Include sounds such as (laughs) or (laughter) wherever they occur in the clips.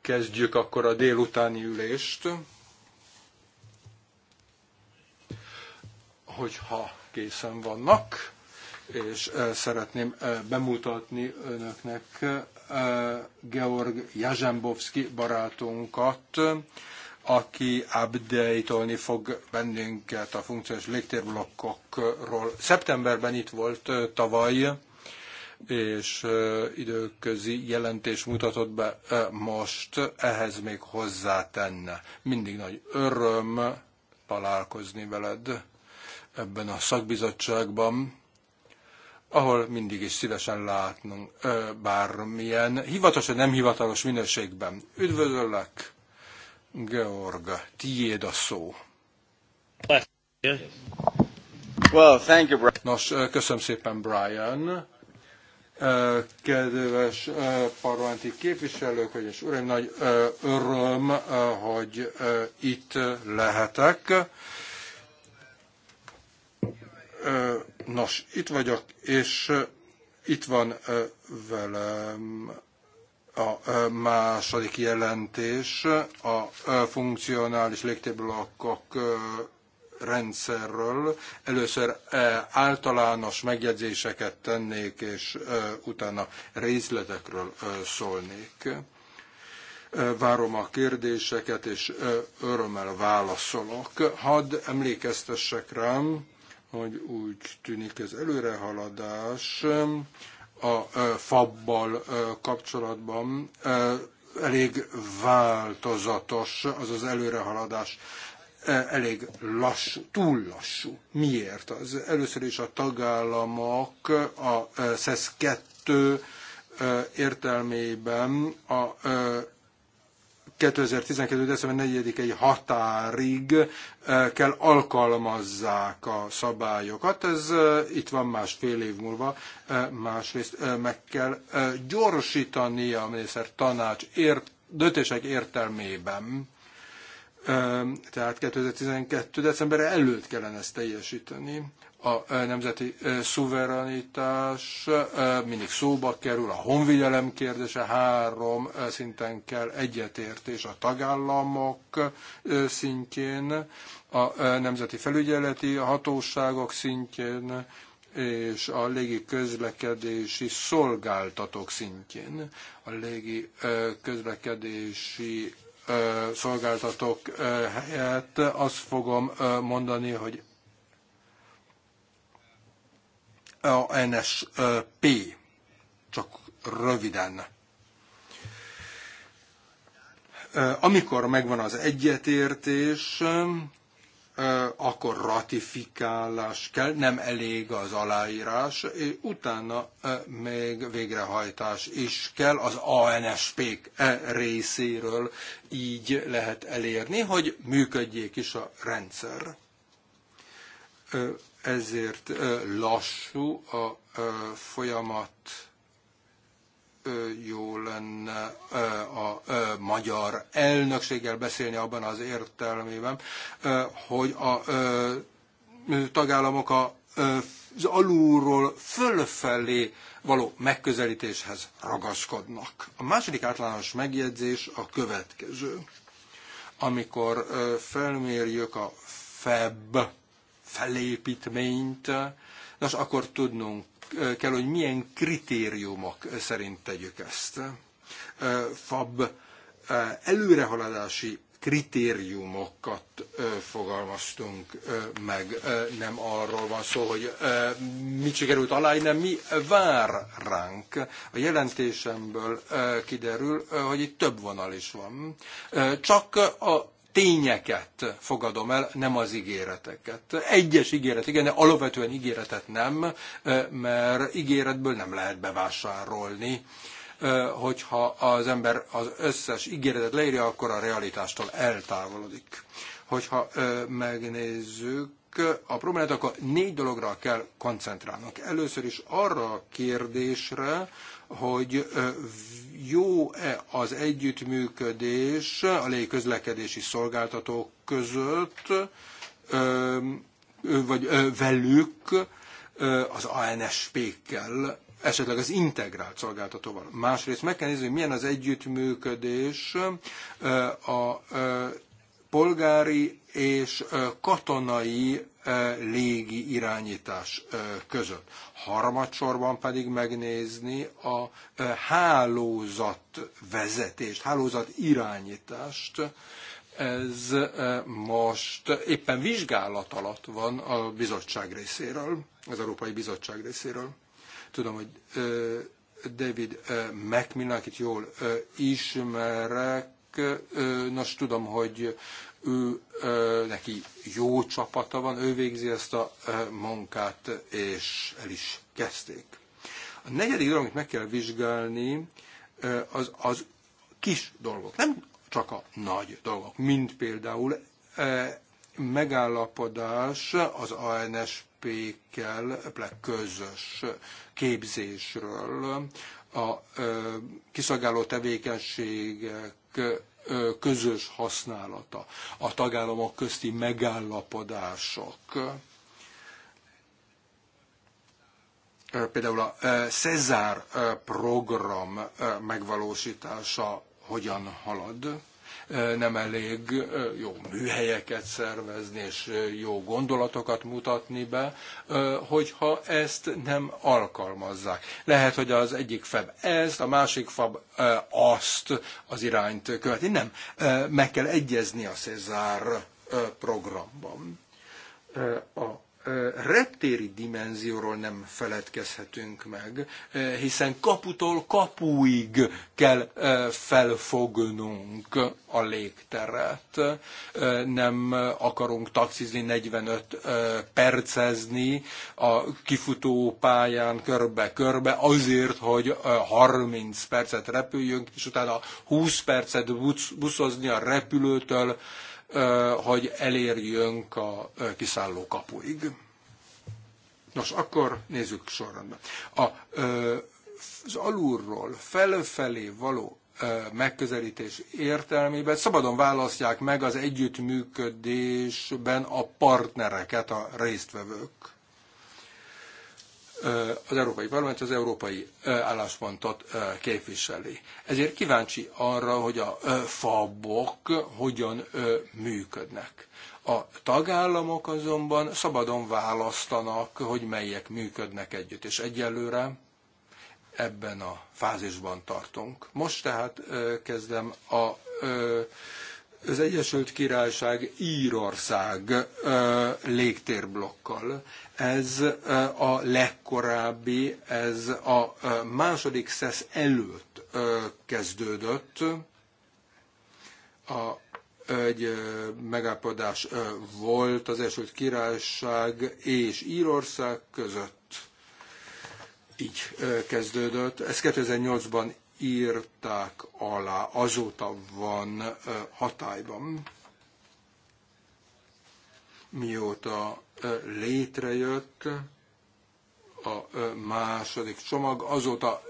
Kezdjük akkor a délutáni ülést. Hogyha készen vannak, és szeretném bemutatni önöknek Georg Jazembowski barátunkat, aki update fog bennünket a funkciós légtérblokkokról. Szeptemberben itt volt tavaly, és időközi jelentés mutatott be most, ehhez még hozzátenne. Mindig nagy öröm találkozni veled ebben a szakbizottságban, ahol mindig is szívesen látnunk bármilyen hivatalos vagy nem hivatalos minőségben. Üdvözöllek, Georg, tiéd a szó. Well, thank you, Brian. Nos, köszönöm szépen, Brian. Kedves parlamenti képviselők, hogy és uraim, nagy öröm, hogy itt lehetek. Nos, itt vagyok, és itt van velem a második jelentés a funkcionális légtérblokok rendszerről. Először e, általános megjegyzéseket tennék, és e, utána részletekről e, szólnék. Várom a kérdéseket, és örömmel válaszolok. Hadd emlékeztessek rám, hogy úgy tűnik ez előrehaladás a fabbal kapcsolatban elég változatos az az előrehaladás. E, elég lassú, túl lassú. Miért? Az először is a tagállamok a e, SES 2 e, értelmében a 2012. december 4-i határig kell alkalmazzák a szabályokat. Ez itt van másfél év múlva. Másrészt meg kell gyorsítani a miniszter tanács ért, döntések értelmében tehát 2012. december előtt kellene ezt teljesíteni. A nemzeti szuverenitás mindig szóba kerül, a honvigyelem kérdése három szinten kell egyetértés a tagállamok szintjén, a nemzeti felügyeleti hatóságok szintjén, és a légi közlekedési szolgáltatók szintjén. A légi közlekedési szolgáltatók helyett azt fogom mondani, hogy a NSP, csak röviden. Amikor megvan az egyetértés, akkor ratifikálás kell, nem elég az aláírás, és utána még végrehajtás is kell az ANSP e, részéről, így lehet elérni, hogy működjék is a rendszer. Ezért lassú a folyamat jó lenne a magyar elnökséggel beszélni abban az értelmében, hogy a tagállamok az alulról fölfelé való megközelítéshez ragaszkodnak. A második általános megjegyzés a következő. Amikor felmérjük a FEB felépítményt, nos, akkor tudnunk kell, hogy milyen kritériumok szerint tegyük ezt. FAB előrehaladási kritériumokat fogalmaztunk meg. Nem arról van szó, hogy mit sikerült aláírni, nem mi vár ránk. A jelentésemből kiderül, hogy itt több vonal is van. Csak a tényeket fogadom el, nem az ígéreteket. Egyes ígéret, igen, de alapvetően ígéretet nem, mert ígéretből nem lehet bevásárolni. Hogyha az ember az összes ígéretet leírja, akkor a realitástól eltávolodik. Hogyha megnézzük, a problémát, akkor négy dologra kell koncentrálnunk. Először is arra a kérdésre, hogy jó-e az együttműködés a közlekedési szolgáltatók között, vagy velük az ANSP-kkel, esetleg az integrált szolgáltatóval. Másrészt meg kell nézni, hogy milyen az együttműködés a polgári és katonai légi irányítás között. Harmadsorban pedig megnézni a hálózat vezetést, hálózat irányítást, ez most éppen vizsgálat alatt van a bizottság részéről, az Európai Bizottság részéről. Tudom, hogy David Macmillan, akit jól ismerek, nos tudom, hogy ő ö, neki jó csapata van, ő végzi ezt a ö, munkát, és el is kezdték. A negyedik dolog, amit meg kell vizsgálni, ö, az, az kis dolgok, nem csak a nagy dolgok, mint például ö, megállapodás az ANSP-kel közös képzésről, a ö, kiszolgáló tevékenységek közös használata, a tagállamok közti megállapodások, például a Cezár program megvalósítása hogyan halad nem elég jó műhelyeket szervezni és jó gondolatokat mutatni be, hogyha ezt nem alkalmazzák. Lehet, hogy az egyik fab ezt, a másik fab azt az irányt követi. Nem, meg kell egyezni a Cézár programban. A reptéri dimenzióról nem feledkezhetünk meg, hiszen kaputól kapuig kell felfognunk a légteret. Nem akarunk taxizni 45 percezni a kifutó pályán körbe-körbe azért, hogy 30 percet repüljünk, és utána 20 percet buszozni a repülőtől, hogy elérjünk a kiszálló kapuig. Nos, akkor nézzük sorrendben. A, az alulról felfelé való megközelítés értelmében szabadon választják meg az együttműködésben a partnereket, a résztvevők az Európai Parlament az európai álláspontot képviseli. Ezért kíváncsi arra, hogy a fabok hogyan működnek. A tagállamok azonban szabadon választanak, hogy melyek működnek együtt, és egyelőre ebben a fázisban tartunk. Most tehát kezdem a az Egyesült Királyság Írország légtérblokkal. Ez a legkorábbi, ez a második szesz előtt kezdődött. A, egy megállapodás volt az Egyesült Királyság és Írország között így kezdődött. Ez 2008-ban írták alá, azóta van hatályban, mióta létrejött a második csomag, azóta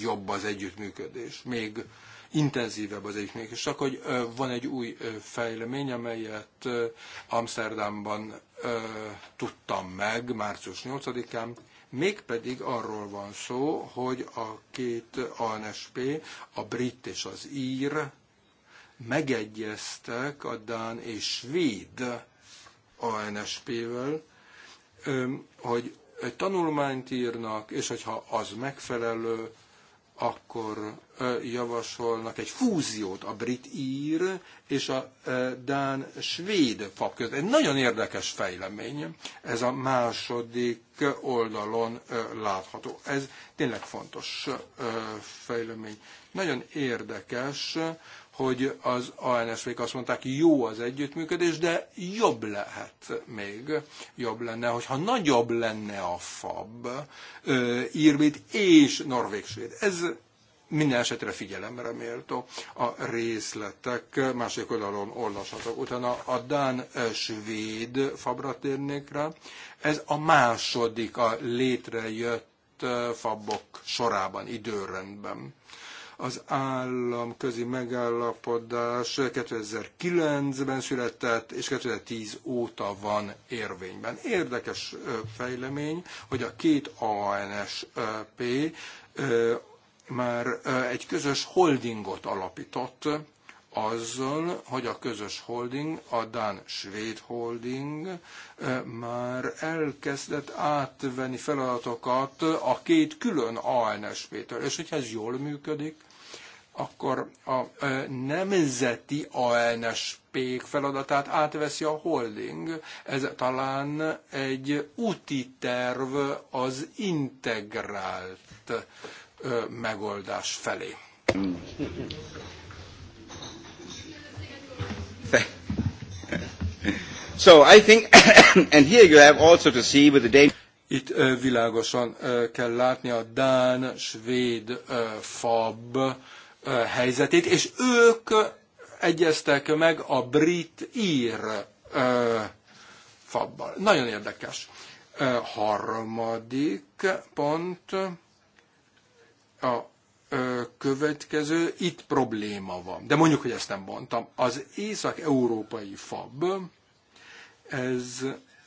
jobb az együttműködés, még intenzívebb az együttműködés. Csak hogy van egy új fejlemény, amelyet Amsterdamban tudtam meg március 8-án, Mégpedig arról van szó, hogy a két ANSP, a brit és az ír megegyeztek a Dán és Svéd ANSP-vel, hogy egy tanulmányt írnak, és hogyha az megfelelő, akkor javasolnak egy fúziót a brit-ír és a dán-svéd fak között. Egy nagyon érdekes fejlemény, ez a második oldalon látható. Ez tényleg fontos fejlemény. Nagyon érdekes, hogy az ANSV-k azt mondták, jó az együttműködés, de jobb lehet még. Jobb lenne, hogyha nagyobb lenne a FAB, Irvid és norvégsvéd. Ez minden esetre figyelemre méltó. A részletek másik oldalon olvashatók. Utána a Dán-svéd fabra térnék rá. Ez a második a létrejött fabok sorában, időrendben. Az államközi megállapodás 2009-ben született, és 2010 óta van érvényben. Érdekes fejlemény, hogy a két ANSP már egy közös holdingot alapított, azzal, hogy a közös holding, a Dán-Svéd holding már elkezdett átvenni feladatokat a két külön ANSP-től. És hogyha ez jól működik, akkor a nemzeti ansp feladatát átveszi a holding. Ez talán egy úti terv az integrált megoldás felé. (laughs) So I think, (coughs) and here you have also to see with the Danish itt világosan kell látni a Dán-Svéd FAB helyzetét, és ők egyeztek meg a brit-ír fabbal. Nagyon érdekes. Harmadik pont a következő, itt probléma van. De mondjuk, hogy ezt nem mondtam. Az észak-európai fab, ez,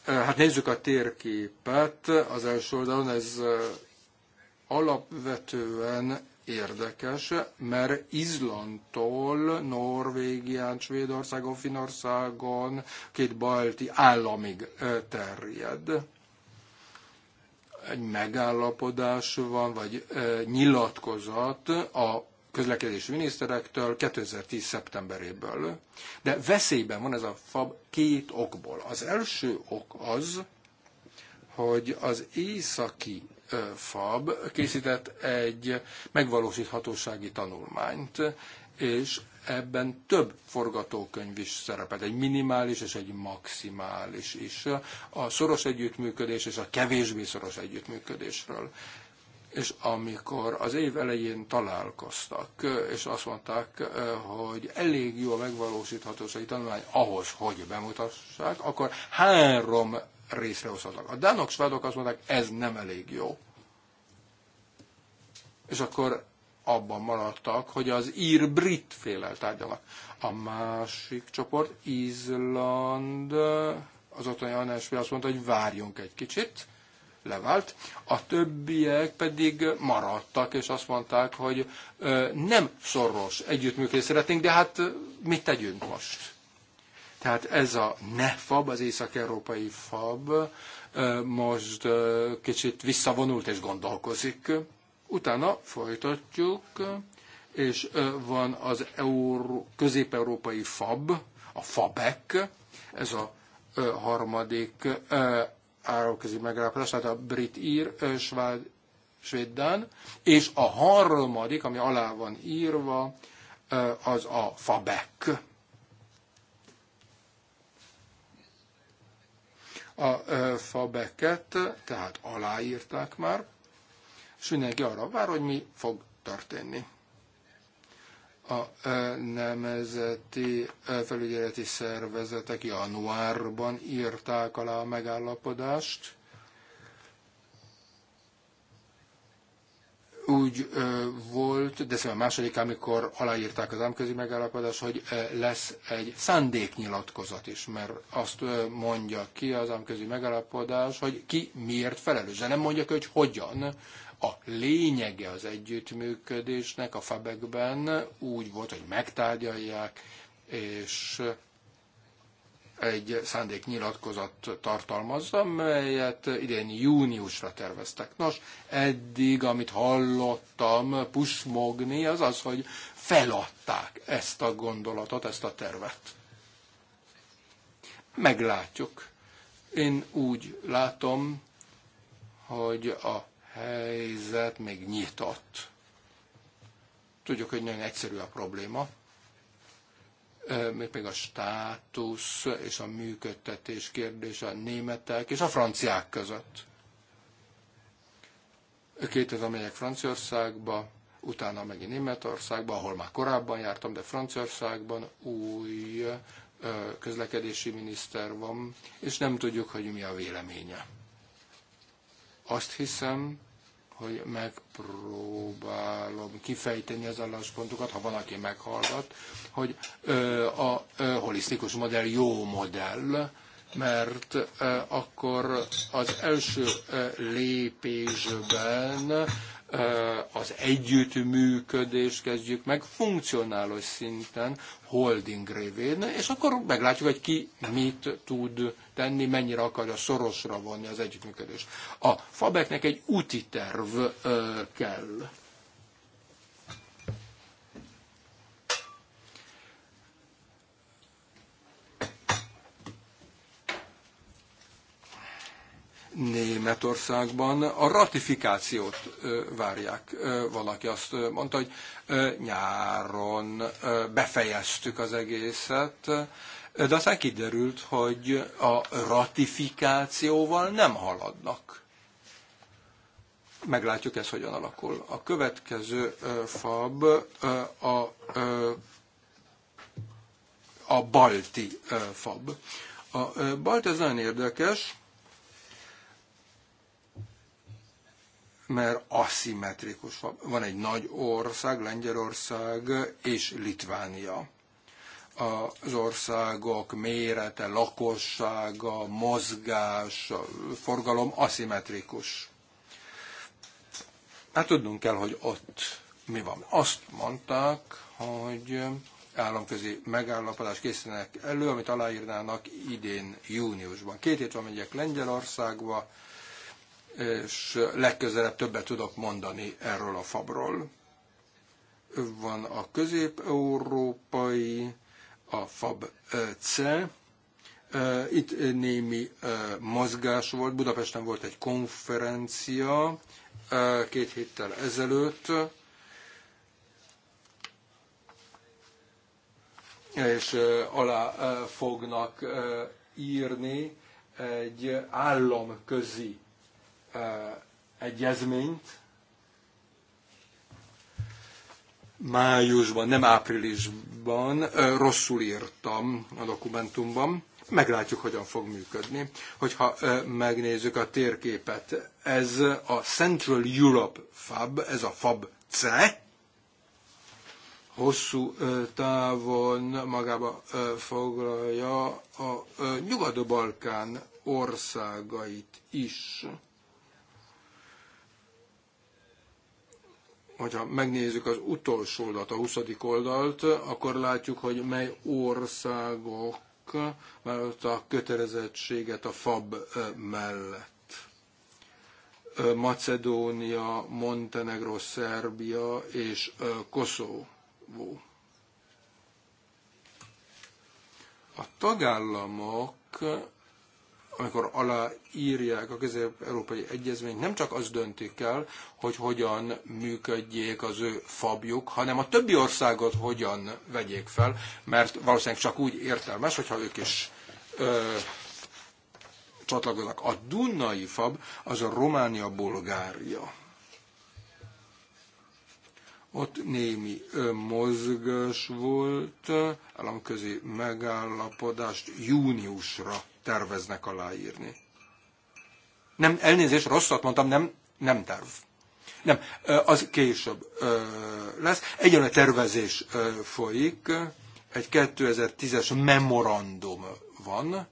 hát nézzük a térképet, az első oldalon ez alapvetően érdekes, mert Izlandtól Norvégián, Svédországon, Finországon, két balti államig terjed. Egy megállapodás van, vagy nyilatkozat a közlekedési miniszterektől 2010. szeptemberéből. De veszélyben van ez a FAB két okból. Az első ok az, hogy az északi FAB készített egy megvalósíthatósági tanulmányt, és ebben több forgatókönyv is szerepelt, egy minimális és egy maximális is. A szoros együttműködés és a kevésbé szoros együttműködésről és amikor az év elején találkoztak, és azt mondták, hogy elég jó a megvalósíthatósági tanulmány ahhoz, hogy bemutassák, akkor három részre osztottak. A dánok, svárdok azt mondták, ez nem elég jó. És akkor abban maradtak, hogy az ír-brit félel tárgyalnak. A másik csoport, Izland, az ott olyan azt mondta, hogy várjunk egy kicsit, levált, a többiek pedig maradtak, és azt mondták, hogy nem szoros együttműködést szeretnénk, de hát mit tegyünk most? Tehát ez a NEFAB, az észak-európai FAB most kicsit visszavonult és gondolkozik. Utána folytatjuk, és van az Euró, közép-európai FAB, a FABEC, ez a harmadik áramközi megállapodás, tehát a brit-ír, svád, svéd-dán, és a harmadik, ami alá van írva, az a FABEC. A FABEC-et tehát aláírták már, és mindenki arra vár, hogy mi fog történni a e, nemzeti e, felügyeleti szervezetek januárban írták alá a megállapodást. Úgy e, volt, de a szóval második, amikor aláírták az ámközi megállapodást, hogy lesz egy szándéknyilatkozat is, mert azt mondja ki az ámközi megállapodás, hogy ki miért felelős, de nem mondja ki, hogy hogyan a lényege az együttműködésnek a fabekben úgy volt, hogy megtárgyalják, és egy szándéknyilatkozat tartalmazza, melyet idén júniusra terveztek. Nos, eddig, amit hallottam pusmogni, az az, hogy feladták ezt a gondolatot, ezt a tervet. Meglátjuk. Én úgy látom, hogy a helyzet még nyitott. Tudjuk, hogy nagyon egyszerű a probléma, még a státusz és a működtetés kérdése a németek és a franciák között. az, amelyek Franciaországba, utána megint Németországba, ahol már korábban jártam, de Franciaországban új közlekedési miniszter van, és nem tudjuk, hogy mi a véleménye. Azt hiszem, hogy megpróbálom kifejteni az álláspontokat, ha van, aki meghallgat, hogy ö, a ö, holisztikus modell jó modell, mert ö, akkor az első ö, lépésben az együttműködést kezdjük meg funkcionális szinten, holding révén, és akkor meglátjuk, hogy ki mit tud tenni, mennyire akarja szorosra vonni az együttműködést. A Fabeknek egy úti terv kell Németországban a ratifikációt várják. Valaki azt mondta, hogy nyáron befejeztük az egészet, de aztán kiderült, hogy a ratifikációval nem haladnak. Meglátjuk ez, hogyan alakul. A következő fab a, a balti fab. A balti ez nagyon érdekes, mert aszimmetrikus van egy nagy ország, Lengyelország és Litvánia. Az országok mérete, lakossága, mozgás, forgalom aszimmetrikus. Hát tudnunk kell, hogy ott mi van. Azt mondták, hogy államközi megállapodást készítenek elő, amit aláírnának idén júniusban. Két hét van megyek Lengyelországba, és legközelebb többet tudok mondani erről a fabról. Van a közép-európai, a fab C, itt némi mozgás volt, Budapesten volt egy konferencia két héttel ezelőtt, és alá fognak írni egy államközi Eh, egyezményt. Májusban, nem áprilisban, eh, rosszul írtam a dokumentumban. Meglátjuk, hogyan fog működni. Hogyha eh, megnézzük a térképet, ez a Central Europe FAB, ez a FAB-C, hosszú távon magába foglalja a Nyugat-Balkán országait is. hogyha megnézzük az utolsó oldalt, a 20. oldalt, akkor látjuk, hogy mely országok a kötelezettséget a FAB mellett. Macedónia, Montenegro, Szerbia és Koszovó. A tagállamok amikor aláírják a közép-európai egyezményt, nem csak az döntik el, hogy hogyan működjék az ő fabjuk, hanem a többi országot hogyan vegyék fel, mert valószínűleg csak úgy értelmes, hogyha ők is ö, csatlakoznak. A Dunai fab az a Románia-Bulgária. Ott némi mozgás volt, államközi megállapodást júniusra terveznek aláírni. Nem, elnézést, rosszat mondtam, nem, nem terv. Nem, az később lesz. Egyenlő tervezés folyik, egy 2010-es memorandum van.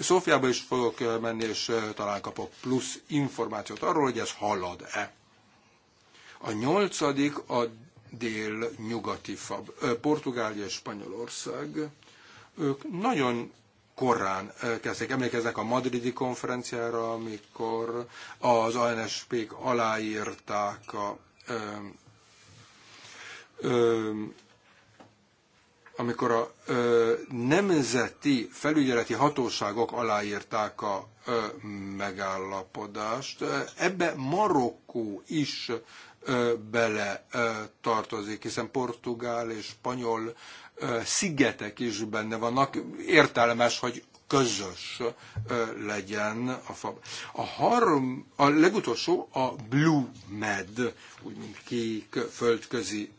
Szófiába is fogok menni, és talán kapok plusz információt arról, hogy ez halad-e. A nyolcadik a dél-nyugati fab. Portugália és Spanyolország. Ők nagyon korán kezdték. Emlékeznek a madridi konferenciára, amikor az ANSP-k aláírták a ö, ö, amikor a ö, nemzeti felügyeleti hatóságok aláírták a ö, megállapodást. Ebbe Marokkó is ö, bele ö, tartozik, hiszen portugál és spanyol szigetek is benne vannak, értelmes, hogy közös legyen a fa. A, harm, a legutolsó a Blue Med, úgymond kék földközi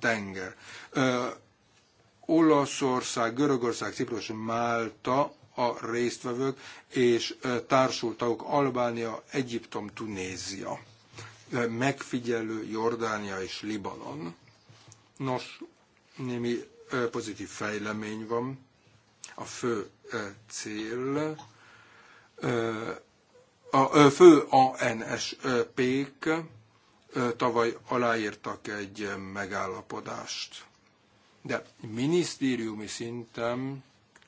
tenger. Olaszország, Görögország, Ciprus, Málta a résztvevők, és társultagok Albánia, Egyiptom, Tunézia, megfigyelő Jordánia és Libanon. Nos, némi pozitív fejlemény van. A fő cél a fő ANSP-k tavaly aláírtak egy megállapodást. De minisztériumi szinten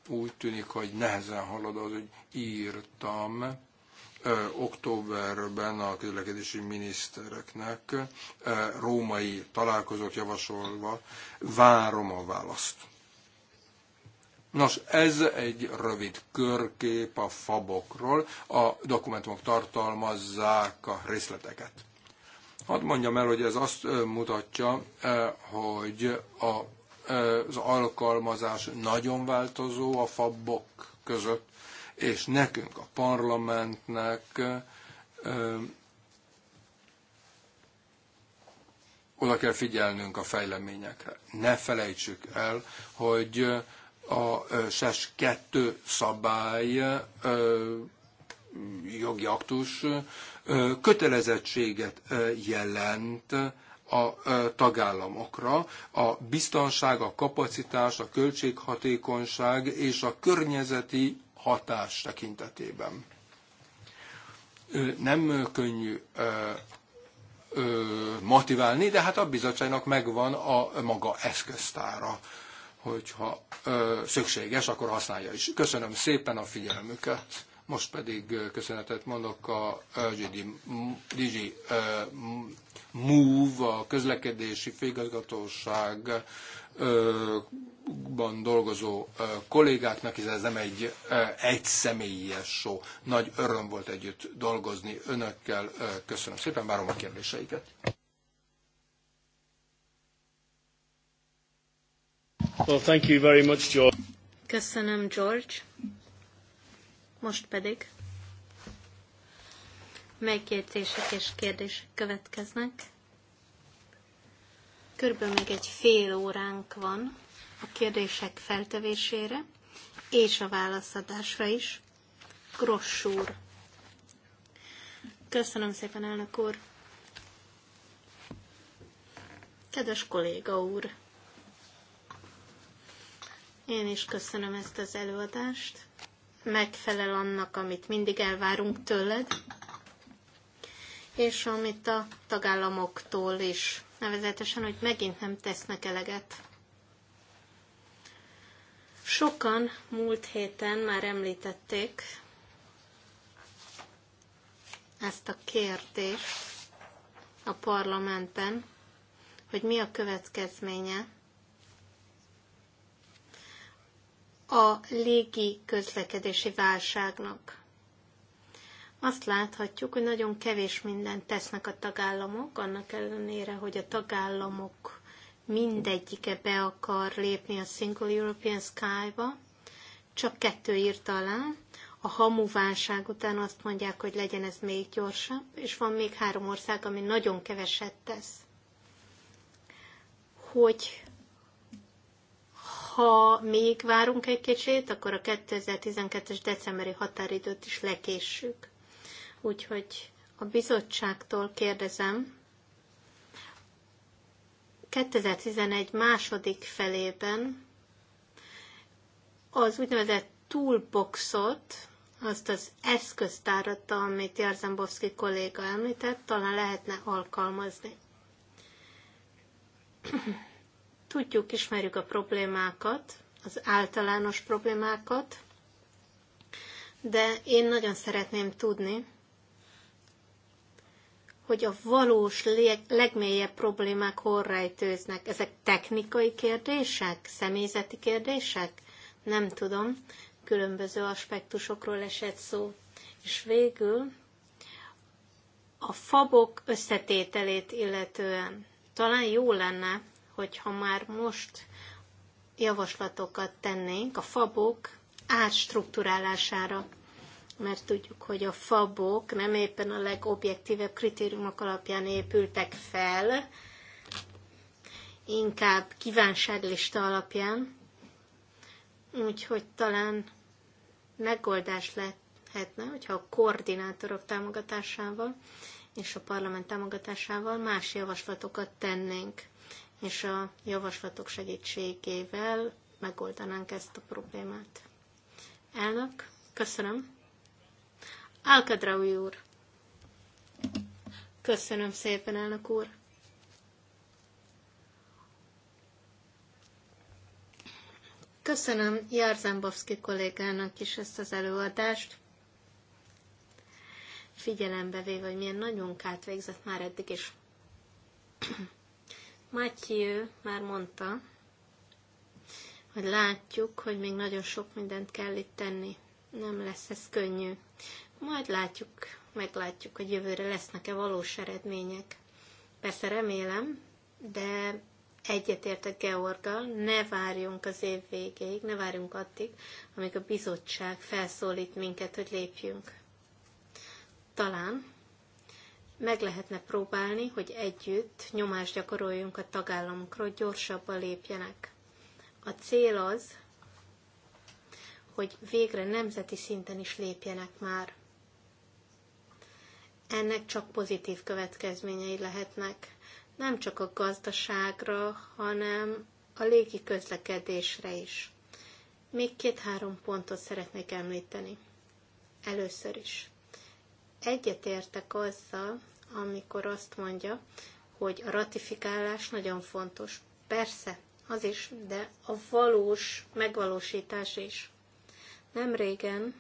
úgy tűnik, hogy nehezen halad az, hogy írtam, októberben a közlekedési minisztereknek római találkozót javasolva várom a választ. Nos, ez egy rövid körkép a fabokról. A dokumentumok tartalmazzák a részleteket. Hadd mondjam el, hogy ez azt mutatja, hogy a, az alkalmazás nagyon változó a fabok között és nekünk, a parlamentnek oda kell figyelnünk a fejleményekre. Ne felejtsük el, hogy a SES 2 szabály jogi aktus kötelezettséget jelent a tagállamokra a biztonság, a kapacitás, a költséghatékonyság és a környezeti hatás tekintetében. Nem könnyű motiválni, de hát a bizottságnak megvan a maga eszköztára, hogyha szükséges, akkor használja is. Köszönöm szépen a figyelmüket. Most pedig köszönetet mondok a Digi Move, a közlekedési főigazgatóság ban dolgozó kollégáknak, hiszen ez nem egy egyszemélyes show. Nagy öröm volt együtt dolgozni önökkel. Köszönöm szépen, várom a kérdéseiket. Well, thank you very much, George. Köszönöm, George. Most pedig megjegyzések és kérdések következnek. Körülbelül még egy fél óránk van a kérdések feltevésére, és a válaszadásra is. Gross úr. Köszönöm szépen, elnök úr. Kedves kolléga úr. Én is köszönöm ezt az előadást. Megfelel annak, amit mindig elvárunk tőled, és amit a tagállamoktól is nevezetesen, hogy megint nem tesznek eleget. Sokan múlt héten már említették ezt a kérdést a parlamentben, hogy mi a következménye a légi közlekedési válságnak azt láthatjuk, hogy nagyon kevés mindent tesznek a tagállamok, annak ellenére, hogy a tagállamok mindegyike be akar lépni a Single European Sky-ba, csak kettő írt alá. A hamuválság után azt mondják, hogy legyen ez még gyorsabb, és van még három ország, ami nagyon keveset tesz. Hogy ha még várunk egy kicsit, akkor a 2012-es decemberi határidőt is lekéssük. Úgyhogy a bizottságtól kérdezem, 2011 második felében az úgynevezett toolboxot, azt az eszköztárat, amit Jarzembowski kolléga említett, talán lehetne alkalmazni. Tudjuk, ismerjük a problémákat, az általános problémákat, de én nagyon szeretném tudni, hogy a valós, leg, legmélyebb problémák hol rejtőznek. Ezek technikai kérdések, személyzeti kérdések? Nem tudom. Különböző aspektusokról esett szó. És végül a fabok összetételét illetően talán jó lenne, hogyha már most javaslatokat tennénk a fabok átstruktúrálására mert tudjuk, hogy a fabok nem éppen a legobjektívebb kritériumok alapján épültek fel, inkább kívánságlista alapján, úgyhogy talán megoldás lehetne, hogyha a koordinátorok támogatásával és a parlament támogatásával más javaslatokat tennénk, és a javaslatok segítségével megoldanánk ezt a problémát. Elnök, köszönöm. Alkadraui úr. Köszönöm szépen, elnök úr. Köszönöm Jarzembowski kollégának is ezt az előadást. Figyelembe véve, hogy milyen nagyon munkát végzett már eddig is. (clears throat) Matthew már mondta, hogy látjuk, hogy még nagyon sok mindent kell itt tenni. Nem lesz ez könnyű. Majd látjuk, meglátjuk, hogy jövőre lesznek-e valós eredmények. Persze remélem, de egyetértek Georgal, ne várjunk az év végéig, ne várjunk addig, amíg a bizottság felszólít minket, hogy lépjünk. Talán meg lehetne próbálni, hogy együtt nyomást gyakoroljunk a tagállamokra, hogy gyorsabban lépjenek. A cél az, hogy végre nemzeti szinten is lépjenek már ennek csak pozitív következményei lehetnek. Nem csak a gazdaságra, hanem a légi közlekedésre is. Még két-három pontot szeretnék említeni. Először is. Egyetértek azzal, amikor azt mondja, hogy a ratifikálás nagyon fontos. Persze, az is, de a valós megvalósítás is. Nem régen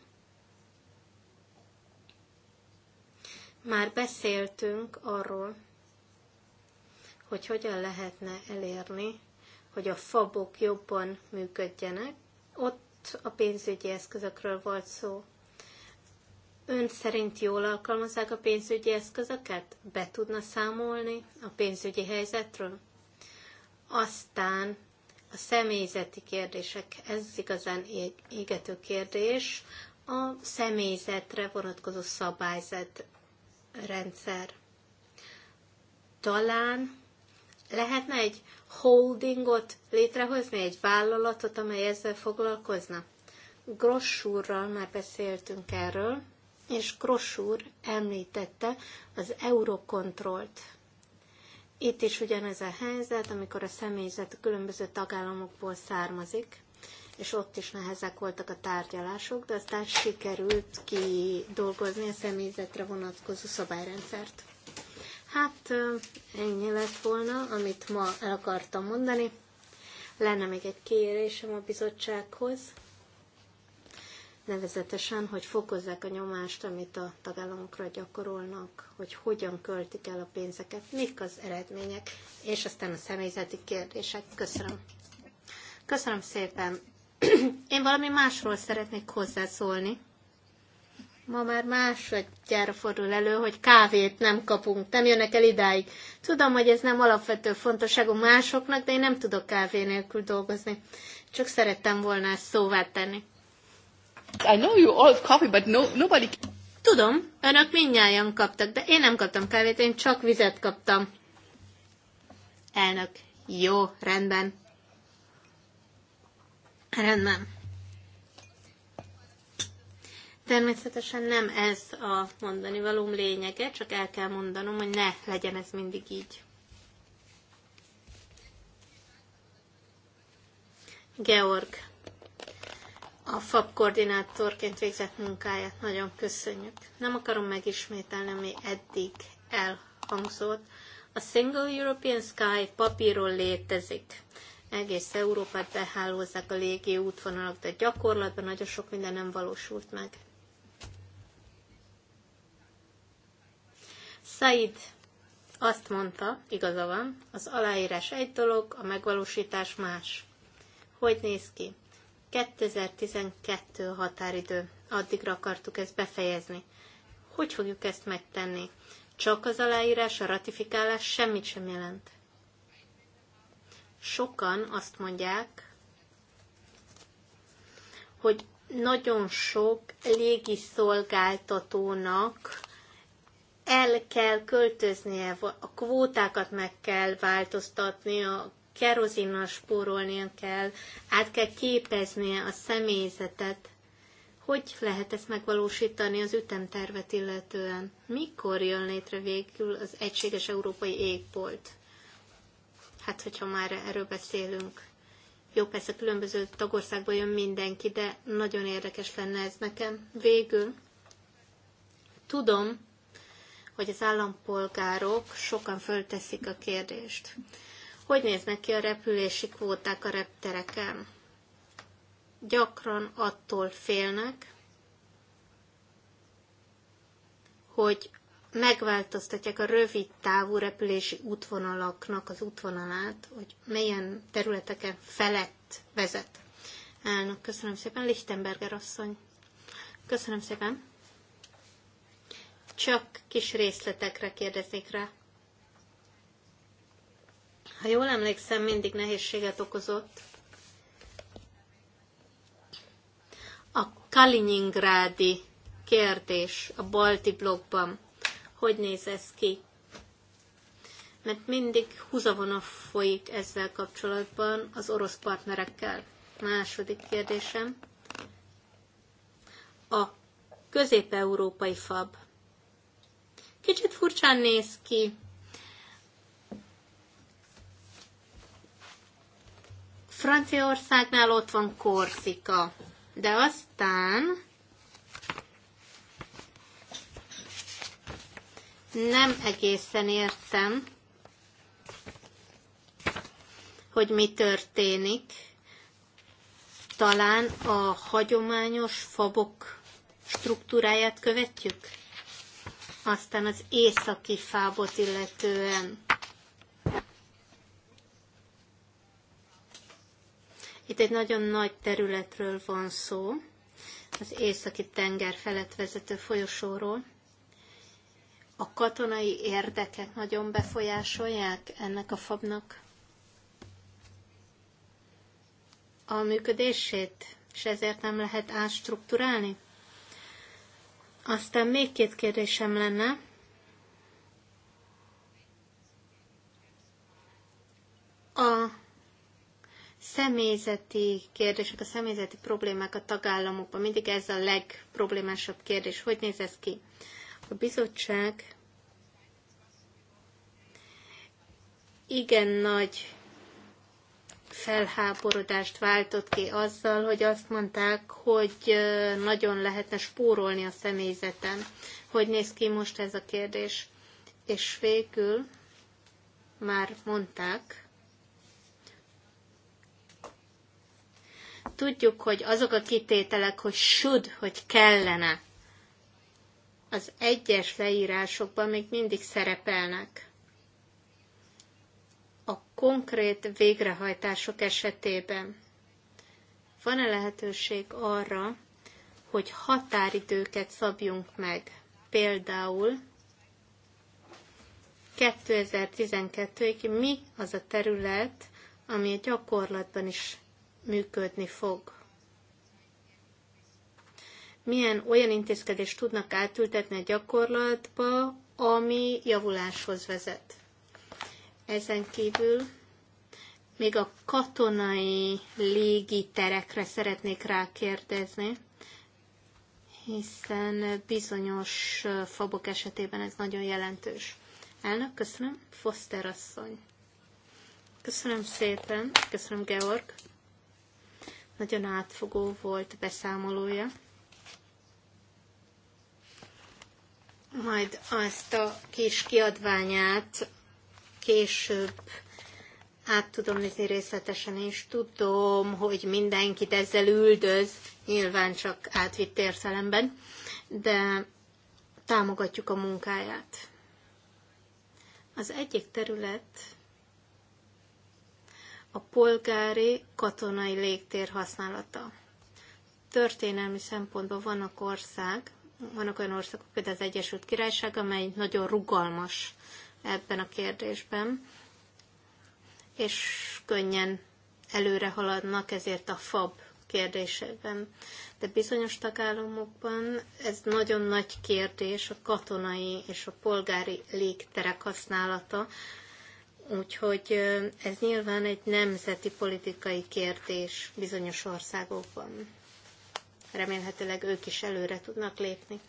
Már beszéltünk arról, hogy hogyan lehetne elérni, hogy a fabok jobban működjenek. Ott a pénzügyi eszközökről volt szó. Ön szerint jól alkalmazzák a pénzügyi eszközöket? Be tudna számolni a pénzügyi helyzetről? Aztán a személyzeti kérdések, ez igazán égető kérdés, a személyzetre vonatkozó szabályzat rendszer. Talán lehetne egy holdingot létrehozni, egy vállalatot, amely ezzel foglalkozna? Grossúrral már beszéltünk erről, és Grossúr említette az eurokontrollt. Itt is ugyanez a helyzet, amikor a személyzet a különböző tagállamokból származik, és ott is nehezek voltak a tárgyalások, de aztán sikerült kidolgozni a személyzetre vonatkozó szabályrendszert. Hát ennyi lett volna, amit ma el akartam mondani. Lenne még egy kérésem a bizottsághoz, nevezetesen, hogy fokozzák a nyomást, amit a tagállamokra gyakorolnak, hogy hogyan költik el a pénzeket, mik az eredmények, és aztán a személyzeti kérdések. Köszönöm. Köszönöm szépen. Én valami másról szeretnék hozzászólni. Ma már másodjára fordul elő, hogy kávét nem kapunk, nem jönnek el idáig. Tudom, hogy ez nem alapvető fontosságú másoknak, de én nem tudok kávé nélkül dolgozni. Csak szerettem volna ezt szóvá tenni. I know you all coffee, but no, nobody... Tudom, önök mindnyájan kaptak, de én nem kaptam kávét, én csak vizet kaptam. Elnök, jó, rendben. Rendben. Természetesen nem ez a mondani valóm lényege, csak el kell mondanom, hogy ne legyen ez mindig így. Georg, a FAB koordinátorként végzett munkáját nagyon köszönjük. Nem akarom megismételni, ami eddig elhangzott. A Single European Sky papíról létezik egész Európát behálózzák a légi útvonalak, de gyakorlatban nagyon sok minden nem valósult meg. Said azt mondta, igaza van, az aláírás egy dolog, a megvalósítás más. Hogy néz ki? 2012 határidő. Addigra akartuk ezt befejezni. Hogy fogjuk ezt megtenni? Csak az aláírás, a ratifikálás semmit sem jelent sokan azt mondják, hogy nagyon sok légiszolgáltatónak el kell költöznie, a kvótákat meg kell változtatni, a kerozinnal spórolni kell, át kell képeznie a személyzetet. Hogy lehet ezt megvalósítani az ütemtervet illetően? Mikor jön létre végül az egységes európai égbolt? hát hogyha már erről beszélünk. Jó, persze különböző tagországból jön mindenki, de nagyon érdekes lenne ez nekem. Végül tudom, hogy az állampolgárok sokan fölteszik a kérdést. Hogy néznek ki a repülési kvóták a reptereken? Gyakran attól félnek, hogy megváltoztatják a rövid távú repülési útvonalaknak az útvonalát, hogy milyen területeken felett vezet. Elnök, köszönöm szépen. Lichtenberger asszony. Köszönöm szépen. Csak kis részletekre kérdeznék rá. Ha jól emlékszem, mindig nehézséget okozott. A Kaliningrádi kérdés a balti blogban hogy néz ez ki. Mert mindig húzavona folyik ezzel kapcsolatban az orosz partnerekkel. Második kérdésem. A közép-európai fab. Kicsit furcsán néz ki. Franciaországnál ott van Korszika, de aztán Nem egészen értem, hogy mi történik. Talán a hagyományos fabok struktúráját követjük? Aztán az északi fábot illetően. Itt egy nagyon nagy területről van szó, az északi tenger felett vezető folyosóról, a katonai érdekek nagyon befolyásolják ennek a fabnak a működését, és ezért nem lehet átstruktúrálni? Aztán még két kérdésem lenne. A személyzeti kérdések, a személyzeti problémák a tagállamokban, mindig ez a legproblémásabb kérdés. Hogy néz ez ki? A bizottság igen nagy felháborodást váltott ki azzal, hogy azt mondták, hogy nagyon lehetne spórolni a személyzeten. Hogy néz ki most ez a kérdés? És végül már mondták, tudjuk, hogy azok a kitételek, hogy should, hogy kellene, az egyes leírásokban még mindig szerepelnek. A konkrét végrehajtások esetében van-e lehetőség arra, hogy határidőket szabjunk meg? Például 2012-ig mi az a terület, ami a gyakorlatban is működni fog? milyen olyan intézkedést tudnak átültetni a gyakorlatba, ami javuláshoz vezet. Ezen kívül még a katonai légiterekre szeretnék rákérdezni, hiszen bizonyos fabok esetében ez nagyon jelentős. Elnök, köszönöm. Foster asszony. Köszönöm szépen. Köszönöm, Georg. Nagyon átfogó volt beszámolója. majd azt a kis kiadványát később át tudom nézni részletesen, és tudom, hogy mindenkit ezzel üldöz, nyilván csak átvitt értelemben, de támogatjuk a munkáját. Az egyik terület a polgári katonai légtér használata. Történelmi szempontból van a ország, vannak olyan országok, például az Egyesült Királyság, amely nagyon rugalmas ebben a kérdésben, és könnyen előre haladnak ezért a FAB kérdésében. De bizonyos tagállamokban ez nagyon nagy kérdés, a katonai és a polgári légterek használata, úgyhogy ez nyilván egy nemzeti politikai kérdés bizonyos országokban remélhetőleg ők is előre tudnak lépni.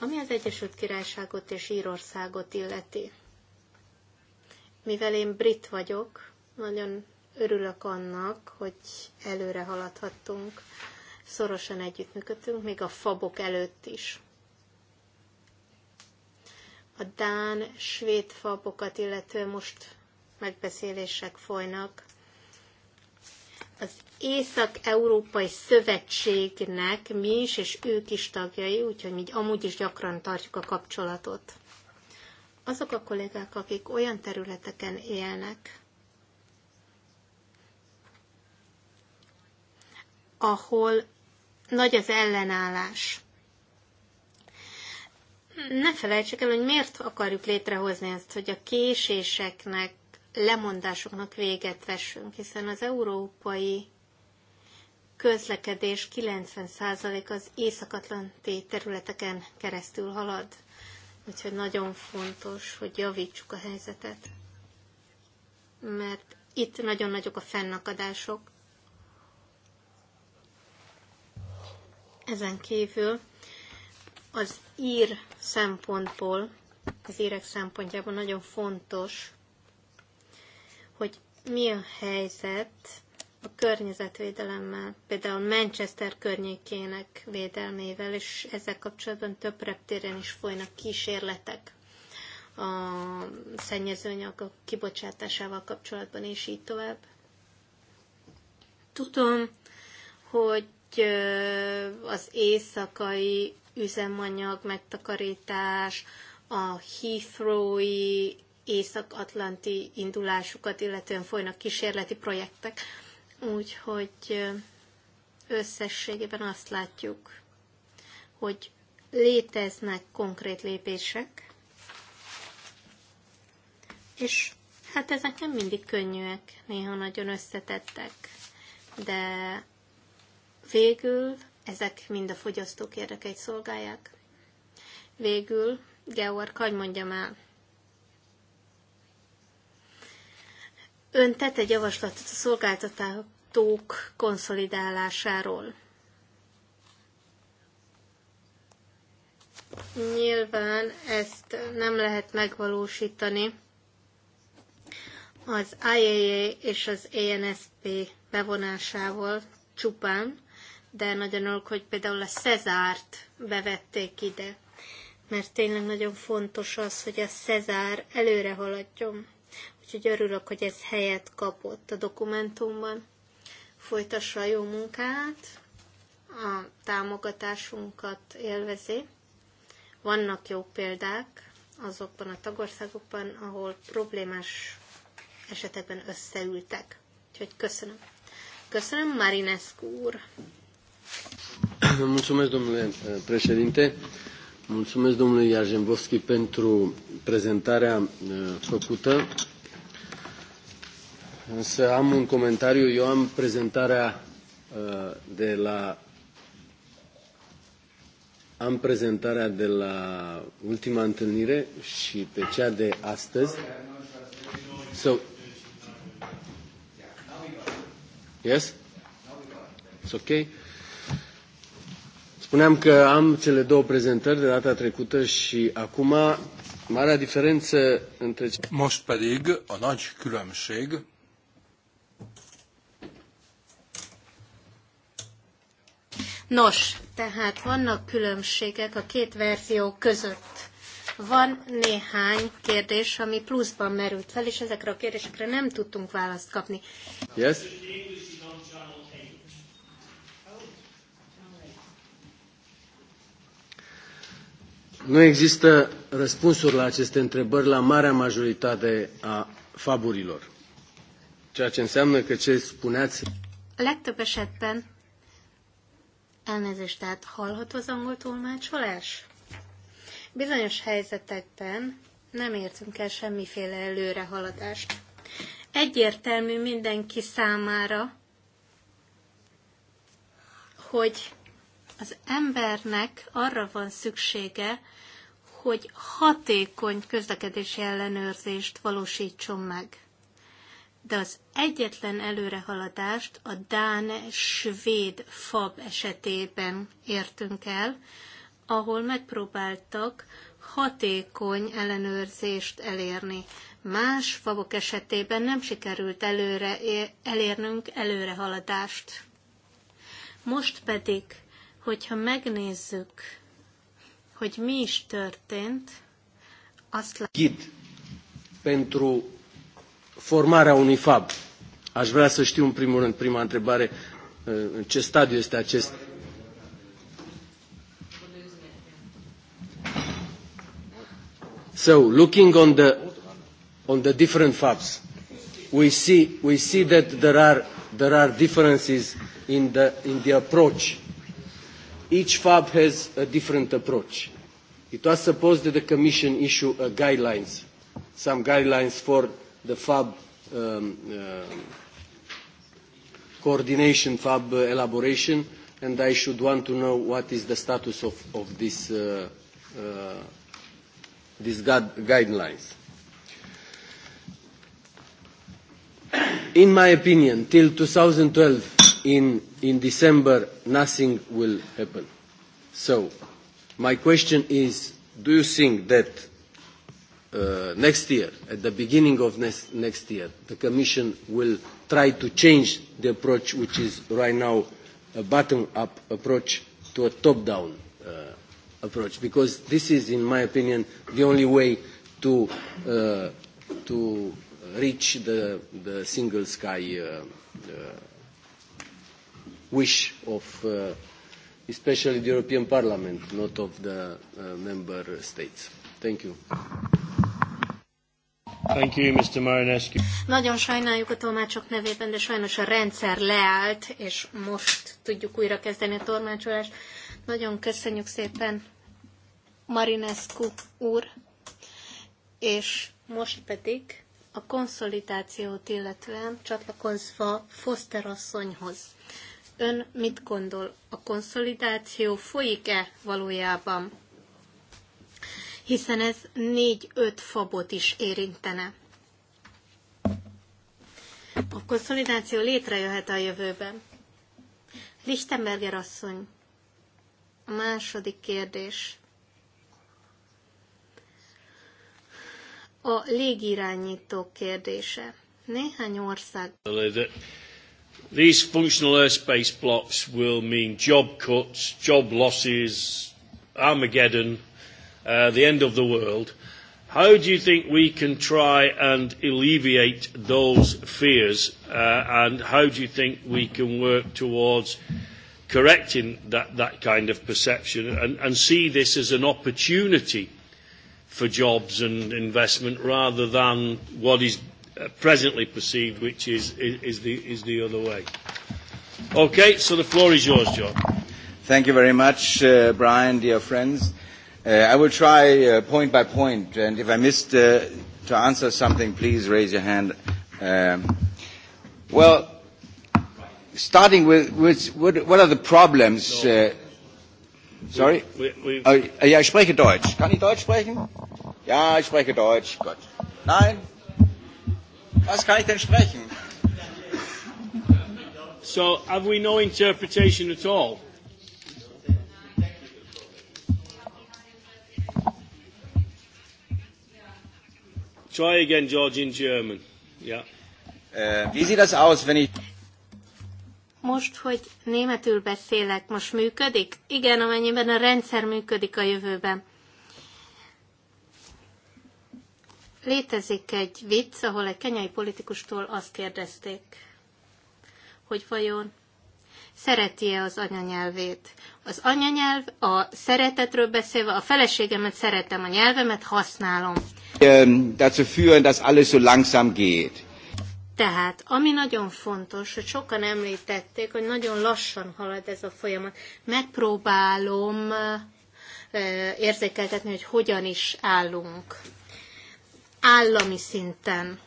Ami az Egyesült Királyságot és Írországot illeti, mivel én brit vagyok, nagyon örülök annak, hogy előre haladhattunk, szorosan együttműködtünk, még a fabok előtt is. A dán, svéd fabokat illetően most megbeszélések folynak, az Észak-Európai Szövetségnek mi is, és ők is tagjai, úgyhogy mi amúgy is gyakran tartjuk a kapcsolatot. Azok a kollégák, akik olyan területeken élnek, ahol nagy az ellenállás. Ne felejtsük el, hogy miért akarjuk létrehozni ezt, hogy a késéseknek lemondásoknak véget vessünk, hiszen az európai közlekedés 90% az északatlanti területeken keresztül halad. Úgyhogy nagyon fontos, hogy javítsuk a helyzetet. Mert itt nagyon nagyok a fennakadások. Ezen kívül az ír szempontból, az írek szempontjából nagyon fontos, hogy mi a helyzet a környezetvédelemmel, például Manchester környékének védelmével, és ezzel kapcsolatban több reptéren is folynak kísérletek a szennyezőanyagok kibocsátásával kapcsolatban, és így tovább. Tudom, hogy az éjszakai üzemanyag megtakarítás, a Heathrowi észak-atlanti indulásukat, illetően folynak kísérleti projektek. Úgyhogy összességében azt látjuk, hogy léteznek konkrét lépések, és hát ezek nem mindig könnyűek, néha nagyon összetettek, de végül ezek mind a fogyasztók érdekeit szolgálják. Végül Georg, hagyd mondjam el, Ön tett egy javaslatot a szolgáltatók konszolidálásáról. Nyilván ezt nem lehet megvalósítani az IAA és az ANSP bevonásával csupán, de nagyon örülök, hogy például a Cezárt bevették ide, mert tényleg nagyon fontos az, hogy a Cezár előre haladjon. Úgyhogy örülök, hogy ez helyet kapott a dokumentumban. Folytassa a jó munkát, a támogatásunkat élvezi. Vannak jó példák azokban a tagországokban, ahol problémás esetekben összeültek. Úgyhogy köszönöm. Köszönöm, Marinescu úr. Mulțumesc, domnule eh, președinte. Mulțumesc domnule Iarzembovski pentru prezentarea eh, făcută. Însă am un comentariu. Eu am prezentarea uh, de la am prezentarea de la ultima întâlnire și pe cea de astăzi. So, yes? It's ok. Spuneam că am cele două prezentări de data trecută și acum marea diferență între... Most pedig a nagy különbség Nos, tehát vannak különbségek a két verzió között. Van néhány kérdés, ami pluszban merült fel, és ezekre a kérdésekre nem tudtunk választ kapni. Yes? Nu există răspunsuri la aceste întrebări la marea majoritate a faburilor. Ceea ce înseamnă că ce spuneați... legtöbb esetben Elnézést, tehát hallható az angol tolmácsolás? Bizonyos helyzetekben nem értünk el semmiféle előrehaladást. Egyértelmű mindenki számára, hogy az embernek arra van szüksége, hogy hatékony közlekedési ellenőrzést valósítson meg de az egyetlen előrehaladást a Dán-Svéd FAB esetében értünk el, ahol megpróbáltak hatékony ellenőrzést elérni. Más fabok esetében nem sikerült előre elérnünk előrehaladást. Most pedig, hogyha megnézzük, hogy mi is történt, azt látjuk. pentru formarea unui FAB. Aș vrea să știu, în primul rând, prima întrebare, uh, în ce stadiu este acest... So, looking on the, on the different FABs, we see, we see that there are, there are differences in the, in the approach. Each FAB has a different approach. It was supposed that the Commission issue a guidelines, some guidelines for the FAB um, uh, coordination, FAB elaboration, and I should want to know what is the status of, of this, uh, uh, these gu guidelines. In my opinion, till 2012, in, in December, nothing will happen. So, my question is, do you think that uh, next year, at the beginning of next, next year, the Commission will try to change the approach, which is right now a bottom-up approach, to a top-down uh, approach, because this is, in my opinion, the only way to, uh, to reach the, the single sky uh, uh, wish of uh, especially the European Parliament, not of the uh, member states. Thank you. Thank you, Mr. Marinescu. Nagyon sajnáljuk a tolmácsok nevében, de sajnos a rendszer leállt, és most tudjuk újra kezdeni a tolmácsolást. Nagyon köszönjük szépen, Marinescu úr, és most pedig a konszolidációt illetően csatlakozva Foster asszonyhoz. Ön mit gondol, a konszolidáció folyik-e valójában? hiszen ez 4-5 fabot is érintene. A konszolidáció létrejöhet a jövőben. Lichtenberger asszony, a második kérdés. A légirányító kérdése. Néhány ország. These functional airspace blocks will mean job cuts, job losses, Armageddon, Uh, the end of the world. How do you think we can try and alleviate those fears? Uh, and how do you think we can work towards correcting that, that kind of perception and, and see this as an opportunity for jobs and investment rather than what is uh, presently perceived, which is, is, is, the, is the other way? Okay, so the floor is yours, John. Thank you very much, uh, Brian, dear friends. Uh, I will try uh, point by point, and if I missed uh, to answer something, please raise your hand. Um, well, starting with, with what, what are the problems? Uh, sorry? Oh, ja, ich spreche Deutsch. Kann ich Deutsch sprechen? Ja, ich spreche Deutsch. Gott. Nein? Was kann ich denn sprechen? So, have we no interpretation at all? Try again, George, in German. Yeah. Äh, wie sieht das aus, wenn ich... Most, hogy németül beszélek, most működik? Igen, amennyiben a rendszer működik a jövőben. Létezik egy vicc, ahol egy kenyai politikustól azt kérdezték, hogy vajon szereti-e az anyanyelvét az anyanyelv, a szeretetről beszélve, a feleségemet szeretem, a nyelvemet használom. Ähm, dazu führen, dass alles so langsam geht. Tehát, ami nagyon fontos, hogy sokan említették, hogy nagyon lassan halad ez a folyamat. Megpróbálom érzékeltetni, hogy hogyan is állunk. Állami szinten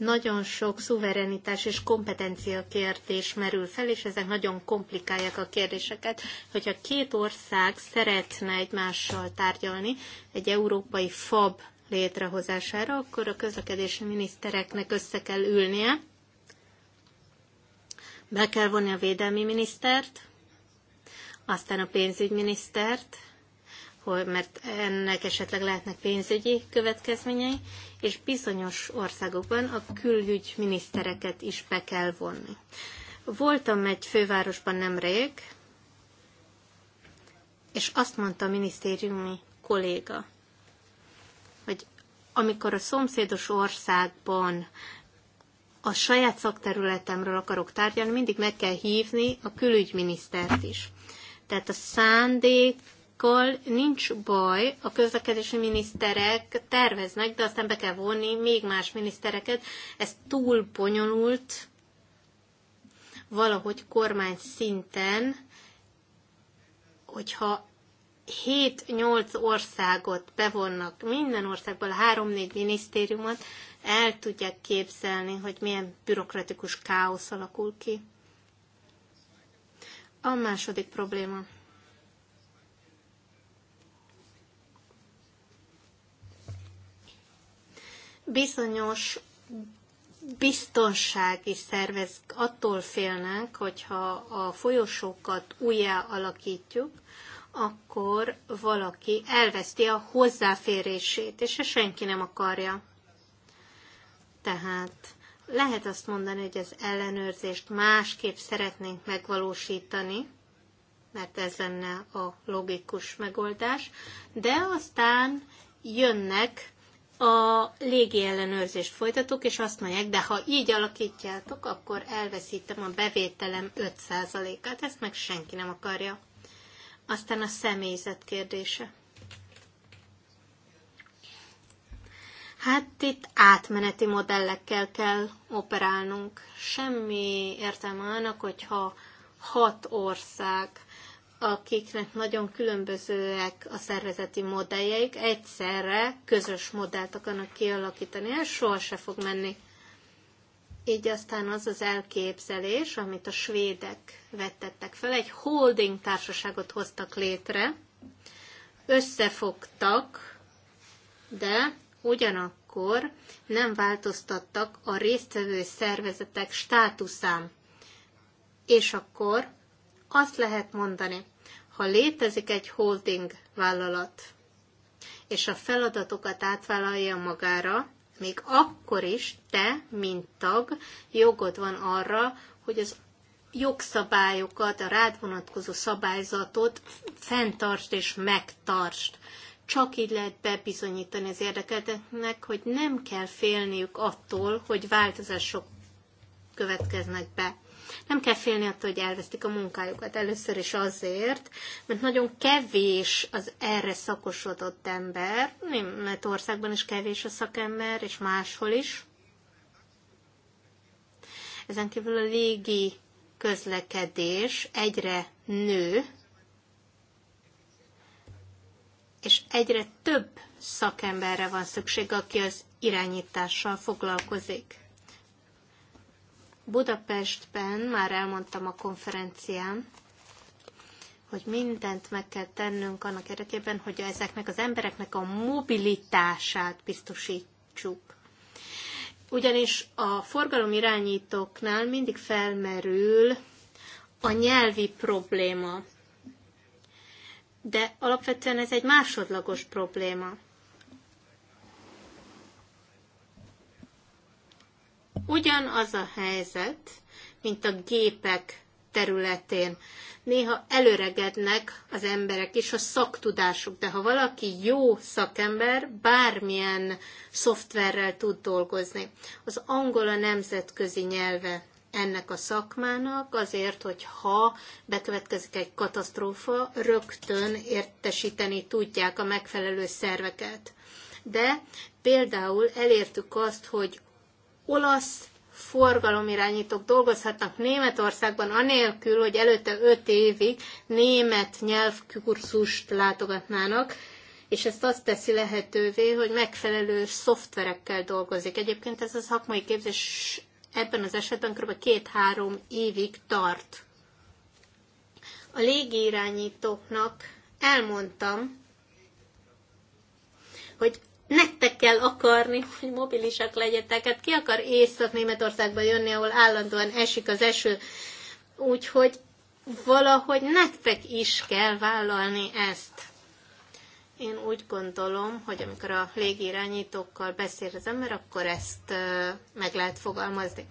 nagyon sok szuverenitás és kompetencia kérdés merül fel, és ezek nagyon komplikálják a kérdéseket. Hogyha két ország szeretne egymással tárgyalni egy európai FAB létrehozására, akkor a közlekedési minisztereknek össze kell ülnie, be kell vonni a védelmi minisztert, aztán a pénzügyminisztert, hogy, mert ennek esetleg lehetnek pénzügyi következményei, és bizonyos országokban a külügyminisztereket is be kell vonni. Voltam egy fővárosban nemrég, és azt mondta a minisztériumi kolléga, hogy amikor a szomszédos országban a saját szakterületemről akarok tárgyalni, mindig meg kell hívni a külügyminisztert is. Tehát a szándék amikor nincs baj, a közlekedési miniszterek terveznek, de aztán be kell vonni még más minisztereket. Ez túl bonyolult valahogy kormány szinten, hogyha 7-8 országot bevonnak, minden országból 3-4 minisztériumot, el tudják képzelni, hogy milyen bürokratikus káosz alakul ki. A második probléma. bizonyos biztonsági szervez attól félnek, hogyha a folyosókat újjá alakítjuk, akkor valaki elveszti a hozzáférését, és ezt senki nem akarja. Tehát lehet azt mondani, hogy az ellenőrzést másképp szeretnénk megvalósítani, mert ez lenne a logikus megoldás, de aztán jönnek a légi ellenőrzést folytatok, és azt mondják, de ha így alakítjátok, akkor elveszítem a bevételem 5%-át, ezt meg senki nem akarja. Aztán a személyzet kérdése. Hát itt átmeneti modellekkel kell operálnunk. Semmi értelme annak, hogyha hat ország akiknek nagyon különbözőek a szervezeti modelljeik, egyszerre közös modellt akarnak kialakítani, ez soha se fog menni. Így aztán az az elképzelés, amit a svédek vettettek fel, egy holding társaságot hoztak létre, összefogtak, de ugyanakkor nem változtattak a résztvevő szervezetek státuszán. És akkor azt lehet mondani, ha létezik egy holding vállalat, és a feladatokat átvállalja magára, még akkor is te, mint tag, jogod van arra, hogy az jogszabályokat, a rád vonatkozó szabályzatot fenntartsd és megtartsd. Csak így lehet bebizonyítani az érdekelteknek, hogy nem kell félniük attól, hogy változások következnek be. Nem kell félni attól, hogy elvesztik a munkájukat. Először is azért, mert nagyon kevés az erre szakosodott ember. Mert országban is kevés a szakember, és máshol is. Ezen kívül a légi közlekedés egyre nő, és egyre több szakemberre van szükség, aki az irányítással foglalkozik. Budapestben már elmondtam a konferencián, hogy mindent meg kell tennünk annak érdekében, hogy ezeknek az embereknek a mobilitását biztosítsuk. Ugyanis a forgalomirányítóknál mindig felmerül a nyelvi probléma. De alapvetően ez egy másodlagos probléma. Ugyanaz a helyzet, mint a gépek területén. Néha előregednek az emberek is a szaktudásuk, de ha valaki jó szakember, bármilyen szoftverrel tud dolgozni. Az angol a nemzetközi nyelve ennek a szakmának, azért, hogy ha bekövetkezik egy katasztrófa, rögtön értesíteni tudják a megfelelő szerveket. De például elértük azt, hogy olasz forgalomirányítók dolgozhatnak Németországban, anélkül, hogy előtte öt évig német nyelvkurzust látogatnának, és ezt azt teszi lehetővé, hogy megfelelő szoftverekkel dolgozik. Egyébként ez a szakmai képzés ebben az esetben kb. két-három évig tart. A légirányítóknak elmondtam, hogy nektek kell akarni, hogy mobilisak legyetek. Hát ki akar Észak-Németországba jönni, ahol állandóan esik az eső. Úgyhogy valahogy nektek is kell vállalni ezt. Én úgy gondolom, hogy amikor a légirányítókkal beszél az ember, akkor ezt meg lehet fogalmazni.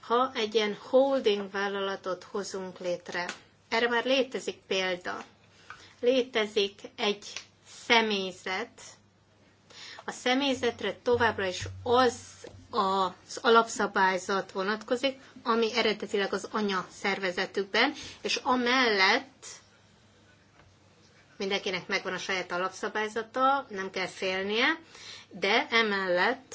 Ha egy ilyen holding vállalatot hozunk létre, erre már létezik példa. Létezik egy személyzet, a személyzetre továbbra is az az alapszabályzat vonatkozik, ami eredetileg az anya szervezetükben, és amellett mindenkinek megvan a saját alapszabályzata, nem kell félnie, de emellett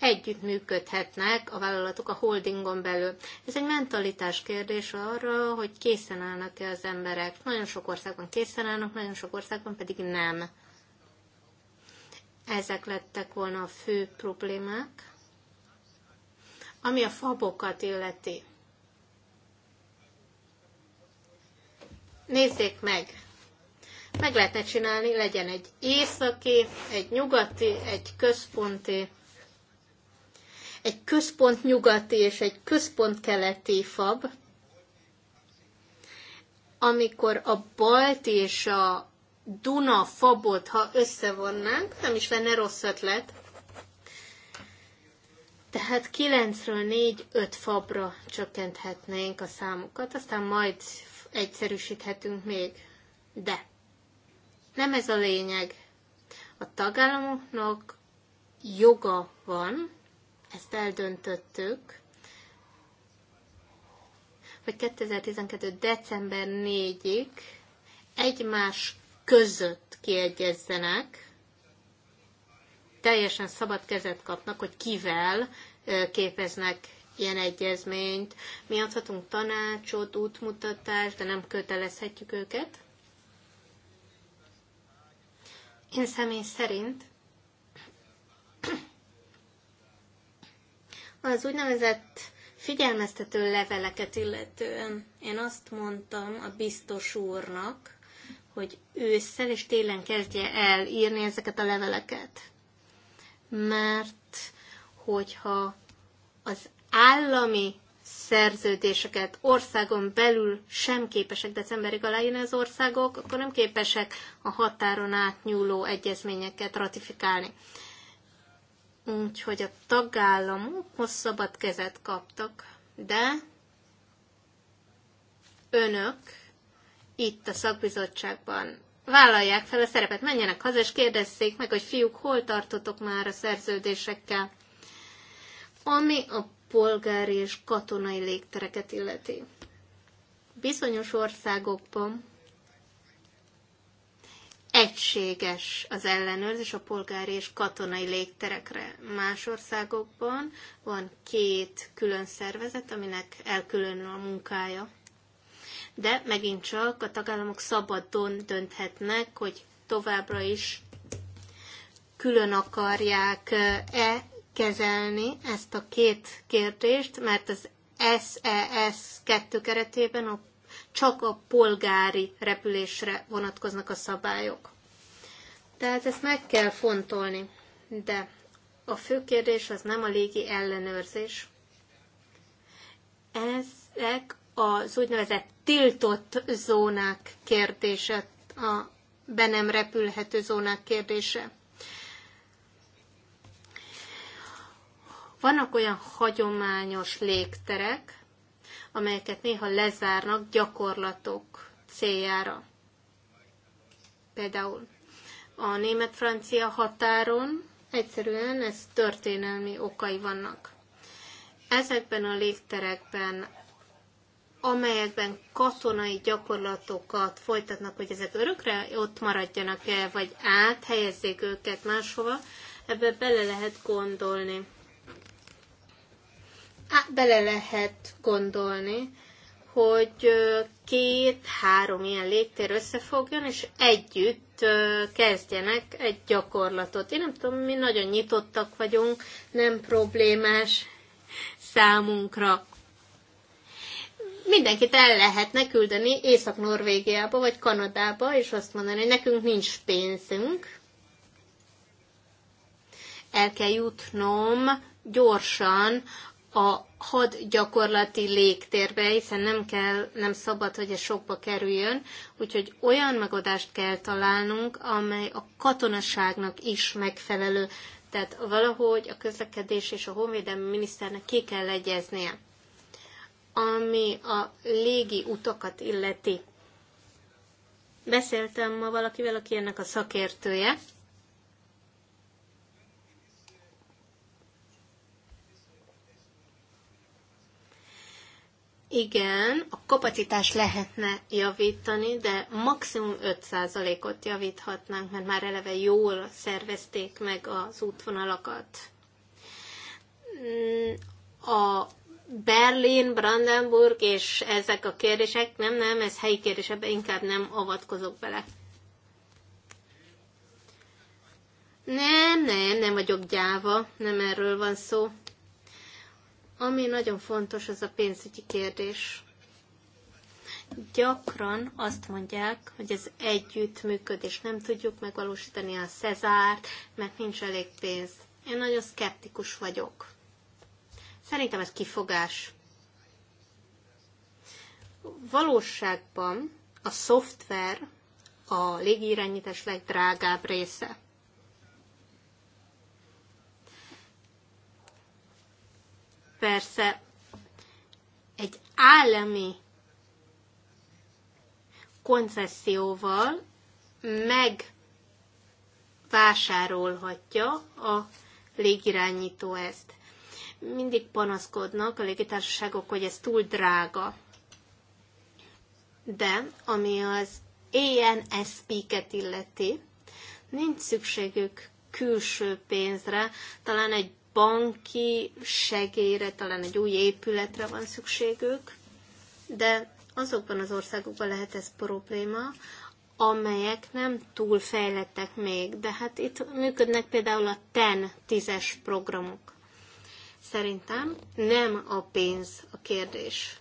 együtt működhetnek a vállalatok a holdingon belül. Ez egy mentalitás kérdés arra, hogy készen állnak-e az emberek. Nagyon sok országban készen állnak, nagyon sok országban pedig nem. Ezek lettek volna a fő problémák. Ami a fabokat illeti. Nézzék meg! Meg lehetne csinálni, legyen egy északi, egy nyugati, egy központi, egy központ nyugati és egy központ keleti fab, amikor a balti és a Duna-Fabot, ha összevonnánk, nem is lenne rossz ötlet. Tehát 9-ről 4-5 fabra csökkenthetnénk a számokat, aztán majd egyszerűsíthetünk még. De nem ez a lényeg. A tagállamoknak joga van, ezt eldöntöttük, hogy 2012. december 4-ig egymás között kiegyezzenek, teljesen szabad kezet kapnak, hogy kivel képeznek ilyen egyezményt. Mi adhatunk tanácsot, útmutatást, de nem kötelezhetjük őket. Én személy szerint az úgynevezett figyelmeztető leveleket illetően én azt mondtam a biztos úrnak, hogy ősszel és télen kezdje el írni ezeket a leveleket. Mert hogyha az állami szerződéseket országon belül sem képesek decemberig aláírni az országok, akkor nem képesek a határon átnyúló egyezményeket ratifikálni. Úgyhogy a tagállamok most szabad kezet kaptak, de önök itt a szakbizottságban vállalják fel a szerepet, menjenek haza, és kérdezzék meg, hogy fiúk, hol tartotok már a szerződésekkel, ami a polgári és katonai légtereket illeti. Bizonyos országokban egységes az ellenőrzés a polgári és katonai légterekre. Más országokban van két külön szervezet, aminek elkülönül a munkája de megint csak a tagállamok szabadon dönthetnek, hogy továbbra is külön akarják-e kezelni ezt a két kérdést, mert az SES 2 e keretében a, csak a polgári repülésre vonatkoznak a szabályok. Tehát ezt meg kell fontolni. De a fő kérdés az nem a légi ellenőrzés. Ezek az úgynevezett tiltott zónák kérdése, a be nem repülhető zónák kérdése. Vannak olyan hagyományos légterek, amelyeket néha lezárnak gyakorlatok céljára. Például a német-francia határon egyszerűen ez történelmi okai vannak. Ezekben a légterekben amelyekben katonai gyakorlatokat folytatnak, hogy ezek örökre ott maradjanak-e, vagy áthelyezzék őket máshova, ebbe bele lehet gondolni. Á, bele lehet gondolni, hogy két-három ilyen légtér összefogjon, és együtt kezdjenek egy gyakorlatot. Én nem tudom, mi nagyon nyitottak vagyunk, nem problémás számunkra mindenkit el lehetne küldeni Észak-Norvégiába vagy Kanadába, és azt mondani, hogy nekünk nincs pénzünk, el kell jutnom gyorsan a hadgyakorlati légtérbe, hiszen nem, kell, nem szabad, hogy ez sokba kerüljön, úgyhogy olyan megoldást kell találnunk, amely a katonaságnak is megfelelő. Tehát valahogy a közlekedés és a honvédelmi miniszternek ki kell egyeznie ami a légi utakat illeti. Beszéltem ma valakivel, aki ennek a szakértője. Igen, a kapacitás lehetne javítani, de maximum 5%-ot javíthatnánk, mert már eleve jól szervezték meg az útvonalakat. Mm, a Berlin, Brandenburg és ezek a kérdések, nem, nem, ez helyi kérdés, ebbe inkább nem avatkozok bele. Nem, nem, nem vagyok gyáva, nem erről van szó. Ami nagyon fontos, az a pénzügyi kérdés. Gyakran azt mondják, hogy ez együttműködés, nem tudjuk megvalósítani a Cezárt, mert nincs elég pénz. Én nagyon szkeptikus vagyok Szerintem ez kifogás. Valóságban a szoftver a légirányítás legdrágább része. Persze egy állami koncesszióval megvásárolhatja a légirányító ezt mindig panaszkodnak a légitársaságok, hogy ez túl drága. De ami az ANSP-ket illeti, nincs szükségük külső pénzre, talán egy banki segélyre, talán egy új épületre van szükségük, de azokban az országokban lehet ez probléma, amelyek nem túl fejlettek még, de hát itt működnek például a TEN 10-es programok. Szerintem nem a pénz a kérdés.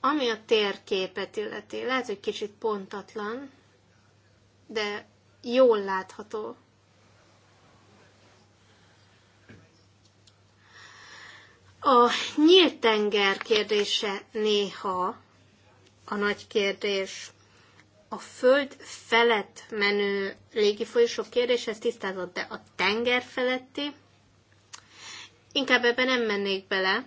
Ami a térképet illeti, lehet, hogy kicsit pontatlan, de jól látható. A nyílt tenger kérdése néha a nagy kérdés. A föld felett menő légifolyosok kérdése, ez tisztázott, de a tenger feletti, Inkább ebben nem mennék bele,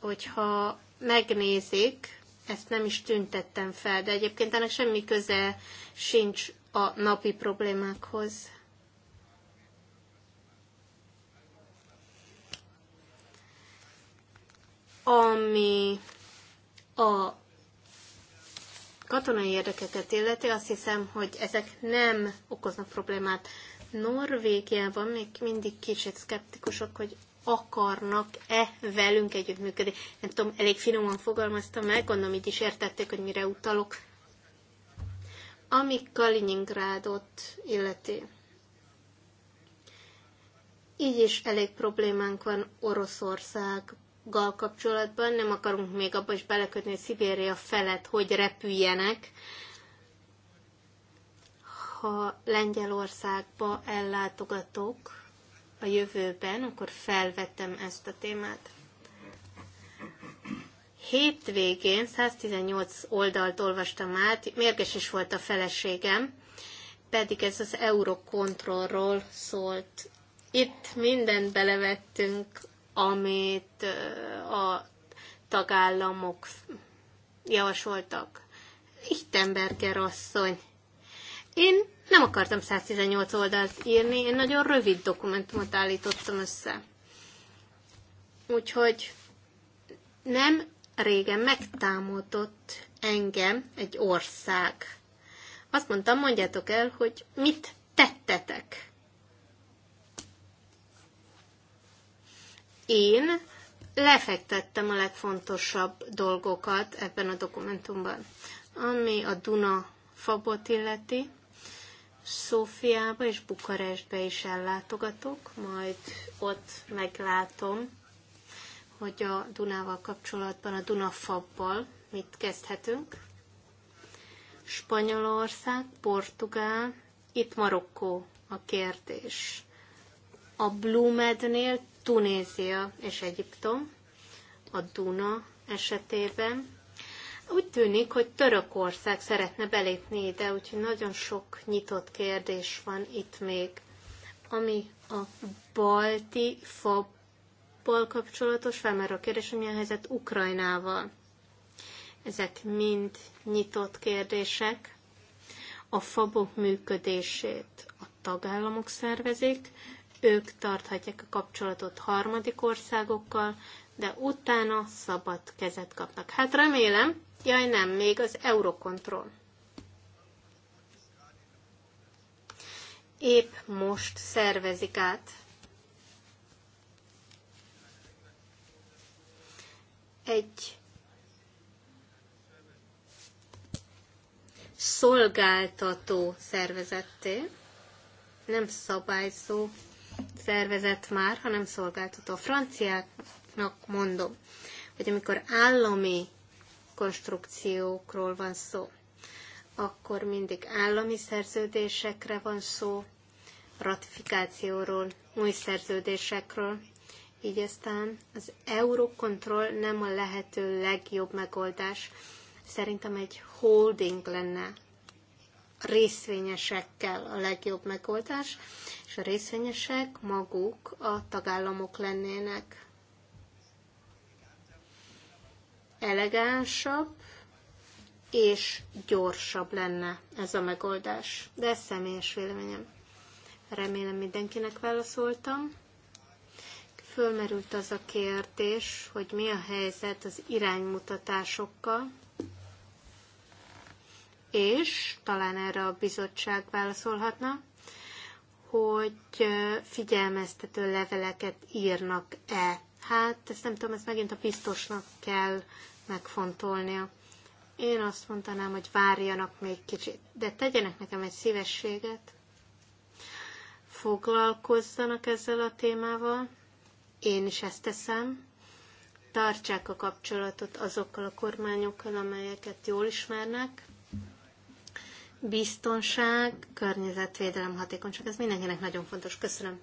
hogyha megnézik, ezt nem is tüntettem fel, de egyébként ennek semmi köze sincs a napi problémákhoz. Ami a katonai érdekeket illeti, azt hiszem, hogy ezek nem okoznak problémát. Norvégiában még mindig kicsit szkeptikusok, hogy akarnak-e velünk együttműködni. Nem tudom, elég finoman fogalmaztam meg, gondolom így is értették, hogy mire utalok. Ami Kaliningrádot illeti. Így is elég problémánk van Oroszországgal kapcsolatban, nem akarunk még abba is belekötni, hogy Szibéria felett hogy repüljenek, ha Lengyelországba ellátogatok, a jövőben, akkor felvettem ezt a témát. Hétvégén 118 oldalt olvastam át, mérges is volt a feleségem, pedig ez az eurokontrollról szólt. Itt mindent belevettünk, amit a tagállamok javasoltak. Lichtenberger asszony. Én nem akartam 118 oldalt írni, én nagyon rövid dokumentumot állítottam össze. Úgyhogy nem régen megtámadott engem egy ország. Azt mondtam, mondjátok el, hogy mit tettetek. Én lefektettem a legfontosabb dolgokat ebben a dokumentumban, ami a Duna fabot illeti. Szófiába és Bukarestbe is ellátogatok, majd ott meglátom, hogy a Dunával kapcsolatban, a Dunafabbal mit kezdhetünk. Spanyolország, Portugál, itt Marokkó a kérdés. A Blumednél Tunézia és Egyiptom, a Duna esetében úgy tűnik, hogy Törökország szeretne belépni ide, úgyhogy nagyon sok nyitott kérdés van itt még, ami a balti fabbal kapcsolatos, felmerül a kérdés, hogy milyen helyzet Ukrajnával. Ezek mind nyitott kérdések. A fabok működését a tagállamok szervezik, ők tarthatják a kapcsolatot harmadik országokkal, de utána szabad kezet kapnak. Hát remélem, Jaj, nem, még az Eurocontrol. Épp most szervezik át egy szolgáltató szervezetté, nem szabályzó szervezet már, hanem szolgáltató. A franciáknak mondom, hogy amikor állami konstrukciókról van szó, akkor mindig állami szerződésekre van szó, ratifikációról, új szerződésekről, így aztán az eurokontroll nem a lehető legjobb megoldás. Szerintem egy holding lenne a részvényesekkel a legjobb megoldás, és a részvényesek maguk a tagállamok lennének. elegánsabb és gyorsabb lenne ez a megoldás. De ez személyes véleményem. Remélem mindenkinek válaszoltam. Fölmerült az a kérdés, hogy mi a helyzet az iránymutatásokkal, és talán erre a bizottság válaszolhatna, hogy figyelmeztető leveleket írnak-e Hát ezt nem tudom, ezt megint a biztosnak kell megfontolnia. Én azt mondanám, hogy várjanak még kicsit, de tegyenek nekem egy szívességet, foglalkozzanak ezzel a témával, én is ezt teszem, tartsák a kapcsolatot azokkal a kormányokkal, amelyeket jól ismernek, biztonság, környezetvédelem, hatékonyság, ez mindenkinek nagyon fontos. Köszönöm.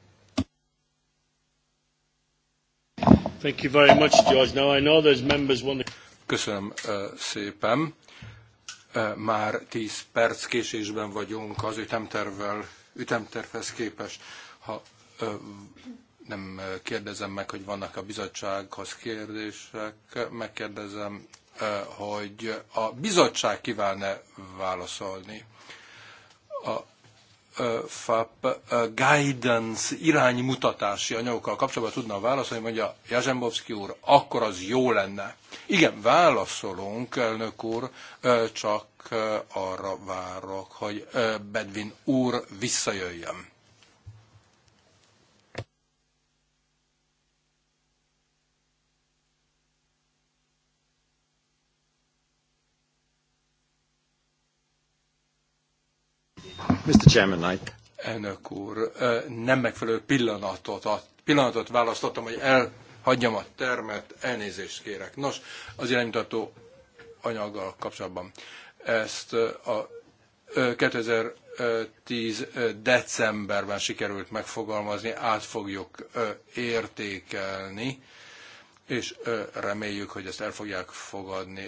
Thank you very much, George. Now I know there's members Köszönöm szépen. Már 10 perc késésben vagyunk az ütemtervvel, ütemtervhez képest. Ha nem kérdezem meg, hogy vannak a bizottsághoz kérdések, megkérdezem, hogy a bizottság kívánne válaszolni. A FAP guidance iránymutatási anyagokkal kapcsolatban tudna válaszolni, mondja Jazembowski úr, akkor az jó lenne. Igen, válaszolunk, elnök úr, csak arra várok, hogy Bedvin úr visszajöjjön. Mr. Chairman, I... Elnök úr, nem megfelelő pillanatot, a pillanatot választottam, hogy elhagyjam a termet, elnézést kérek. Nos, az iránymutató anyaggal kapcsolatban ezt a 2010 decemberben sikerült megfogalmazni, át fogjuk értékelni, és reméljük, hogy ezt el fogják fogadni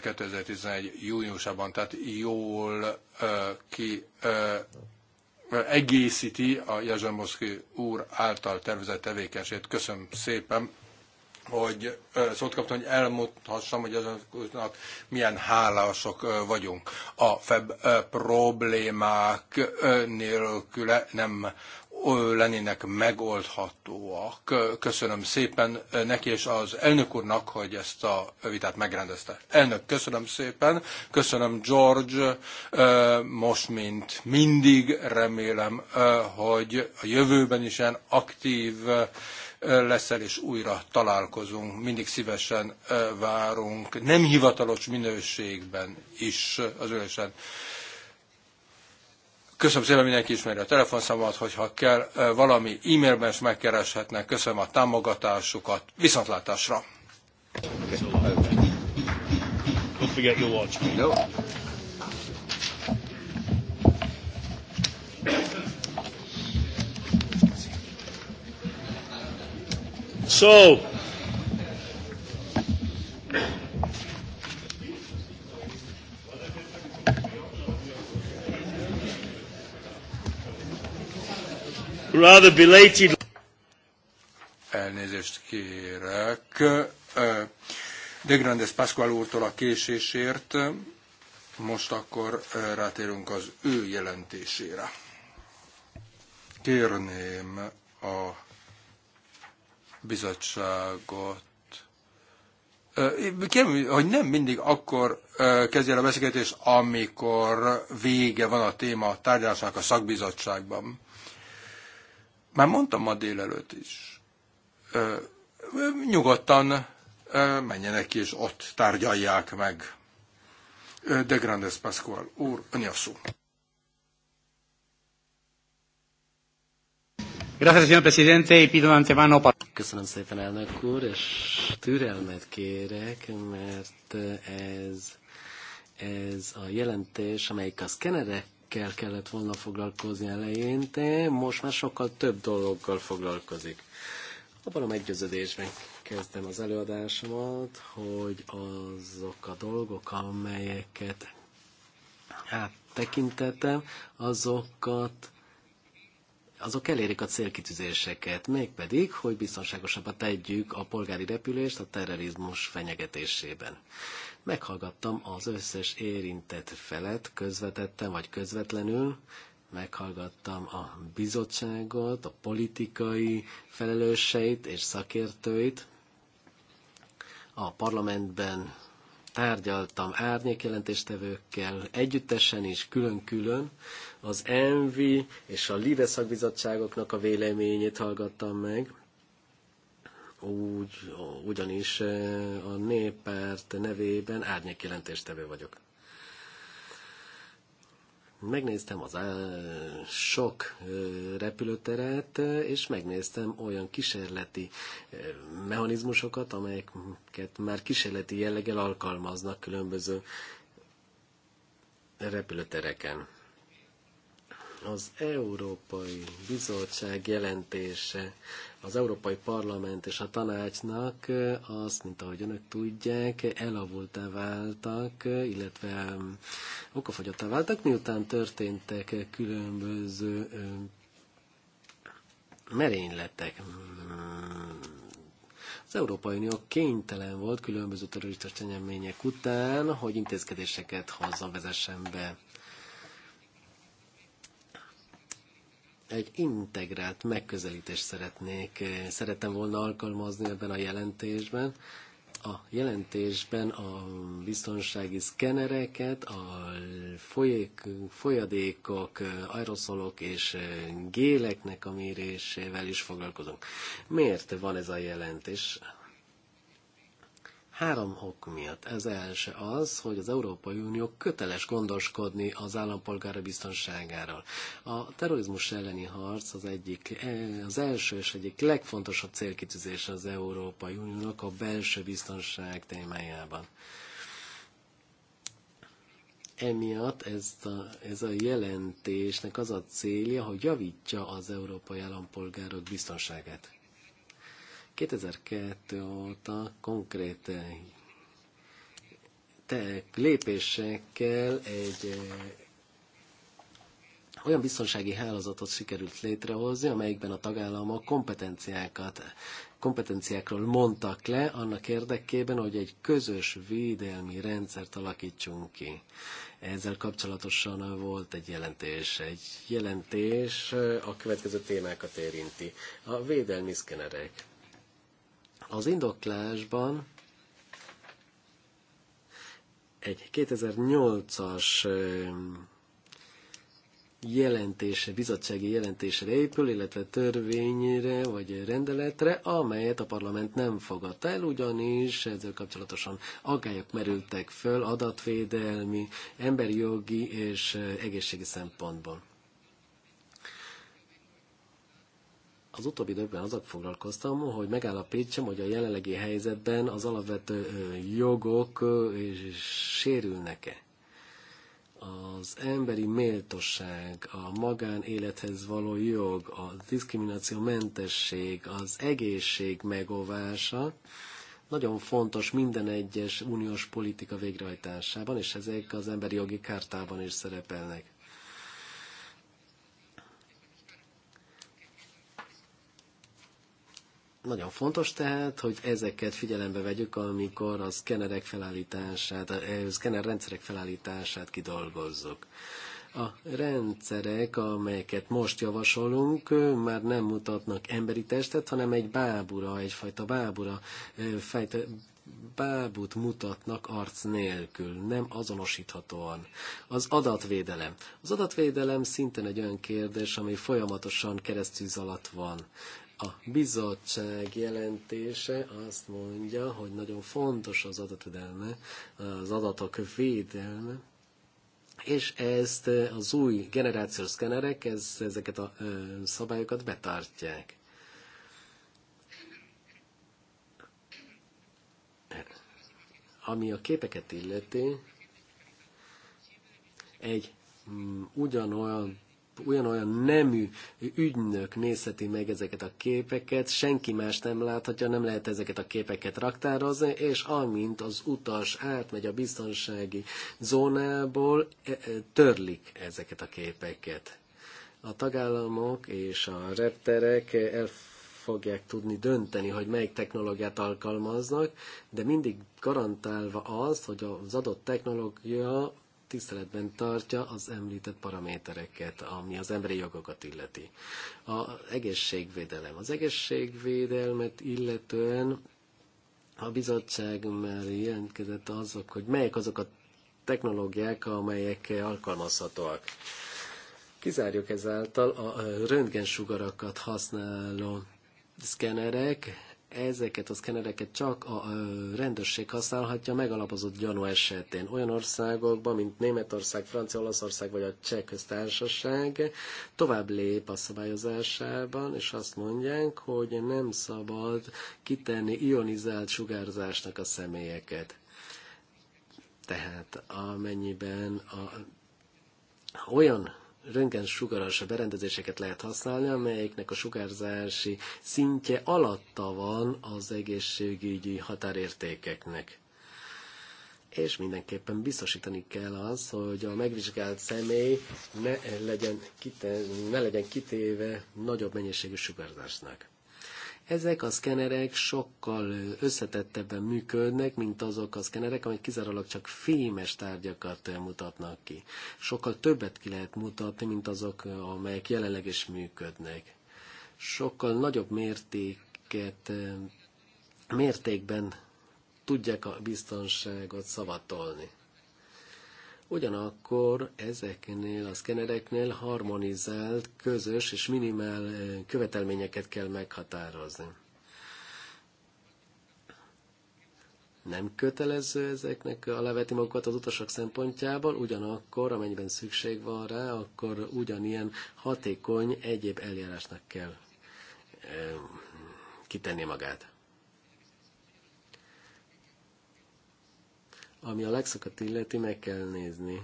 2011 júniusában, tehát jól ki egészíti a Jezsemoszki úr által tervezett tevékenységét. Köszönöm szépen, hogy szót kaptam, hogy elmondhassam, hogy azoknak milyen hálások vagyunk. A FEB problémák nélküle nem lennének megoldhatóak. Köszönöm szépen neki és az elnök úrnak, hogy ezt a vitát megrendezte. Elnök, köszönöm szépen, köszönöm George, most mint mindig remélem, hogy a jövőben is ilyen aktív leszel, és újra találkozunk. Mindig szívesen várunk, nem hivatalos minőségben is az ülésen. Köszönöm szépen, mindenki ismeri a telefonszámot, hogyha kell valami e-mailben is megkereshetnek. Köszönöm a támogatásukat. Viszontlátásra! Don't forget your watch. So, rather belated... Elnézést kérek. De Grandes Pascual úrtól a késésért. Most akkor rátérünk az ő jelentésére. Kérném a bizottságot Kérem, hogy nem mindig akkor kezdje a beszélgetés, amikor vége van a téma a tárgyalásnak a szakbizottságban. Már mondtam ma délelőtt is. Ö, nyugodtan ö, menjenek ki, és ott tárgyalják meg. De Grandes Pascual úr, ön a szó. Köszönöm szépen, elnök úr, és türelmet kérek, mert ez, ez a jelentés, amelyik a szkenerek ezekkel kellett volna foglalkozni de most már sokkal több dologgal foglalkozik. Abban a meggyőződésben kezdtem az előadásomat, hogy azok a dolgok, amelyeket hát tekintettem, azokat azok elérik a célkitűzéseket, mégpedig, hogy biztonságosabbat tegyük a polgári repülést a terrorizmus fenyegetésében. Meghallgattam az összes érintett felet, közvetettem vagy közvetlenül, meghallgattam a bizottságot, a politikai felelőseit és szakértőit. A parlamentben tárgyaltam árnyékjelentéstevőkkel együttesen és külön-külön. Az ENVI és a LIDE szakbizottságoknak a véleményét hallgattam meg úgy, ugyanis a néppárt nevében árnyék jelentéstevő vagyok. Megnéztem az sok repülőteret, és megnéztem olyan kísérleti mechanizmusokat, amelyeket már kísérleti jelleggel alkalmaznak különböző repülőtereken az Európai Bizottság jelentése az Európai Parlament és a tanácsnak az, mint ahogy önök tudják, elavultá váltak, illetve okafogyottá váltak, miután történtek különböző merényletek. Hmm. Az Európai Unió kénytelen volt különböző terroristas csenyemények után, hogy intézkedéseket hozzon, vezessen be. egy integrált megközelítést szeretnék, eh, szerettem volna alkalmazni ebben a jelentésben. A jelentésben a biztonsági szkenereket, a folyék, folyadékok, aeroszolok és eh, géleknek a mérésével is foglalkozunk. Miért van ez a jelentés? Három ok miatt. Ez első az, hogy az Európai Unió köteles gondoskodni az állampolgára biztonságáról. A terrorizmus elleni harc az egyik, eh, az első és egyik legfontosabb célkitűzése az Európai Uniónak a belső biztonság témájában emiatt ez a, ez a jelentésnek az a célja, hogy javítja az európai állampolgárok biztonságát. 2002 óta konkrét eh, te lépésekkel egy eh, olyan biztonsági hálózatot sikerült létrehozni, amelyikben a tagállamok kompetenciákat, kompetenciákról mondtak le annak érdekében, hogy egy közös védelmi rendszert alakítsunk ki. Ezzel kapcsolatosan volt egy jelentés. Egy jelentés eh, a következő témákat érinti. A védelmi szkenerek. Az indoklásban egy 2008-as jelentése, bizottsági jelentésre épül, illetve törvényre vagy rendeletre, amelyet a parlament nem fogadta el, ugyanis ezzel kapcsolatosan aggályok merültek föl adatvédelmi, emberi jogi és eh, egészségi szempontból. az utóbbi időben azok foglalkoztam, hogy megállapítsam, hogy a jelenlegi helyzetben az alapvető jogok sérülnek-e. Az emberi méltóság, a magánélethez való jog, a mentesség, az egészség megóvása nagyon fontos minden egyes uniós politika végrehajtásában, és ezek az emberi jogi kártában is szerepelnek Nagyon fontos tehát, hogy ezeket figyelembe vegyük, amikor a szkenerek felállítását, a eh, szkener rendszerek felállítását kidolgozzuk. A rendszerek, amelyeket most javasolunk, már nem mutatnak emberi testet, hanem egy bábura, egyfajta bábura, fejt, bábút mutatnak arc nélkül, nem azonosíthatóan. Az adatvédelem. Az adatvédelem szintén egy olyan kérdés, ami folyamatosan keresztűz alatt van. A bizottság jelentése azt mondja, hogy nagyon fontos az adatvédelme, az adatok védelme, és ezt az új generációs szkenerek ez, ezeket a ö, szabályokat betartják. Ami a képeket illeti, egy ugyanolyan olyan-olyan nemű ügynök nézheti meg ezeket a képeket, senki más nem láthatja, nem lehet ezeket a képeket raktározni, és amint az utas átmegy a biztonsági zónából, e, e, törlik ezeket a képeket. A tagállamok és a repterek el fogják tudni dönteni, hogy melyik technológiát alkalmaznak, de mindig garantálva azt, hogy az adott technológia tiszteletben tartja az említett paramétereket, ami az emberi jogokat illeti. A egészségvédelem. Az egészségvédelmet illetően a bizottság már jelentkezett azok, hogy melyek azok a technológiák, amelyek alkalmazhatóak. Kizárjuk ezáltal a röntgensugarakat használó szkenerek, ezeket a szkenereket csak a rendőrség használhatja megalapozott gyanú esetén. Olyan országokban, mint Németország, Francia, Olaszország vagy a Cseh köztársaság tovább lép a szabályozásában, és azt mondják, hogy nem szabad kitenni ionizált sugárzásnak a személyeket. Tehát amennyiben a, olyan röntgen sugaras berendezéseket lehet használni, amelyeknek a sugárzási szintje alatta van az egészségügyi határértékeknek. És mindenképpen biztosítani kell az, hogy a megvizsgált személy ne legyen, kite, ne legyen kitéve nagyobb mennyiségű sugárzásnak. Ezek a szkenerek sokkal összetettebben működnek, mint azok a szkenerek, amelyek kizárólag csak fémes tárgyakat mutatnak ki. Sokkal többet ki lehet mutatni, mint azok, amelyek jelenleg is működnek. Sokkal nagyobb mértéket, mértékben tudják a biztonságot szavatolni. Ugyanakkor ezeknél a szkenereknél harmonizált, közös és minimál eh, követelményeket kell meghatározni. nem kötelező ezeknek a leveti magukat az utasok szempontjából, ugyanakkor, amennyiben szükség van rá, akkor ugyanilyen hatékony egyéb eljárásnak kell e, kitenni magát. Ami a lexokat illeti, meg kell nézni,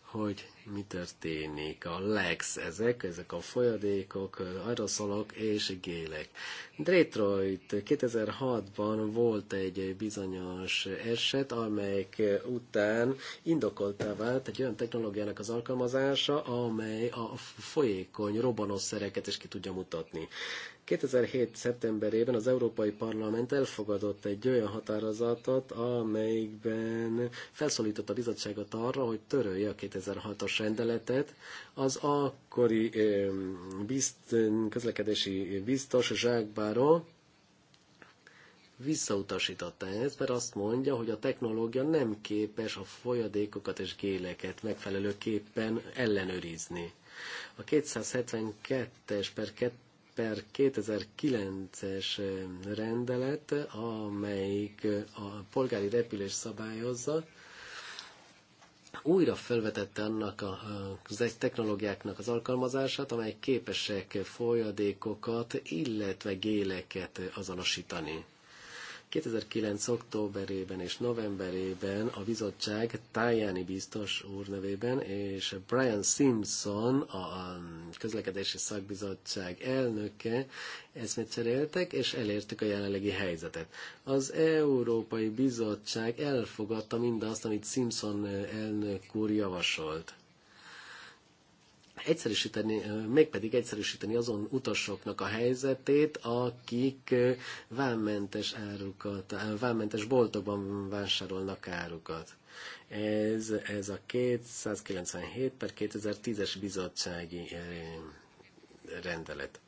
hogy mi történik. A lex, ezek, ezek a folyadékok, aeroszolok és gélek. Detroit 2006-ban volt egy bizonyos eset, amelyek után indokoltá vált egy olyan technológiának az alkalmazása, amely a folyékony robbanószereket is ki tudja mutatni. 2007. szeptemberében az Európai Parlament elfogadott egy olyan határozatot, amelyikben felszólította a bizottságot arra, hogy törölje a 2006-os rendeletet. Az akkori bizt, közlekedési biztos Jacques Barrault visszautasította ezt, mert azt mondja, hogy a technológia nem képes a folyadékokat és géleket megfelelőképpen ellenőrizni. A 272-es per per 2009-es rendelet, amelyik a polgári repülés szabályozza, újra felvetette annak a, az egy technológiáknak az alkalmazását, amely képesek folyadékokat, illetve géleket azonosítani. 2009. októberében és novemberében a bizottság Tajani biztos úr nevében és Brian Simpson, a közlekedési szakbizottság elnöke eszmét cseréltek, és elértük a jelenlegi helyzetet. Az Európai Bizottság elfogadta mindazt, amit Simpson elnök úr javasolt egyszerűsíteni, mégpedig egyszerűsíteni azon utasoknak a helyzetét, akik vámmentes árukat, vámmentes boltokban vásárolnak árukat. Ez, ez a 297 per 2010-es bizottsági rendelet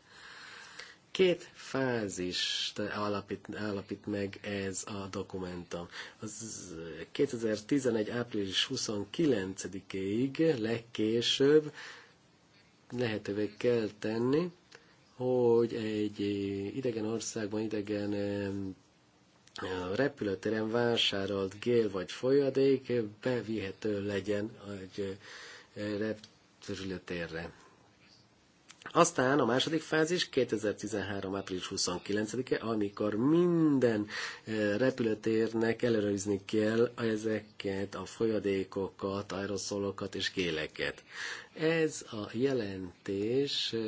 két fázist alapít, alapít meg ez a dokumentum. Az 2011. április 29-ig legkésőbb lehetővé kell tenni, hogy egy eh, idegen országban, idegen eh, repülőteren vásárolt gél vagy folyadék bevihető legyen egy eh, repülőtérre. Aztán a második fázis 2013. április 29-e, amikor minden eh, repülőtérnek előrizni kell ezeket a folyadékokat, aeroszolokat és géleket. Ez a jelentés eh,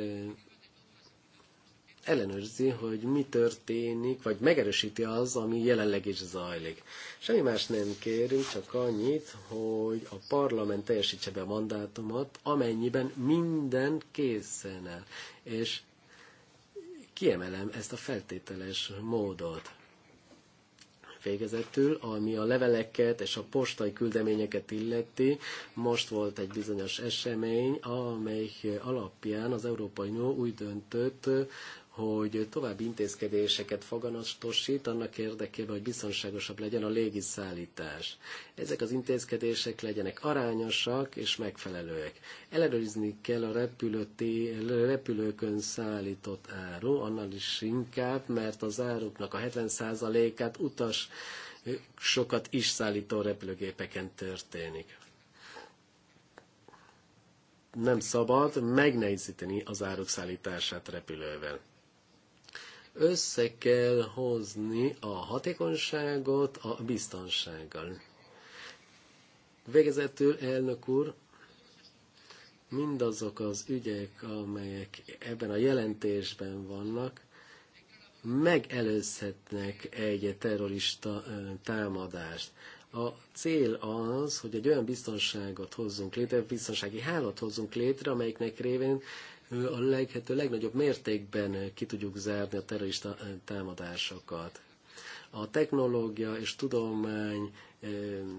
ellenőrzi, hogy mi történik, vagy megerősíti az, ami jelenleg is zajlik. Semmi más nem kérünk, csak annyit, hogy a parlament teljesítse be a mandátumot, amennyiben minden készen el. És kiemelem ezt a feltételes módot. Végezetül, ami a leveleket és a postai küldeményeket illeti, most volt egy bizonyos esemény, amely alapján az Európai Unió úgy döntött, hogy további intézkedéseket foganatosít annak érdekében, hogy biztonságosabb legyen a légiszállítás. Ezek az intézkedések legyenek arányosak és megfelelőek. Ellenőrizni kell a repülőti, repülőkön szállított áru, annál is inkább, mert az áruknak a 70%-át utas sokat is szállító repülőgépeken történik nem szabad megnehezíteni az áruk szállítását repülővel. Össze kell hozni a hatékonyságot a biztonsággal. Végezetül, elnök úr, mindazok az ügyek, amelyek ebben a jelentésben vannak, megelőzhetnek egy terrorista támadást. A cél az, hogy egy olyan biztonságot hozzunk létre, biztonsági hálat hozzunk létre, amelyiknek révén a leghető legnagyobb mértékben ki tudjuk zárni a terrorista támadásokat. A technológia és tudomány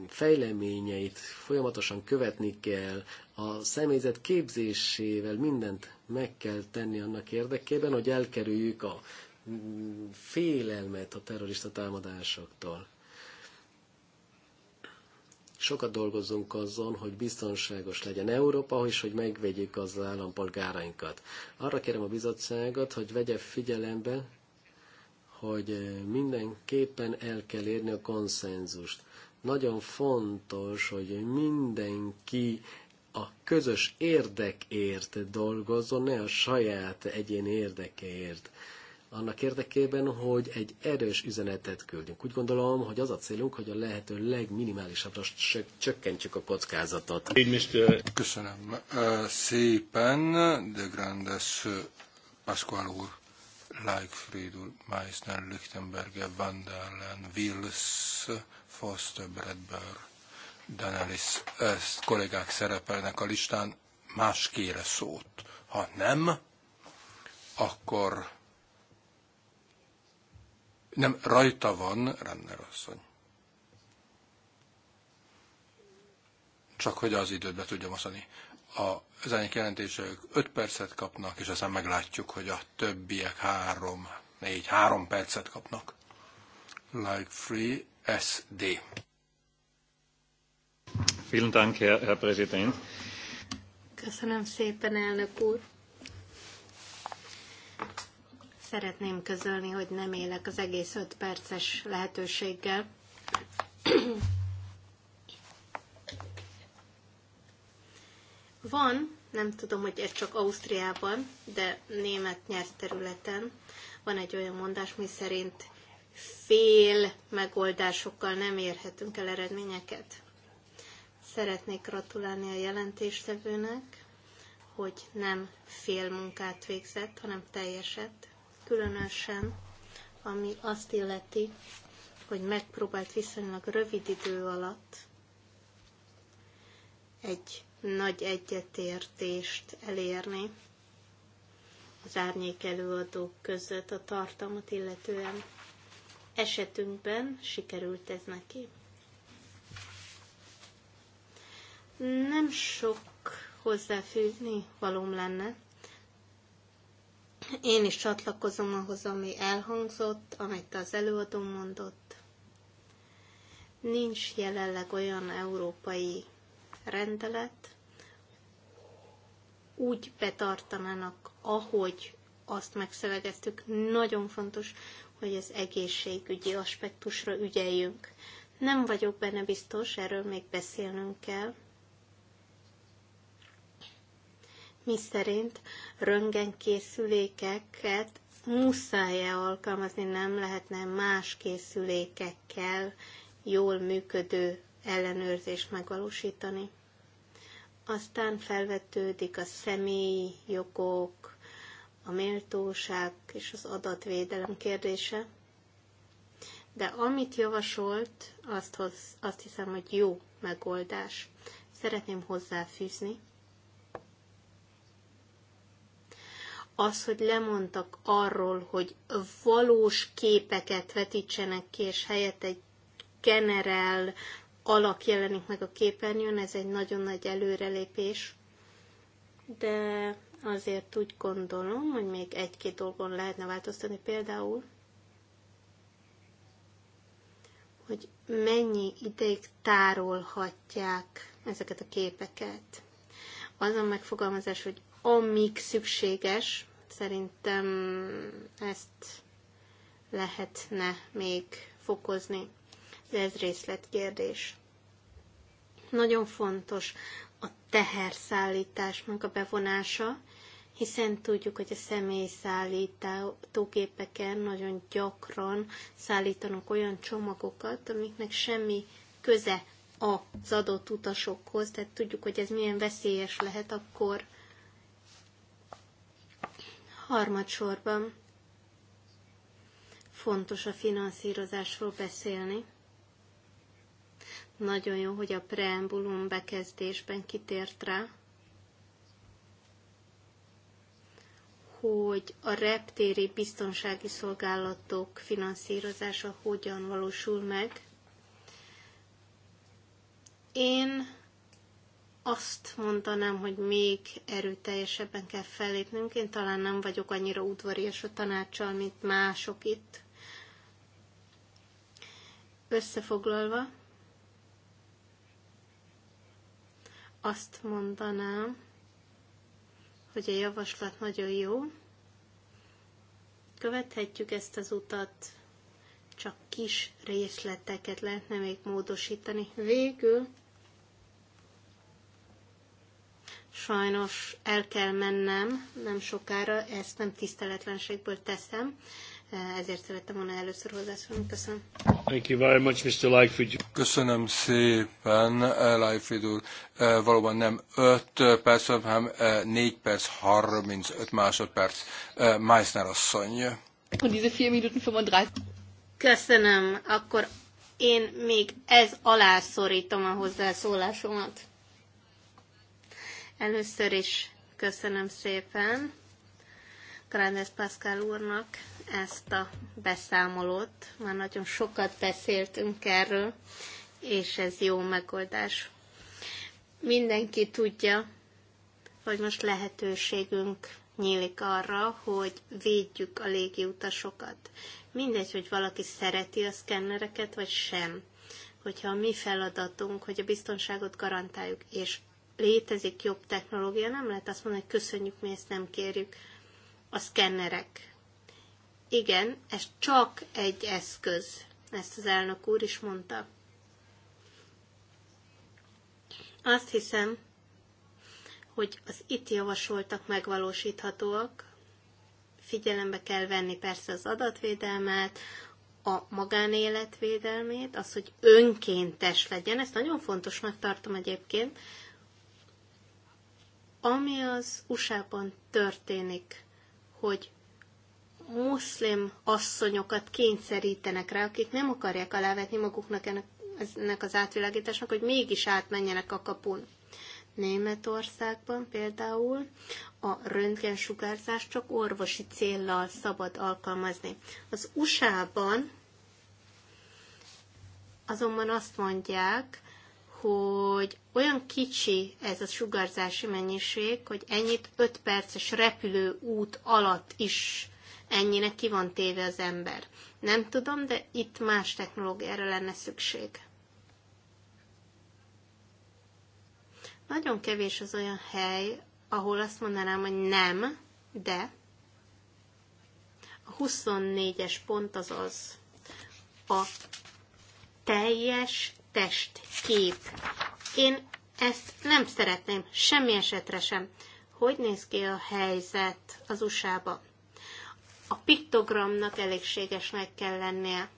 fejleményeit folyamatosan követni kell, a személyzet képzésével mindent meg kell tenni annak érdekében, hogy elkerüljük a félelmet a terrorista támadásoktól. Sokat dolgozunk azon, hogy biztonságos legyen Európa, és hogy megvegyék az állampolgárainkat. Arra kérem a bizottságot, hogy vegye figyelembe, hogy mindenképpen el kell érni a konszenzust. Nagyon fontos, hogy mindenki a közös érdekért dolgozzon, ne a saját egyén érdekeért annak érdekében, hogy egy erős üzenetet küldjünk. Úgy gondolom, hogy az a célunk, hogy a lehető legminimálisabbra csökkentsük a kockázatot. Köszönöm szépen, de Grandes Pascual úr, Leichfried úr, Meissner, Lichtenberger, Van der Wills, Foster, Bradbury, Danelis ezt kollégák szerepelnek a listán, más kére szót. Ha nem, akkor nem, rajta van, Renner asszony. Csak hogy az időt be tudjam oszani. A zenék enyik jelentések 5 percet kapnak, és aztán meglátjuk, hogy a többiek 3, 4, 3 percet kapnak. Like Free SD. Vielen Dank, Herr, Herr Präsident. Köszönöm szépen, elnök úr. Szeretném közölni, hogy nem élek az egész öt perces lehetőséggel. Van, nem tudom, hogy ez csak Ausztriában, de német területen van egy olyan mondás, mi szerint fél megoldásokkal nem érhetünk el eredményeket. Szeretnék gratulálni a jelentéstevőnek, hogy nem fél munkát végzett, hanem teljeset különösen ami azt illeti, hogy megpróbált viszonylag rövid idő alatt egy nagy egyetértést elérni az árnyék előadók között a tartalmat illetően. Esetünkben sikerült ez neki. Nem sok hozzáfűzni valóm lenne, én is csatlakozom ahhoz, ami elhangzott, amit az előadó mondott. Nincs jelenleg olyan európai rendelet, úgy betartanának, ahogy azt megszövegeztük. Nagyon fontos, hogy az egészségügyi aspektusra ügyeljünk. Nem vagyok benne biztos, erről még beszélnünk kell, szerint röntgenkészülékeket muszáj-e alkalmazni, nem lehetne más készülékekkel jól működő ellenőrzést megvalósítani. Aztán felvetődik a személyi jogok, a méltóság és az adatvédelem kérdése. De amit javasolt, azt, hoz, azt hiszem, hogy jó megoldás. Szeretném hozzáfűzni, az, hogy lemondtak arról, hogy valós képeket vetítsenek ki, és helyett egy generál alak jelenik meg a képernyőn, ez egy nagyon nagy előrelépés. De azért úgy gondolom, hogy még egy-két dolgon lehetne változtatni, például, hogy mennyi ideig tárolhatják ezeket a képeket. Az a megfogalmazás, hogy amíg szükséges, Szerintem ezt lehetne még fokozni, de ez részletkérdés. Nagyon fontos a teherszállításnak a bevonása, hiszen tudjuk, hogy a személyszállítógépeken nagyon gyakran szállítanak olyan csomagokat, amiknek semmi köze az adott utasokhoz, tehát tudjuk, hogy ez milyen veszélyes lehet akkor, Harmadsorban fontos a finanszírozásról beszélni. Nagyon jó, hogy a preambulum bekezdésben kitért rá, hogy a reptéri biztonsági szolgálatok finanszírozása hogyan valósul meg. Én azt mondanám, hogy még erőteljesebben kell fellépnünk. Én talán nem vagyok annyira udvarias a tanácsal, mint mások itt. Összefoglalva, azt mondanám, hogy a javaslat nagyon jó. Követhetjük ezt az utat, csak kis részleteket lehetne még módosítani. Végül Sajnos el kell mennem nem sokára, ezt nem tiszteletlenségből teszem, ezért szerettem volna először hozzászólni. Köszönöm. Thank you very much, Mr. Lightfoot. Köszönöm szépen, eh, Lightfoot úr. Eh, valóban nem 5 eh, perc, hanem 4 perc, 35 másodperc. Meissner asszony. Und diese 4 Minuten 35. Köszönöm. Akkor én még ez alá szorítom a hozzászólásomat. Először is köszönöm szépen Grandes Pascal úrnak ezt a beszámolót. Már nagyon sokat beszéltünk erről, és ez jó megoldás. Mindenki tudja, hogy most lehetőségünk nyílik arra, hogy védjük a légiutasokat. Mindegy, hogy valaki szereti a szkennereket, vagy sem. Hogyha a mi feladatunk, hogy a biztonságot garantáljuk, és létezik jobb technológia, nem lehet azt mondani, hogy köszönjük, mi ezt nem kérjük. A szkennerek. Igen, ez csak egy eszköz, ezt az elnök úr is mondta. Azt hiszem, hogy az itt javasoltak megvalósíthatóak. Figyelembe kell venni persze az adatvédelmet, a magánéletvédelmét, az, hogy önkéntes legyen, ezt nagyon fontosnak tartom egyébként, ami az USA-ban történik, hogy muszlim asszonyokat kényszerítenek rá, akik nem akarják alávetni maguknak ennek, ennek az átvilágításnak, hogy mégis átmenjenek a kapun. Németországban például a röntgensugárzást csak orvosi céllal szabad alkalmazni. Az USA-ban azonban azt mondják, hogy olyan kicsi ez a sugárzási mennyiség, hogy ennyit 5 perces repülő út alatt is ennyire ki van téve az ember. Nem tudom, de itt más technológiára lenne szükség. Nagyon kevés az olyan hely, ahol azt mondanám, hogy nem, de a 24-es pont az az, a teljes testkép. Én ezt nem szeretném semmi esetre sem. Hogy néz ki a helyzet az USA-ba? A piktogramnak elégségesnek kell lennie.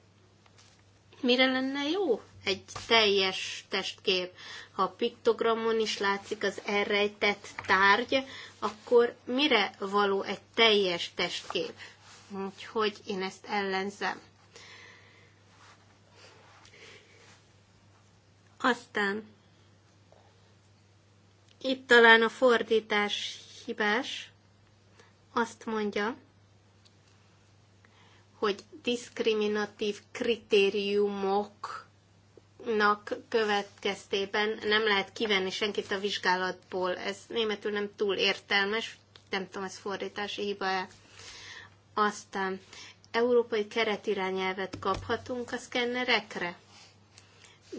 Mire lenne jó egy teljes testkép? Ha a piktogramon is látszik az elrejtett tárgy, akkor mire való egy teljes testkép? Úgyhogy én ezt ellenzem. Aztán itt talán a fordítás hibás, azt mondja, hogy diszkriminatív kritériumoknak következtében nem lehet kivenni senkit a vizsgálatból. Ez németül nem túl értelmes, nem tudom, ez fordítási hiba-e. Aztán európai keretirányelvet kaphatunk a szkennerekre,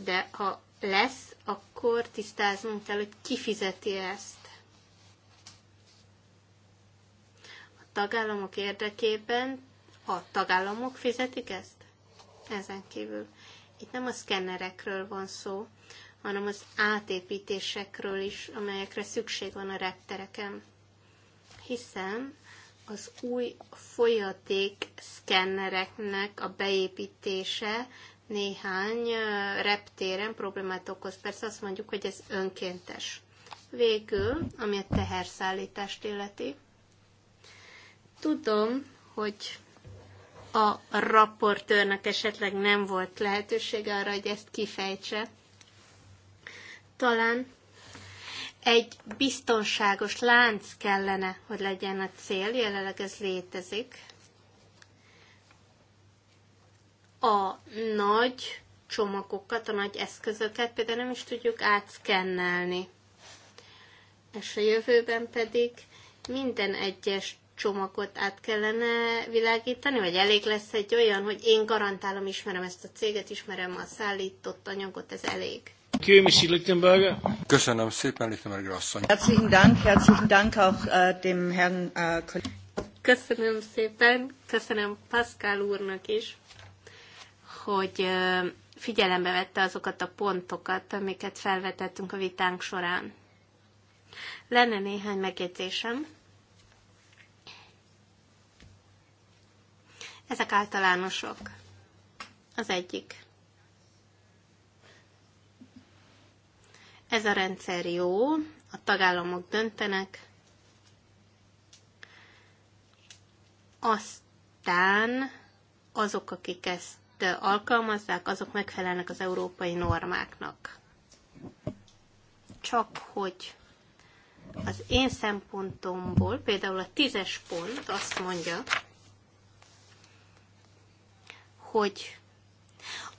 de ha lesz, akkor tisztáznunk kell, hogy ki fizeti ezt. A tagállamok érdekében a tagállamok fizetik ezt? Ezen kívül. Itt nem a szkennerekről van szó, hanem az átépítésekről is, amelyekre szükség van a reptereken. Hiszen az új folyaték szkennereknek a beépítése néhány reptéren problémát okoz. Persze azt mondjuk, hogy ez önkéntes. Végül, ami a teherszállítást illeti, tudom, hogy a raportőrnek esetleg nem volt lehetősége arra, hogy ezt kifejtse. Talán egy biztonságos lánc kellene, hogy legyen a cél, jelenleg ez létezik. a nagy csomagokat, a nagy eszközöket például nem is tudjuk átszkennelni. És a jövőben pedig minden egyes csomagot át kellene világítani, vagy elég lesz egy olyan, hogy én garantálom, ismerem ezt a céget, ismerem a szállított anyagot, ez elég. Köszönöm szépen, Lichtenberger asszony. Herzlichen Dank, herzlichen Dank auch äh, dem Herrn äh, Köszönöm szépen, köszönöm Pascal úrnak is hogy figyelembe vette azokat a pontokat, amiket felvetettünk a vitánk során. Lenne néhány megjegyzésem. Ezek általánosok. Az egyik. Ez a rendszer jó, a tagállamok döntenek, aztán azok, akik ezt alkalmazzák, azok megfelelnek az európai normáknak. Csak hogy az én szempontomból, például a tízes pont azt mondja, hogy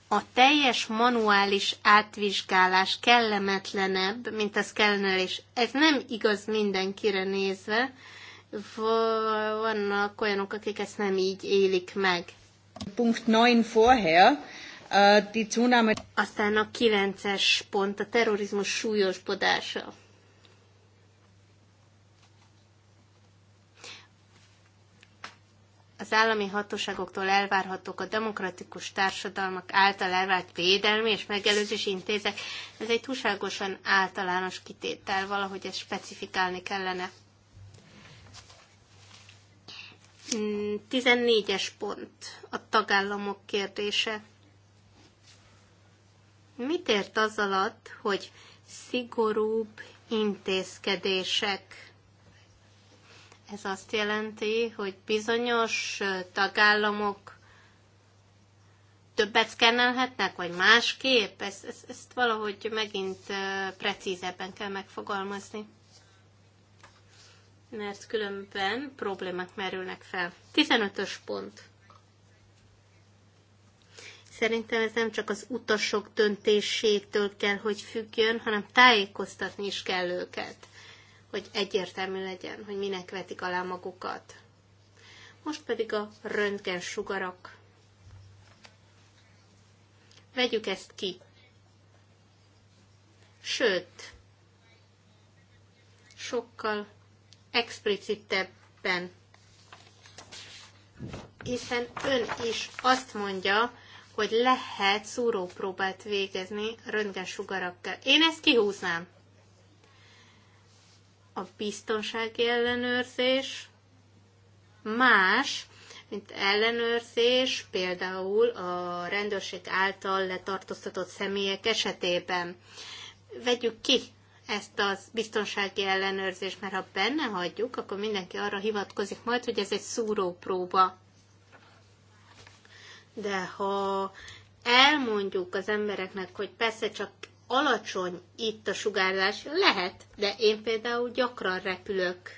a teljes manuális átvizsgálás kellemetlenebb, mint az kellene, és ez nem igaz mindenkire nézve, vannak olyanok, akik ezt nem így élik meg. Punkt 9 vorher, äh, die Zunahme... Aztán a 9-es pont, a terrorizmus súlyosbodása. az állami hatóságoktól elvárhatók a demokratikus társadalmak által elvárt védelmi és megelőzés intézek. Ez egy túlságosan általános kitétel, valahogy ezt specifikálni kellene. 14-es pont a tagállamok kérdése. Mit ért az alatt, hogy szigorúbb intézkedések? Ez azt jelenti, hogy bizonyos tagállamok többet szkennelhetnek, vagy másképp? Ezt, ezt, ezt valahogy megint precízebben kell megfogalmazni mert különben problémák merülnek fel. 15-ös pont. Szerintem ez nem csak az utasok döntésétől kell, hogy függjön, hanem tájékoztatni is kell őket, hogy egyértelmű legyen, hogy minek vetik alá magukat. Most pedig a röntgen sugarak. Vegyük ezt ki. Sőt, sokkal explicitebben, hiszen ön is azt mondja, hogy lehet szúrópróbát végezni röntgensugarakkal. Én ezt kihúznám. A biztonsági ellenőrzés más, mint ellenőrzés például a rendőrség által letartóztatott személyek esetében. Vegyük ki ezt az biztonsági ellenőrzést, mert ha benne hagyjuk, akkor mindenki arra hivatkozik majd, hogy ez egy szúrópróba. De ha elmondjuk az embereknek, hogy persze csak alacsony itt a sugárzás, lehet, de én például gyakran repülök.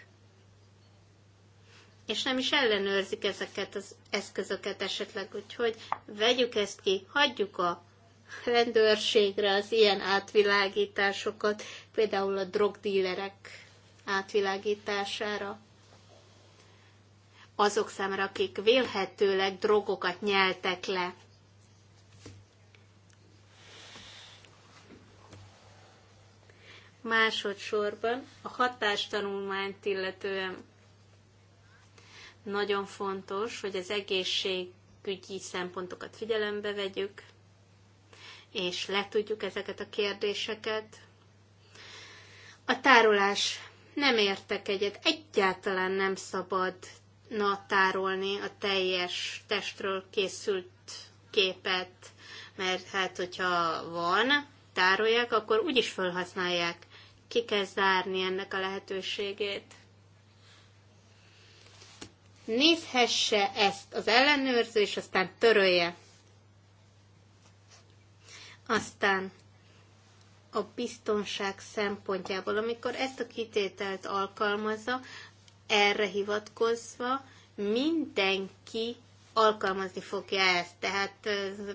És nem is ellenőrzik ezeket az eszközöket esetleg, úgyhogy vegyük ezt ki, hagyjuk a rendőrségre az ilyen átvilágításokat, például a drogdílerek átvilágítására. Azok számára, akik vélhetőleg drogokat nyeltek le. Másodszorban a hatástanulmányt illetően nagyon fontos, hogy az egészségügyi szempontokat figyelembe vegyük, és letudjuk ezeket a kérdéseket. A tárolás. Nem értek egyet. Egyáltalán nem szabadna tárolni a teljes testről készült képet, mert hát, hogyha van, tárolják, akkor úgyis felhasználják. Ki kell zárni ennek a lehetőségét. Nézhesse ezt az ellenőrző, és aztán törölje. Aztán a biztonság szempontjából, amikor ezt a kitételt alkalmazza, erre hivatkozva mindenki alkalmazni fogja ezt. Tehát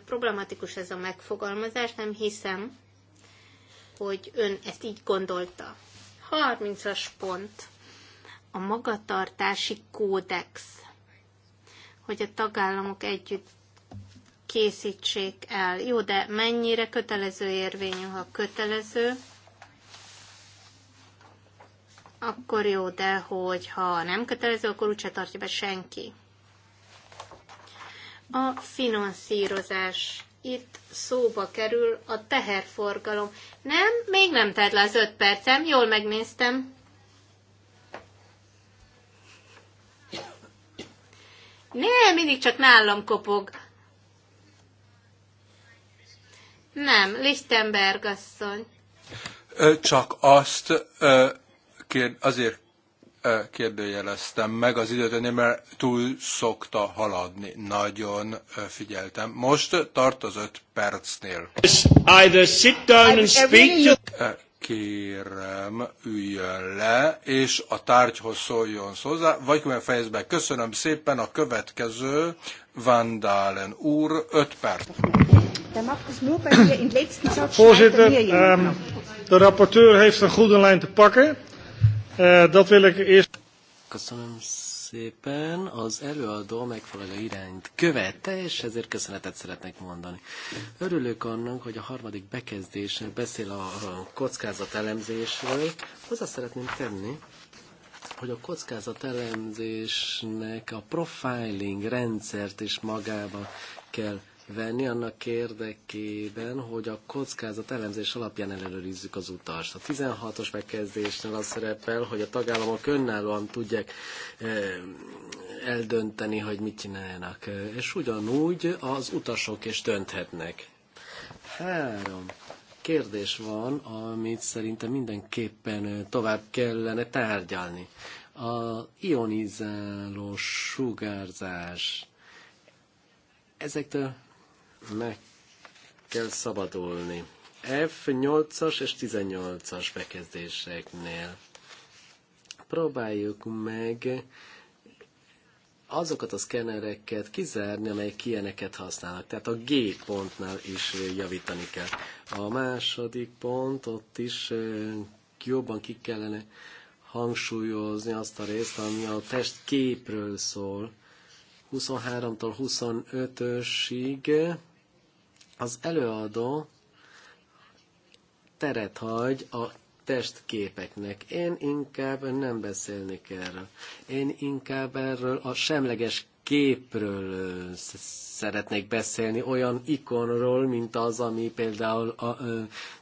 problematikus ez a megfogalmazás, nem hiszem, hogy ön ezt így gondolta. 30-as pont. A magatartási kódex, hogy a tagállamok együtt készítsék el. Jó, de mennyire kötelező érvényű, ha kötelező, akkor jó, de hogyha nem kötelező, akkor úgyse tartja be senki. A finanszírozás. Itt szóba kerül a teherforgalom. Nem, még nem telt le az öt percem, jól megnéztem. Nem, mindig csak nálam kopog. Nem, Lichtenberg asszony. Csak azt kér, azért kérdőjeleztem meg az időt, mert túl szokta haladni. Nagyon figyeltem. Most tart az öt percnél. Either sit down and speak to... Kérem, üljön le, és a tárgyhoz szóljon hozzá, vagy külön fejezbe. Köszönöm szépen a következő Vandalen úr, öt perc. Voorzitter, um, de rapporteur heeft een goede lijn te pakken. Uh, dat wil ik eerst... Köszönöm szépen. Az előadó megfelelő irányt követte, és ezért köszönetet szeretnék mondani. Örülök annak, hogy a harmadik bekezdés beszél a kockázatelemzésről. Hozzá szeretném tenni, hogy a kockázatelemzésnek a profiling rendszert is magába kell venni annak érdekében, hogy a kockázat elemzés alapján ellenőrizzük az utast. A 16-os megkezdésnél az szerepel, hogy a tagállamok önállóan tudják eh, eldönteni, hogy mit csináljanak. Eh, és ugyanúgy az utasok is dönthetnek. Három kérdés van, amit szerintem mindenképpen eh, tovább kellene tárgyalni. A ionizáló sugárzás ezektől meg kell szabadulni. F8-as és 18-as bekezdéseknél. Próbáljuk meg azokat a szkennereket kizárni, amelyek ilyeneket használnak. Tehát a G pontnál is javítani kell. A második pont, ott is jobban ki kellene hangsúlyozni azt a részt, ami a testképről szól. 23-tól 25-ösig az előadó teret hagy a testképeknek. Én inkább nem beszélnék erről. Én inkább erről a semleges képről szeretnék beszélni, olyan ikonról, mint az, ami például a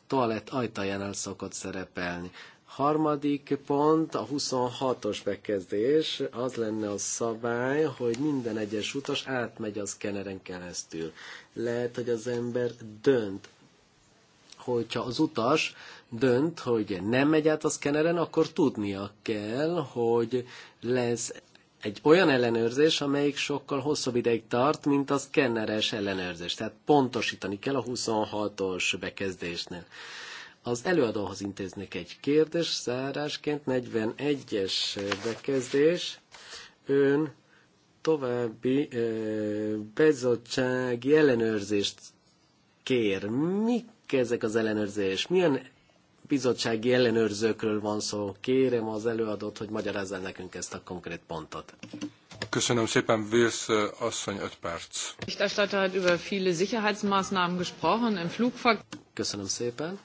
toalett ajtajánál szokott szerepelni. Harmadik pont, a 26-os bekezdés, az lenne a szabály, hogy minden egyes utas átmegy a szkeneren keresztül. Lehet, hogy az ember dönt, hogyha az utas dönt, hogy nem megy át a szkeneren, akkor tudnia kell, hogy lesz egy olyan ellenőrzés, amelyik sokkal hosszabb ideig tart, mint a szkenneres ellenőrzés. Tehát pontosítani kell a 26-os bekezdésnél. Az előadóhoz intéznék egy kérdés, zárásként 41-es bekezdés. Ön további ö, bizottsági ellenőrzést kér. Mik ezek az ellenőrzés? Milyen bizottsági ellenőrzőkről van szó? Kérem az előadót, hogy magyarázza nekünk ezt a konkrét pontot. Köszönöm szépen, Wills asszony, 5 perc. Berichterstatter hat über viele Sicherheitsmaßnahmen gesprochen im Flugverkehr. Köszönöm szépen.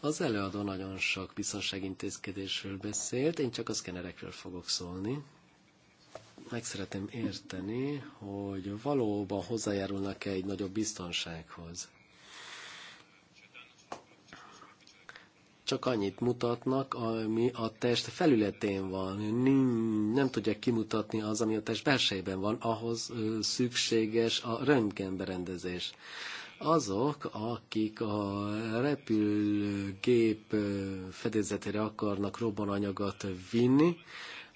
Az előadó nagyon sok biztonságintézkedésről beszélt, én csak a szkenerekről fogok szólni. Meg szeretném érteni, hogy valóban hozzájárulnak-e egy nagyobb biztonsághoz. csak annyit mutatnak, ami a test felületén van. Nem, nem tudják kimutatni az, ami a test belsejében van, ahhoz szükséges a röntgenberendezés azok, akik a repülőgép fedezetére akarnak robbananyagot vinni,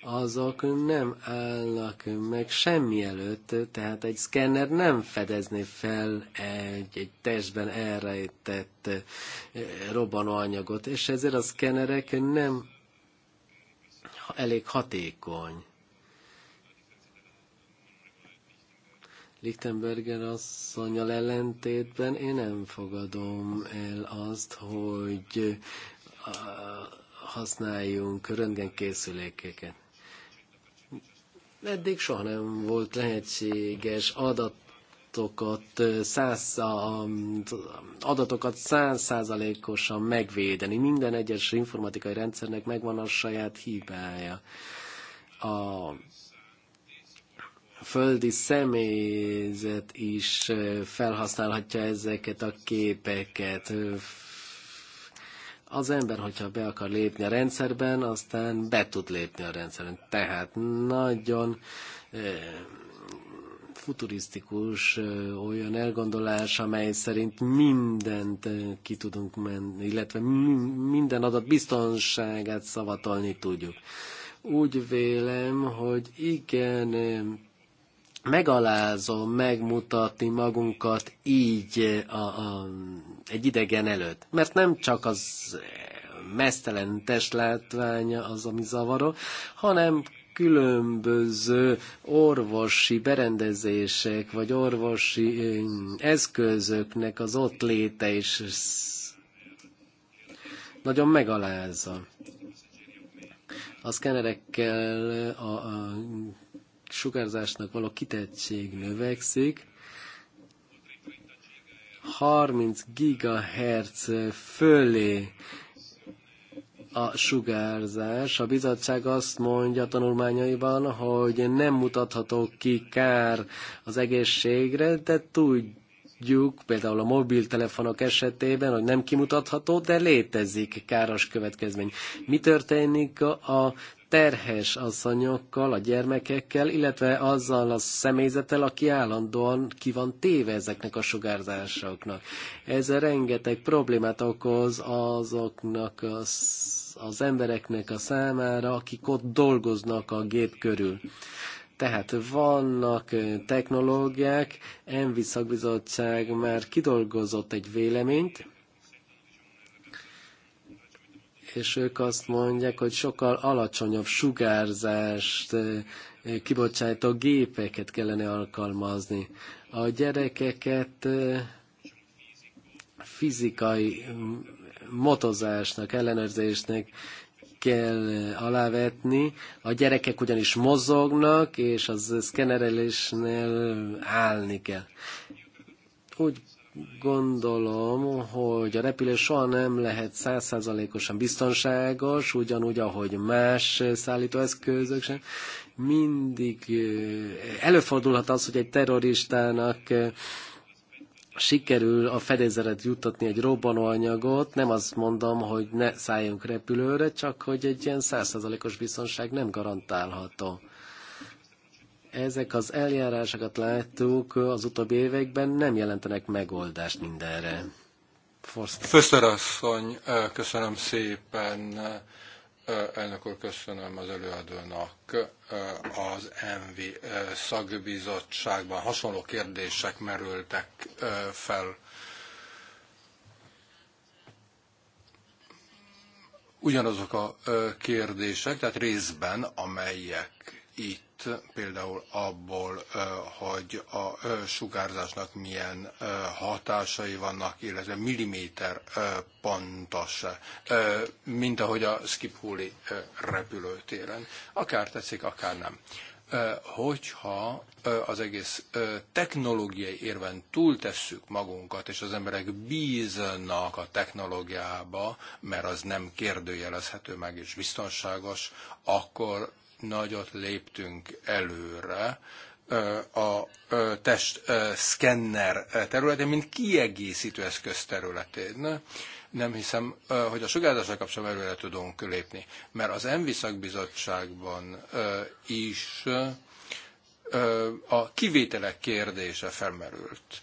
azok nem állnak meg semmi előtt, tehát egy szkenner nem fedezné fel egy, egy testben elrejtett robbanóanyagot, és ezért a szkennerek nem elég hatékony. Lichtenberger asszonyal ellentétben én nem fogadom el azt, hogy uh, használjunk röntgenkészülékeket. Eddig soha nem volt lehetséges adat adatokat uh, száz, adatokat százszázalékosan megvédeni. Minden egyes informatikai rendszernek megvan a saját hibája. A földi személyzet is felhasználhatja ezeket a képeket. Az ember, hogyha be akar lépni a rendszerben, aztán be tud lépni a rendszerben. Tehát nagyon futurisztikus olyan elgondolás, amely szerint mindent ki tudunk menni, illetve minden adat biztonságát szavatolni tudjuk. Úgy vélem, hogy igen, megalázom megmutatni magunkat így eh, a, a, egy idegen előtt. Mert nem csak az mesztelen testlátványa az, ami zavaró, hanem különböző orvosi berendezések, vagy orvosi eh, eszközöknek az ott léte is nagyon megalázza. A szkenerekkel, a, a sugárzásnak való kitettség növekszik, 30 gigahertz fölé a sugárzás. A bizottság azt mondja a tanulmányaiban, hogy nem mutatható ki kár az egészségre, de tudjuk például a mobiltelefonok esetében, hogy nem kimutatható, de létezik káros következmény. Mi történik a terhes asszonyokkal, a gyermekekkel, illetve azzal a személyzettel, aki állandóan ki van téve ezeknek a sugárzásoknak. Ez rengeteg problémát okoz azoknak az az embereknek a számára, akik ott dolgoznak a gép körül. Tehát vannak technológiák, Envi szakbizottság már kidolgozott egy véleményt, és ők azt mondják, hogy sokkal alacsonyabb sugárzást kibocsátó gépeket kellene alkalmazni. A gyerekeket fizikai motozásnak, ellenőrzésnek kell alávetni. A gyerekek ugyanis mozognak, és az szkenerelésnél állni kell. Úgy gondolom, hogy a repülés soha nem lehet százszázalékosan biztonságos, ugyanúgy, ahogy más szállítóeszközök sem. Mindig eh, előfordulhat az, hogy egy terroristának eh, sikerül a fedezeret juttatni egy robbanóanyagot, nem azt mondom, hogy ne szálljunk repülőre, csak hogy egy ilyen százszázalékos biztonság nem garantálható ezek az eljárásokat láttuk az utóbbi években, nem jelentenek megoldást mindenre. Főszer asszony, köszönöm szépen. Elnök úr, köszönöm az előadónak az MV szakbizottságban hasonló kérdések merültek fel. Ugyanazok a kérdések, tehát részben, amelyek itt, például abból, hogy a sugárzásnak milyen hatásai vannak, illetve milliméter pontos, mint ahogy a Skiphuli repülőtéren. Akár tetszik, akár nem hogyha az egész technológiai érven túltesszük magunkat, és az emberek bíznak a technológiába, mert az nem kérdőjelezhető meg és biztonságos, akkor nagyot léptünk előre a test szkenner területén, mint kiegészítő eszköz területén. Nem hiszem, hogy a sugárzással kapcsolatban előre tudunk lépni, mert az ENVI szakbizottságban is a kivételek kérdése felmerült.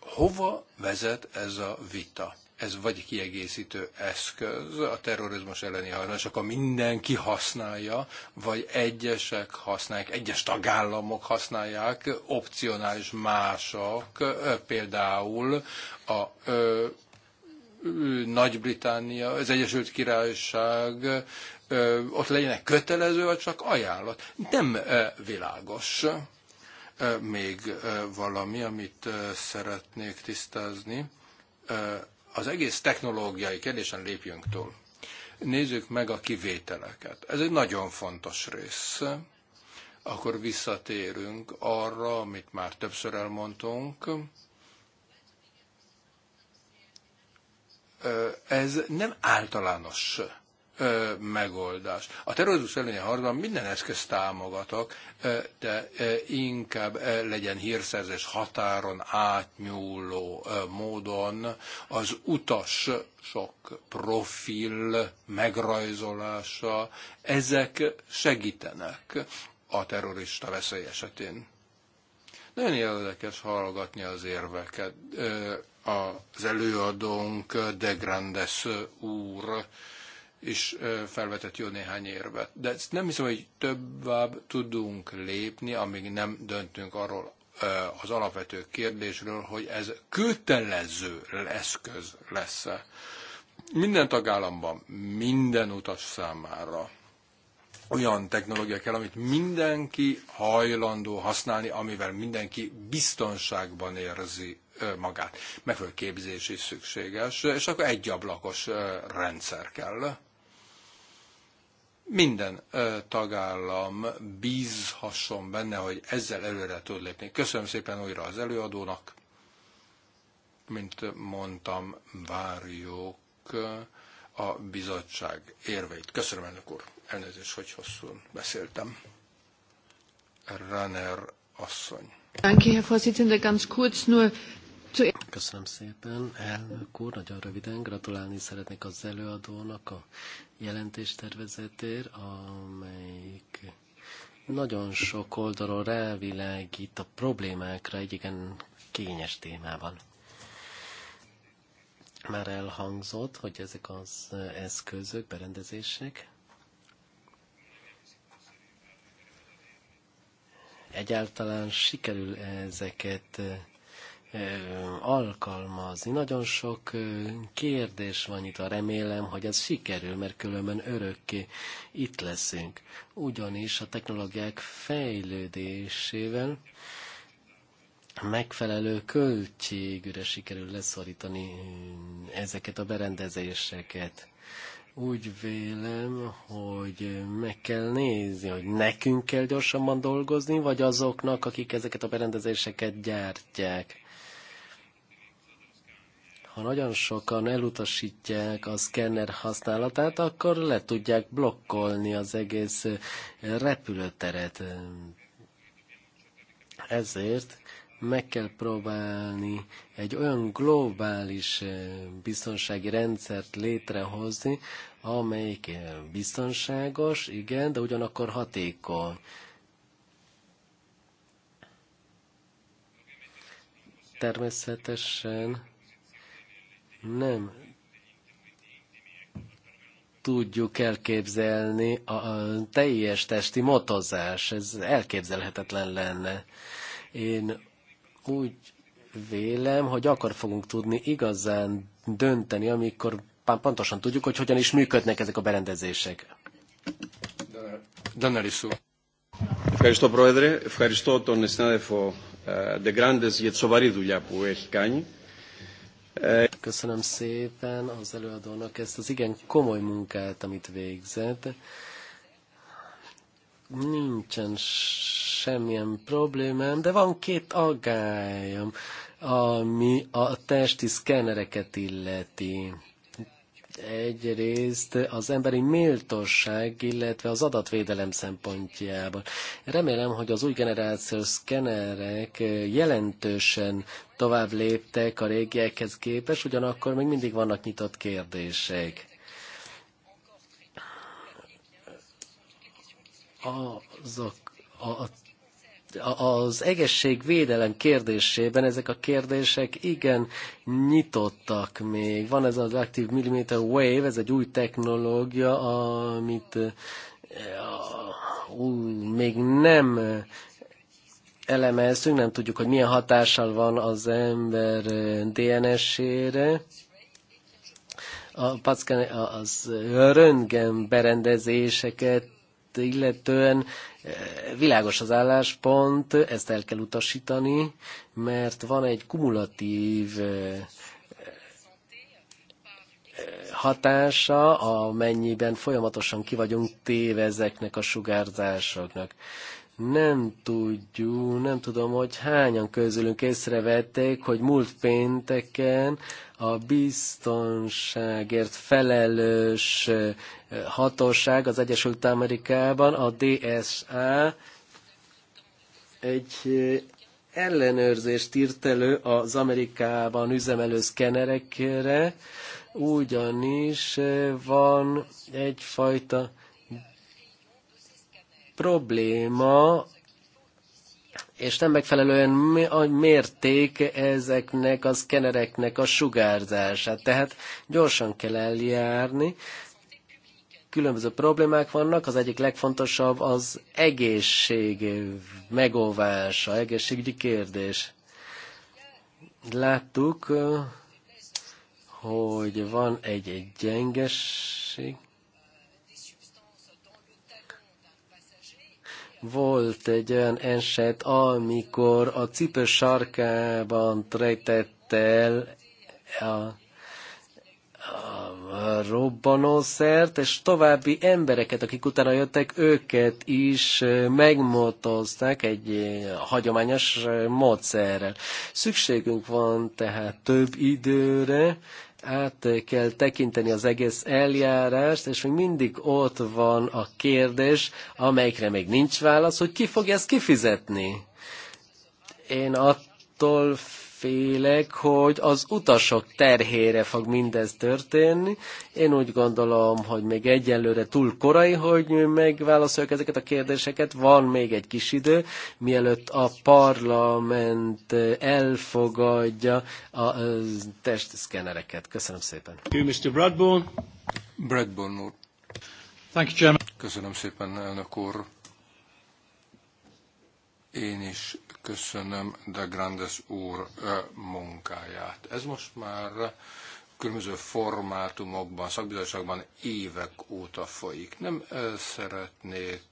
Hova vezet ez a vita? ez vagy kiegészítő eszköz a terrorizmus elleni hajlás, akkor mindenki használja, vagy egyesek használják, egyes tagállamok használják, opcionális mások, például a Nagy-Britannia, az Egyesült Királyság, ott legyenek kötelező, vagy csak ajánlat. Nem világos. Még valami, amit szeretnék tisztázni az egész technológiai kérdésen lépjünk túl. Nézzük meg a kivételeket. Ez egy nagyon fontos rész. Akkor visszatérünk arra, amit már többször elmondtunk. Ez nem általános ö, megoldás. A terrorizmus elleni harcban minden eszközt támogatok, ö, de ö, inkább ö, legyen hírszerzés határon átnyúló ö, módon az utas sok profil megrajzolása, ezek segítenek a terrorista veszély esetén. Nagyon érdekes hallgatni az érveket. Az előadónk De Grandes úr is felvetett jó néhány érvet. De ezt nem hiszem, hogy tovább tudunk lépni, amíg nem döntünk arról az alapvető kérdésről, hogy ez kötelező eszköz lesz-e. Minden tagállamban, minden utas számára olyan technológia kell, amit mindenki hajlandó használni, amivel mindenki biztonságban érzi magát. Megfelelő képzés is szükséges, és akkor egy ablakos rendszer kell minden tagállam bízhasson benne, hogy ezzel előre tud lépni. Köszönöm szépen újra az előadónak. Mint mondtam, várjuk a bizottság érveit. Köszönöm, elnök úr. Elnézést, hogy hosszú beszéltem. Runner asszony. Danke, Herr Vorsitzender, ganz kurz nur Köszönöm szépen, elnök úr, nagyon röviden gratulálni szeretnék az előadónak a jelentéstervezetért, amelyik nagyon sok oldalról rávilágít a problémákra egy igen kényes témában. Már elhangzott, hogy ezek az eszközök, berendezések egyáltalán sikerül ezeket alkalmazni. Nagyon sok kérdés van itt, remélem, hogy ez sikerül, mert különben örökké itt leszünk. Ugyanis a technológiák fejlődésével megfelelő költségűre sikerül leszorítani ezeket a berendezéseket. Úgy vélem, hogy meg kell nézni, hogy nekünk kell gyorsabban dolgozni, vagy azoknak, akik ezeket a berendezéseket gyártják ha nagyon sokan elutasítják a szkenner használatát, akkor le tudják blokkolni az egész repülőteret. Ezért meg kell próbálni egy olyan globális biztonsági rendszert létrehozni, amelyik biztonságos, igen, de ugyanakkor hatékony. Természetesen nem tudjuk elképzelni a teljes testi motozás. Ez elképzelhetetlen lenne. Én úgy vélem, hogy akkor fogunk tudni igazán dönteni, amikor pontosan tudjuk, hogy hogyan is működnek ezek a berendezések. Donnelly szó. Ευχαριστώ Πρόεδρε, ευχαριστώ τον συνάδελφο Ντεγκράντες για τη σοβαρή δουλειά που έχει κάνει. Köszönöm szépen az előadónak ezt az igen komoly munkát, amit végzett. Nincsen semmilyen problémám, de van két aggályom, ami a testi szkennereket illeti. Egyrészt az emberi méltóság, illetve az adatvédelem szempontjában. Remélem, hogy az új generációs szkenerek jelentősen tovább léptek a régiekhez képest, ugyanakkor még mindig vannak nyitott kérdések. Azok, a, a az egészségvédelem kérdésében ezek a kérdések igen nyitottak még. Van ez az Active Millimeter Wave, ez egy új technológia, amit ú, még nem elemeztünk, nem tudjuk, hogy milyen hatással van az ember DNS-ére. A, packán, az röntgen berendezéseket illetően világos az álláspont, ezt el kell utasítani, mert van egy kumulatív hatása, amennyiben folyamatosan ki vagyunk téve ezeknek a sugárzásoknak nem tudjuk, nem tudom, hogy hányan közülünk észrevették, hogy múlt pénteken a biztonságért felelős hatóság az Egyesült Amerikában, a DSA egy ellenőrzést írt elő az Amerikában üzemelő szkenerekre, ugyanis van egyfajta probléma, és nem megfelelően mérték ezeknek a szkenereknek a sugárzását. Tehát gyorsan kell eljárni, különböző problémák vannak, az egyik legfontosabb az egészség megóvása, egészségügyi kérdés. Láttuk, hogy van egy, egy gyengesség, Volt egy olyan eset, amikor a cipős sarkában rejtett el a robbanószert, és további embereket, akik utána jöttek, őket is megmotozták egy hagyományos módszerrel. Szükségünk van tehát több időre, át kell tekinteni az egész eljárást, és még mindig ott van a kérdés, amelyikre még nincs válasz, hogy ki fogja ezt kifizetni. Én attól félek, hogy az utasok terhére fog mindez történni. Én úgy gondolom, hogy még egyelőre túl korai, hogy megválaszoljuk ezeket a kérdéseket. Van még egy kis idő, mielőtt a parlament elfogadja a testszkenereket. Köszönöm szépen. Mr. Bradbourne. Bradbourne úr. Thank you, Chairman. Köszönöm szépen, elnök úr. Én is Köszönöm de Grandes úr munkáját. Ez most már különböző formátumokban, szakbizottságban évek óta folyik. Nem szeretnék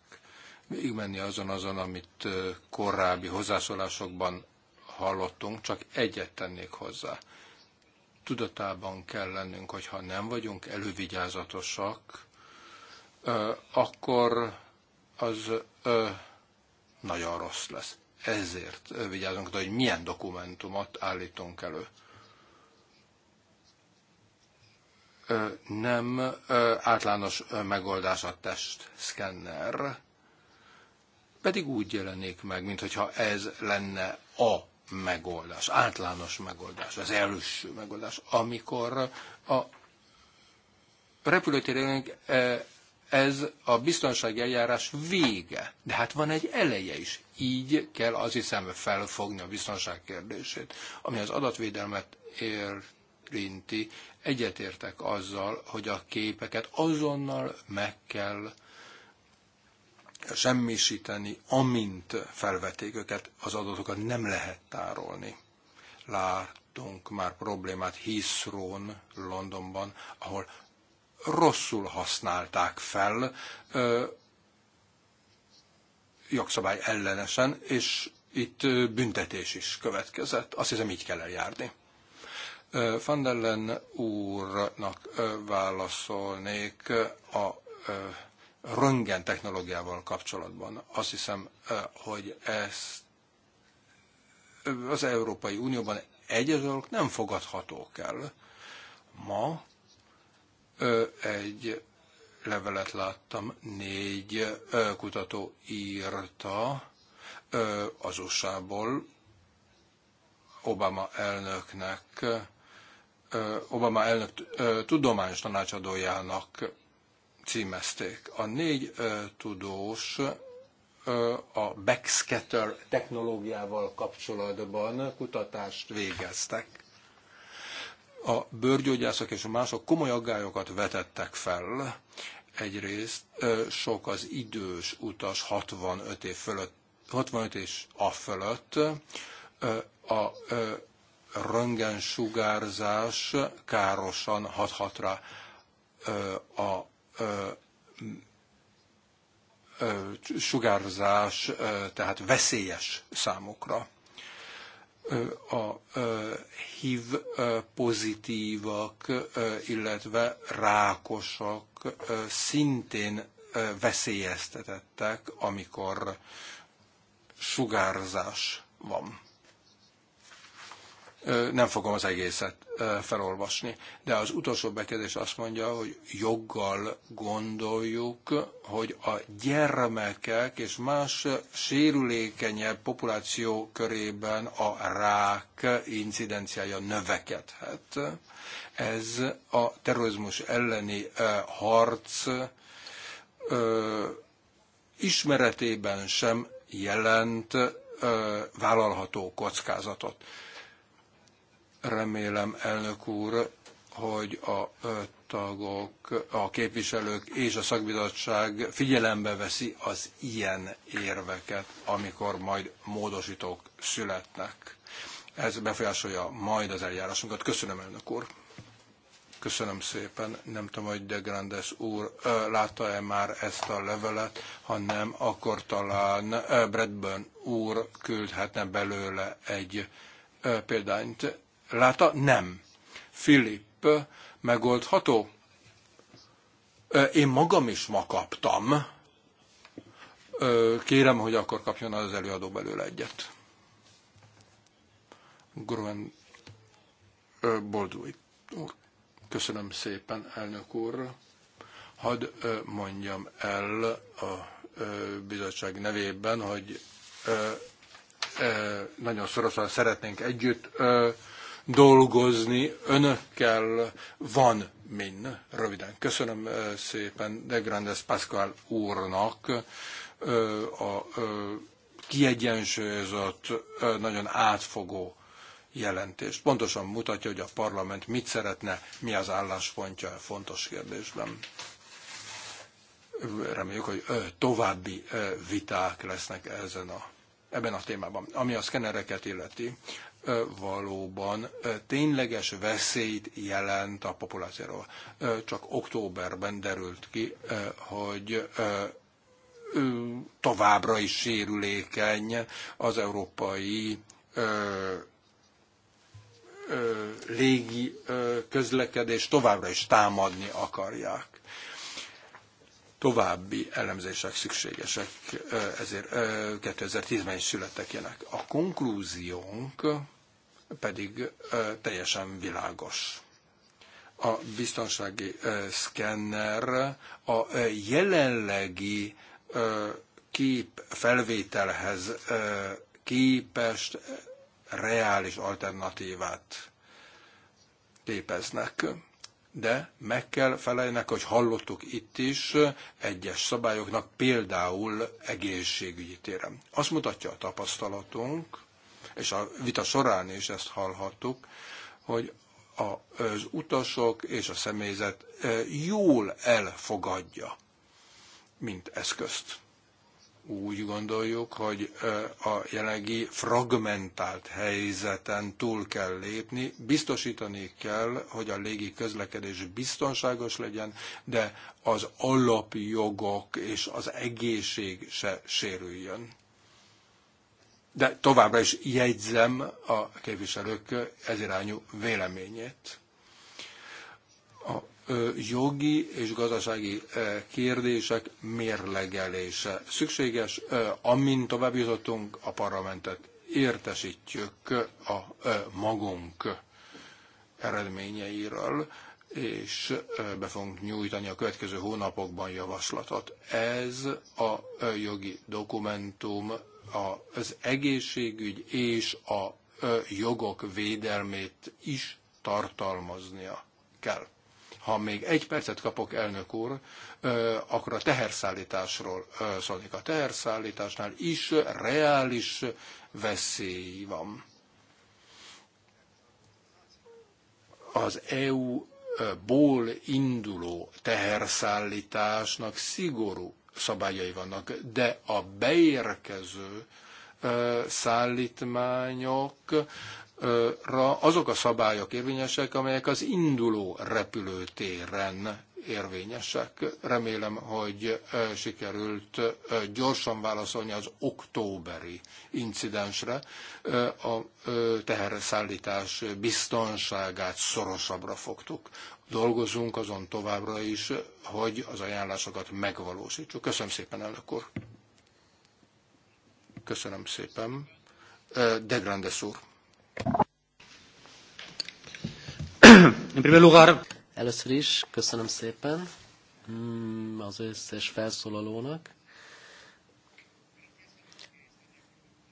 még menni azon-azon, amit korábbi hozzászólásokban hallottunk, csak egyet tennék hozzá. Tudatában kell lennünk, hogy ha nem vagyunk elővigyázatosak, akkor az nagyon rossz lesz ezért vigyázunk, de hogy milyen dokumentumot állítunk elő. Nem általános megoldás a szkenner, pedig úgy jelenik meg, mintha ez lenne a megoldás, általános megoldás, az első megoldás, amikor a repülőtérénk ez a biztonsági eljárás vége. De hát van egy eleje is. Így kell az hiszem felfogni a biztonság kérdését, ami az adatvédelmet érinti. Egyetértek azzal, hogy a képeket azonnal meg kell semmisíteni, amint felvették őket, az adatokat nem lehet tárolni. Láttunk már problémát Heathrow-n, Londonban, ahol rosszul használták fel jogszabály ellenesen, és itt büntetés is következett. Azt hiszem, így kell eljárni. Van der úrnak válaszolnék a röngen technológiával kapcsolatban. Azt hiszem, hogy ez az Európai Unióban egyedül nem fogadhatók el. Ma egy levelet láttam, négy kutató írta az usa Obama elnöknek, Obama elnök tudományos tanácsadójának címezték. A négy tudós a backscatter technológiával kapcsolatban kutatást végeztek a bőrgyógyászok és a mások komoly aggályokat vetettek fel. Egyrészt sok az idős utas 65 év fölött, 65 és a fölött, a röntgensugárzás károsan hathat rá a sugárzás, tehát veszélyes számokra a HIV pozitívak, illetve rákosak szintén veszélyeztetettek, amikor sugárzás van nem fogom az egészet felolvasni, de az utolsó bekezdés azt mondja, hogy joggal gondoljuk, hogy a gyermekek és más sérülékenyebb populáció körében a rák incidenciája növekedhet. Ez a terrorizmus elleni harc ismeretében sem jelent vállalható kockázatot Remélem, elnök úr, hogy a tagok, a képviselők és a szakbizottság figyelembe veszi az ilyen érveket, amikor majd módosítók születnek. Ez befolyásolja majd az eljárásunkat. Köszönöm, elnök úr. Köszönöm szépen. Nem tudom, hogy De Grandes úr látta-e már ezt a levelet, ha nem, akkor talán Bradburn úr küldhetne belőle egy példányt Láta? Nem. Filipp, megoldható? Én magam is ma kaptam. Kérem, hogy akkor kapjon az előadó belőle egyet. Gruen Boldui Köszönöm szépen, elnök úr. Hadd mondjam el a bizottság nevében, hogy nagyon szorosan szeretnénk együtt dolgozni önökkel. Van min. Röviden. Köszönöm szépen De Grandes Pascal úrnak a kiegyensúlyozott, nagyon átfogó jelentést. Pontosan mutatja, hogy a parlament mit szeretne, mi az álláspontja fontos kérdésben. Reméljük, hogy további viták lesznek ezen a, ebben a témában. Ami a szkenereket illeti, valóban tényleges veszélyt jelent a populációról. Csak októberben derült ki, hogy továbbra is sérülékeny az európai légi közlekedés, továbbra is támadni akarják további elemzések szükségesek, ezért 2010-ben is születtek ilyenek. A konklúziónk pedig teljesen világos. A biztonsági szkenner a jelenlegi kép felvételhez képest reális alternatívát képeznek. De meg kell felelnek, hogy hallottuk itt is egyes szabályoknak, például egészségügyi téren. Azt mutatja a tapasztalatunk, és a vita során is ezt hallhattuk, hogy az utasok és a személyzet jól elfogadja, mint eszközt. Úgy gondoljuk, hogy a jelenlegi fragmentált helyzeten túl kell lépni, biztosítani kell, hogy a légi közlekedés biztonságos legyen, de az alapjogok és az egészség se sérüljön de továbbra is jegyzem a képviselők ezirányú véleményét. A jogi és gazdasági kérdések mérlegelése szükséges, amint tovább jutottunk, a parlamentet értesítjük a magunk eredményeiről, és be fogunk nyújtani a következő hónapokban javaslatot. Ez a jogi dokumentum az egészségügy és a jogok védelmét is tartalmaznia kell. Ha még egy percet kapok, elnök úr, akkor a teherszállításról szólnék. A teherszállításnál is reális veszély van. Az EU ból induló teherszállításnak szigorú szabályai vannak, de a beérkező szállítmányokra azok a szabályok érvényesek, amelyek az induló repülőtéren érvényesek. Remélem, hogy sikerült gyorsan válaszolni az októberi incidensre, a teherszállítás biztonságát szorosabbra fogtuk. Dolgozunk azon továbbra is, hogy az ajánlásokat megvalósítsuk. Köszönöm szépen, elnök úr! Köszönöm szépen. De Grandes úr. En (coughs) primer lugar, Először is köszönöm szépen mm, az összes felszólalónak.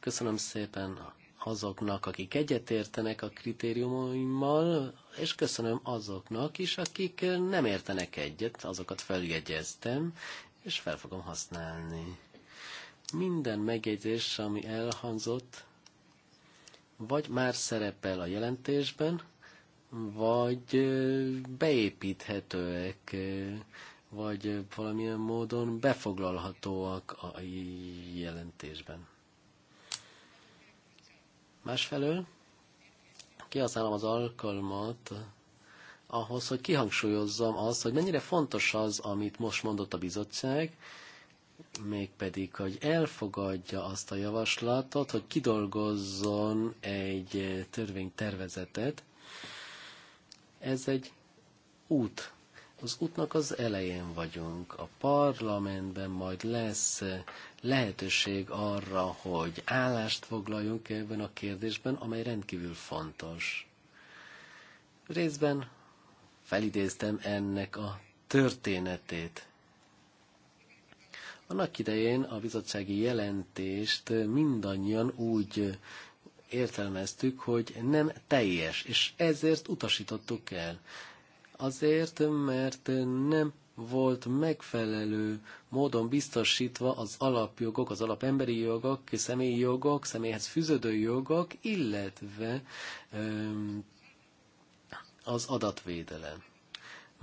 Köszönöm szépen azoknak, akik egyetértenek a kritériumaimmal, és köszönöm azoknak is, akik nem értenek egyet, azokat feljegyeztem, és fel fogom használni. Minden megjegyzés, ami elhangzott, vagy már szerepel a jelentésben, vagy beépíthetőek, vagy valamilyen módon befoglalhatóak a jelentésben. Másfelől kihasználom az alkalmat ahhoz, hogy kihangsúlyozzam azt, hogy mennyire fontos az, amit most mondott a bizottság, mégpedig, hogy elfogadja azt a javaslatot, hogy kidolgozzon egy törvénytervezetet, ez egy út. Az útnak az elején vagyunk. A parlamentben majd lesz eh, lehetőség arra, hogy állást foglaljunk ebben a kérdésben, amely rendkívül fontos. Részben felidéztem ennek a történetét. Annak idején a bizottsági jelentést mindannyian úgy értelmeztük, hogy nem teljes, és ezért utasítottuk el. Azért, mert nem volt megfelelő módon biztosítva az alapjogok, az alapemberi jogok, személyi jogok, személyhez fűződő jogok, illetve öm, az adatvédelem.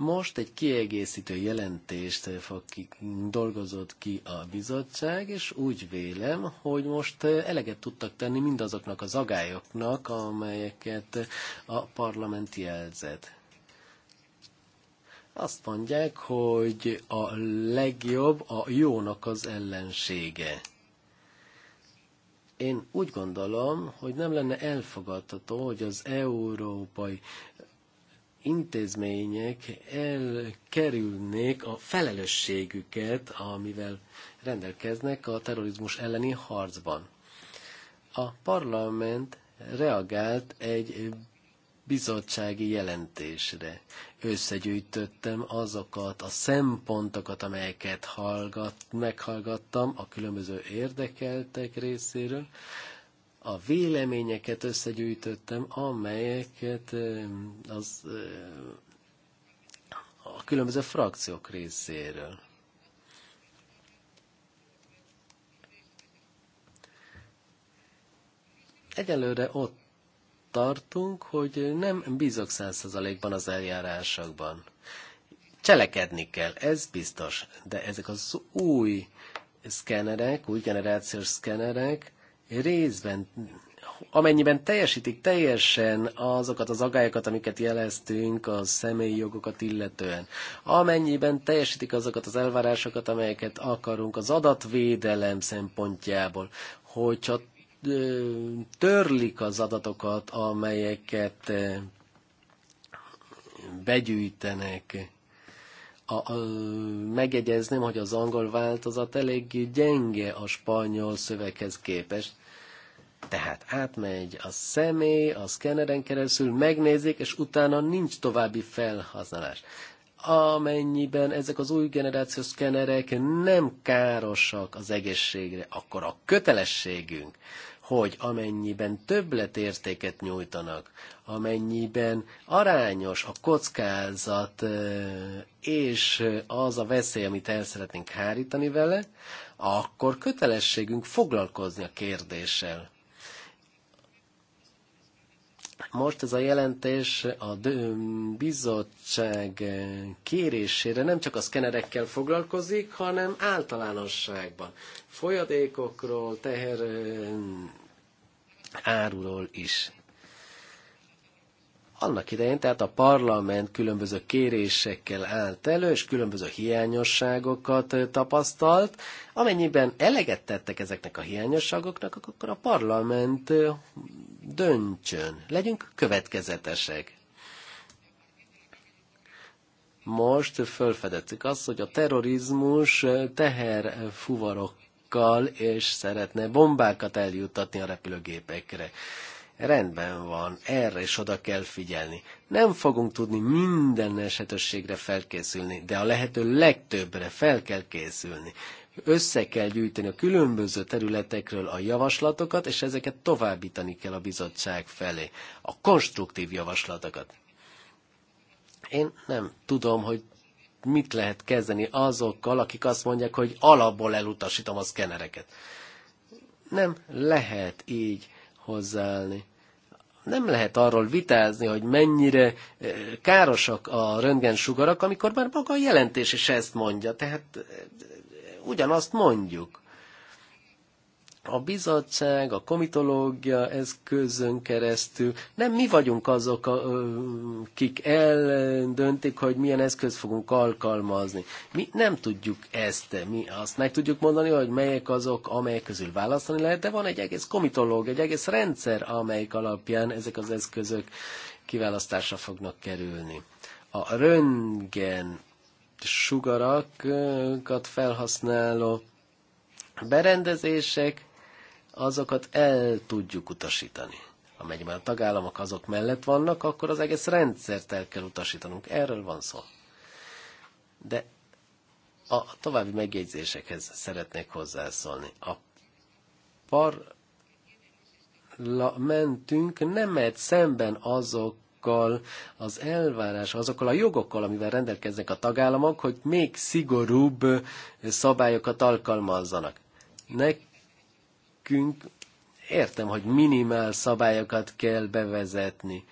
Most egy kiegészítő jelentést fog ki, dolgozott ki a bizottság, és úgy vélem, hogy most eleget tudtak tenni mindazoknak az agályoknak, amelyeket a parlament jelzett. Azt mondják, hogy a legjobb a jónak az ellensége. Én úgy gondolom, hogy nem lenne elfogadható, hogy az Európai intézmények elkerülnék a felelősségüket, amivel rendelkeznek a terrorizmus elleni harcban. A parlament reagált egy bizottsági jelentésre. Összegyűjtöttem azokat a szempontokat, amelyeket hallgat, meghallgattam a különböző érdekeltek részéről, a véleményeket összegyűjtöttem, amelyeket az, a különböző frakciók részéről. Egyelőre ott tartunk, hogy nem bízok százszerzalékban az eljárásokban. Cselekedni kell, ez biztos, de ezek az új szkenerek, új generációs szkenerek, részben amennyiben teljesítik teljesen azokat az agályokat, amiket jeleztünk a személyi jogokat illetően, amennyiben teljesítik azokat az elvárásokat, amelyeket akarunk az adatvédelem szempontjából, hogyha törlik az adatokat, amelyeket begyűjtenek. A, a, megjegyezném, hogy az angol változat elég gyenge a spanyol szöveghez képest tehát átmegy a személy, a szkeneren keresztül megnézik, és utána nincs további felhasználás. Amennyiben ezek az új generációs szkenerek nem károsak az egészségre, akkor a kötelességünk, hogy amennyiben többletértéket nyújtanak, amennyiben arányos a kockázat és az a veszély, amit el szeretnénk hárítani vele, akkor kötelességünk foglalkozni a kérdéssel. Most ez a jelentés a bizottság kérésére nem csak a szkenerekkel foglalkozik, hanem általánosságban. Folyadékokról, teher áruról is annak idején tehát a parlament különböző kérésekkel állt elő, és különböző hiányosságokat tapasztalt. Amennyiben eleget tettek ezeknek a hiányosságoknak, akkor a parlament döntsön. Legyünk következetesek. Most felfedettük azt, hogy a terrorizmus teherfuvarokkal és szeretne bombákat eljuttatni a repülőgépekre. Rendben van, erre is oda kell figyelni. Nem fogunk tudni minden esetősségre felkészülni, de a lehető legtöbbre fel kell készülni. Össze kell gyűjteni a különböző területekről a javaslatokat, és ezeket továbbítani kell a bizottság felé. A konstruktív javaslatokat. Én nem tudom, hogy mit lehet kezdeni azokkal, akik azt mondják, hogy alapból elutasítom a szkenereket. Nem lehet így hozzáállni nem lehet arról vitázni, hogy mennyire eh, károsak a röntgensugarak, amikor már maga a jelentés is ezt mondja. Tehát eh, ugyanazt mondjuk a bizottság, a komitológia eszközön keresztül, nem mi vagyunk azok, akik eldöntik, hogy milyen eszköz fogunk alkalmazni. Mi nem tudjuk ezt, mi azt meg tudjuk mondani, hogy melyek azok, amelyek közül választani lehet, de van egy egész komitológ, egy egész rendszer, amelyik alapján ezek az eszközök kiválasztásra fognak kerülni. A röntgen sugarakat felhasználó berendezések azokat el tudjuk utasítani. Amennyiben a tagállamok azok mellett vannak, akkor az egész rendszert el kell utasítanunk. Erről van szó. De a további megjegyzésekhez szeretnék hozzászólni. A parlamentünk nem mehet szemben azok azokkal az elvárás, azokkal a jogokkal, amivel rendelkeznek a tagállamok, hogy még szigorúbb szabályokat alkalmazzanak. Nek nekünk, értem, hogy minimál szabályokat kell bevezetni,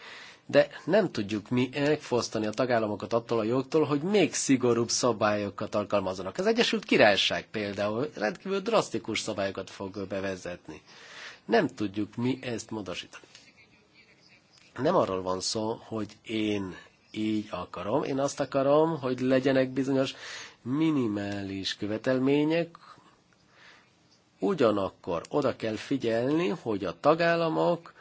de nem tudjuk mi megfosztani a tagállamokat attól a jogtól, hogy még szigorúbb szabályokat alkalmazzanak. Az Egyesült Királyság például rendkívül drasztikus szabályokat fog bevezetni. Nem tudjuk mi ezt módosítani. Nem arról van szó, hogy én így akarom. Én azt akarom, hogy legyenek bizonyos minimális követelmények, Ugyanakkor oda kell figyelni, hogy a tagállamok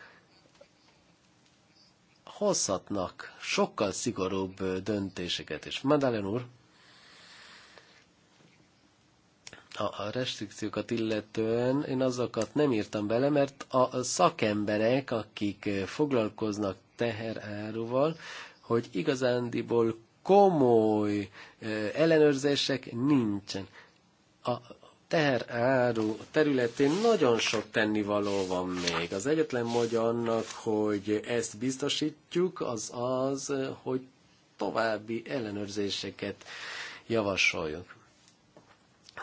hozhatnak sokkal szigorúbb döntéseket. is. Madalen úr, a restrikciókat illetően én azokat nem írtam bele, mert a szakemberek, akik foglalkoznak teheráruval, hogy igazándiból komoly ellenőrzések nincsen. A, teráru területén nagyon sok tennivaló van még. Az egyetlen módja annak, hogy ezt biztosítjuk, az az, hogy további ellenőrzéseket javasoljuk.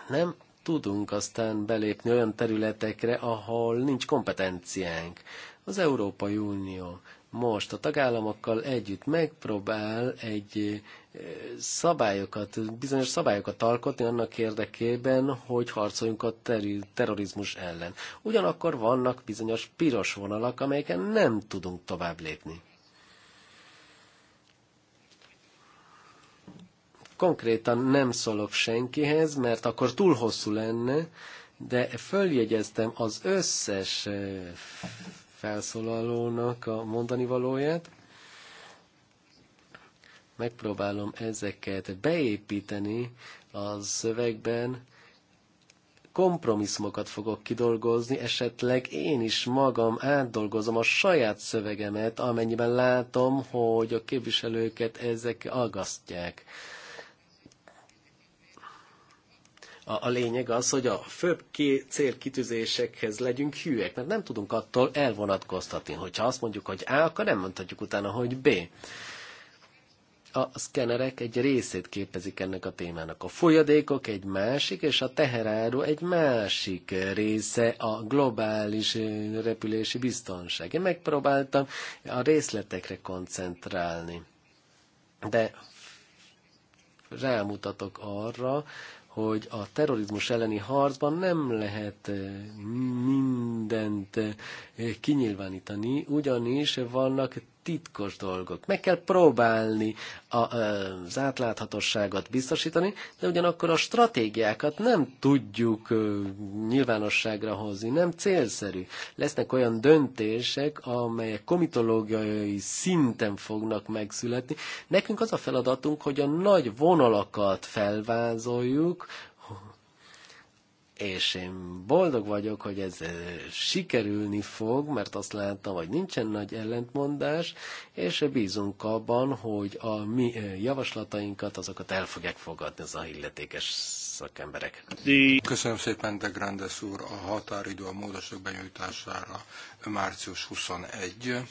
Nem tudunk aztán belépni olyan területekre, ahol nincs kompetenciánk. Az Európai Unió most a tagállamokkal együtt megpróbál egy szabályokat, bizonyos szabályokat alkotni annak érdekében, hogy harcoljunk a ter- terrorizmus ellen. Ugyanakkor vannak bizonyos piros vonalak, amelyeken nem tudunk tovább lépni. Konkrétan nem szólok senkihez, mert akkor túl hosszú lenne, de följegyeztem az összes felszólalónak a mondani valóját. Megpróbálom ezeket beépíteni a szövegben, kompromisszumokat fogok kidolgozni, esetleg én is magam átdolgozom a saját szövegemet, amennyiben látom, hogy a képviselőket ezek agasztják. a, a lényeg az, hogy a főbb ké, célkitűzésekhez legyünk hűek, mert nem tudunk attól elvonatkoztatni. Hogyha azt mondjuk, hogy A, akkor nem mondhatjuk utána, hogy B. A szkenerek egy részét képezik ennek a témának. A folyadékok egy másik, és a teheráró egy másik része a globális repülési biztonság. Én megpróbáltam a részletekre koncentrálni. De rámutatok arra, hogy a terrorizmus elleni harcban nem lehet eh, mindent eh, kinyilvánítani, ugyanis vannak titkos dolgok. Meg kell próbálni a, az átláthatóságot biztosítani, de ugyanakkor a stratégiákat nem tudjuk nyilvánosságra hozni, nem célszerű. Lesznek olyan döntések, amelyek komitológiai szinten fognak megszületni. Nekünk az a feladatunk, hogy a nagy vonalakat felvázoljuk, és én boldog vagyok, hogy ez eh, sikerülni fog, mert azt láttam, hogy nincsen nagy ellentmondás, és bízunk abban, hogy a mi eh, javaslatainkat, azokat el fogják fogadni az a illetékes szakemberek. Köszönöm szépen, de Grandes úr, a határidő a módosok benyújtására március 21,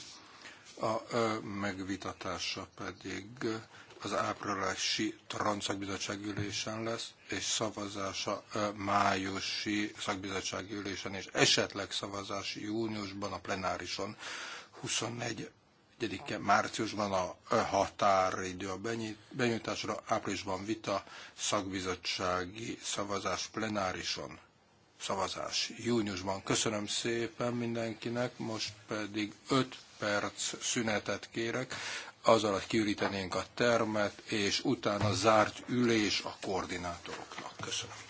a eh, megvitatása pedig az áprilisi transzakbizottság ülésen lesz, és szavazása májusi szakbizottság ülésen, és esetleg szavazás júniusban a plenárison 24 1 márciusban a határidő a benyújtásra, áprilisban vita, szakbizottsági szavazás plenárison szavazás júniusban. Köszönöm szépen mindenkinek, most pedig 5 perc szünetet kérek, az alatt kiürítenénk a termet, és utána zárt ülés a koordinátoroknak. Köszönöm.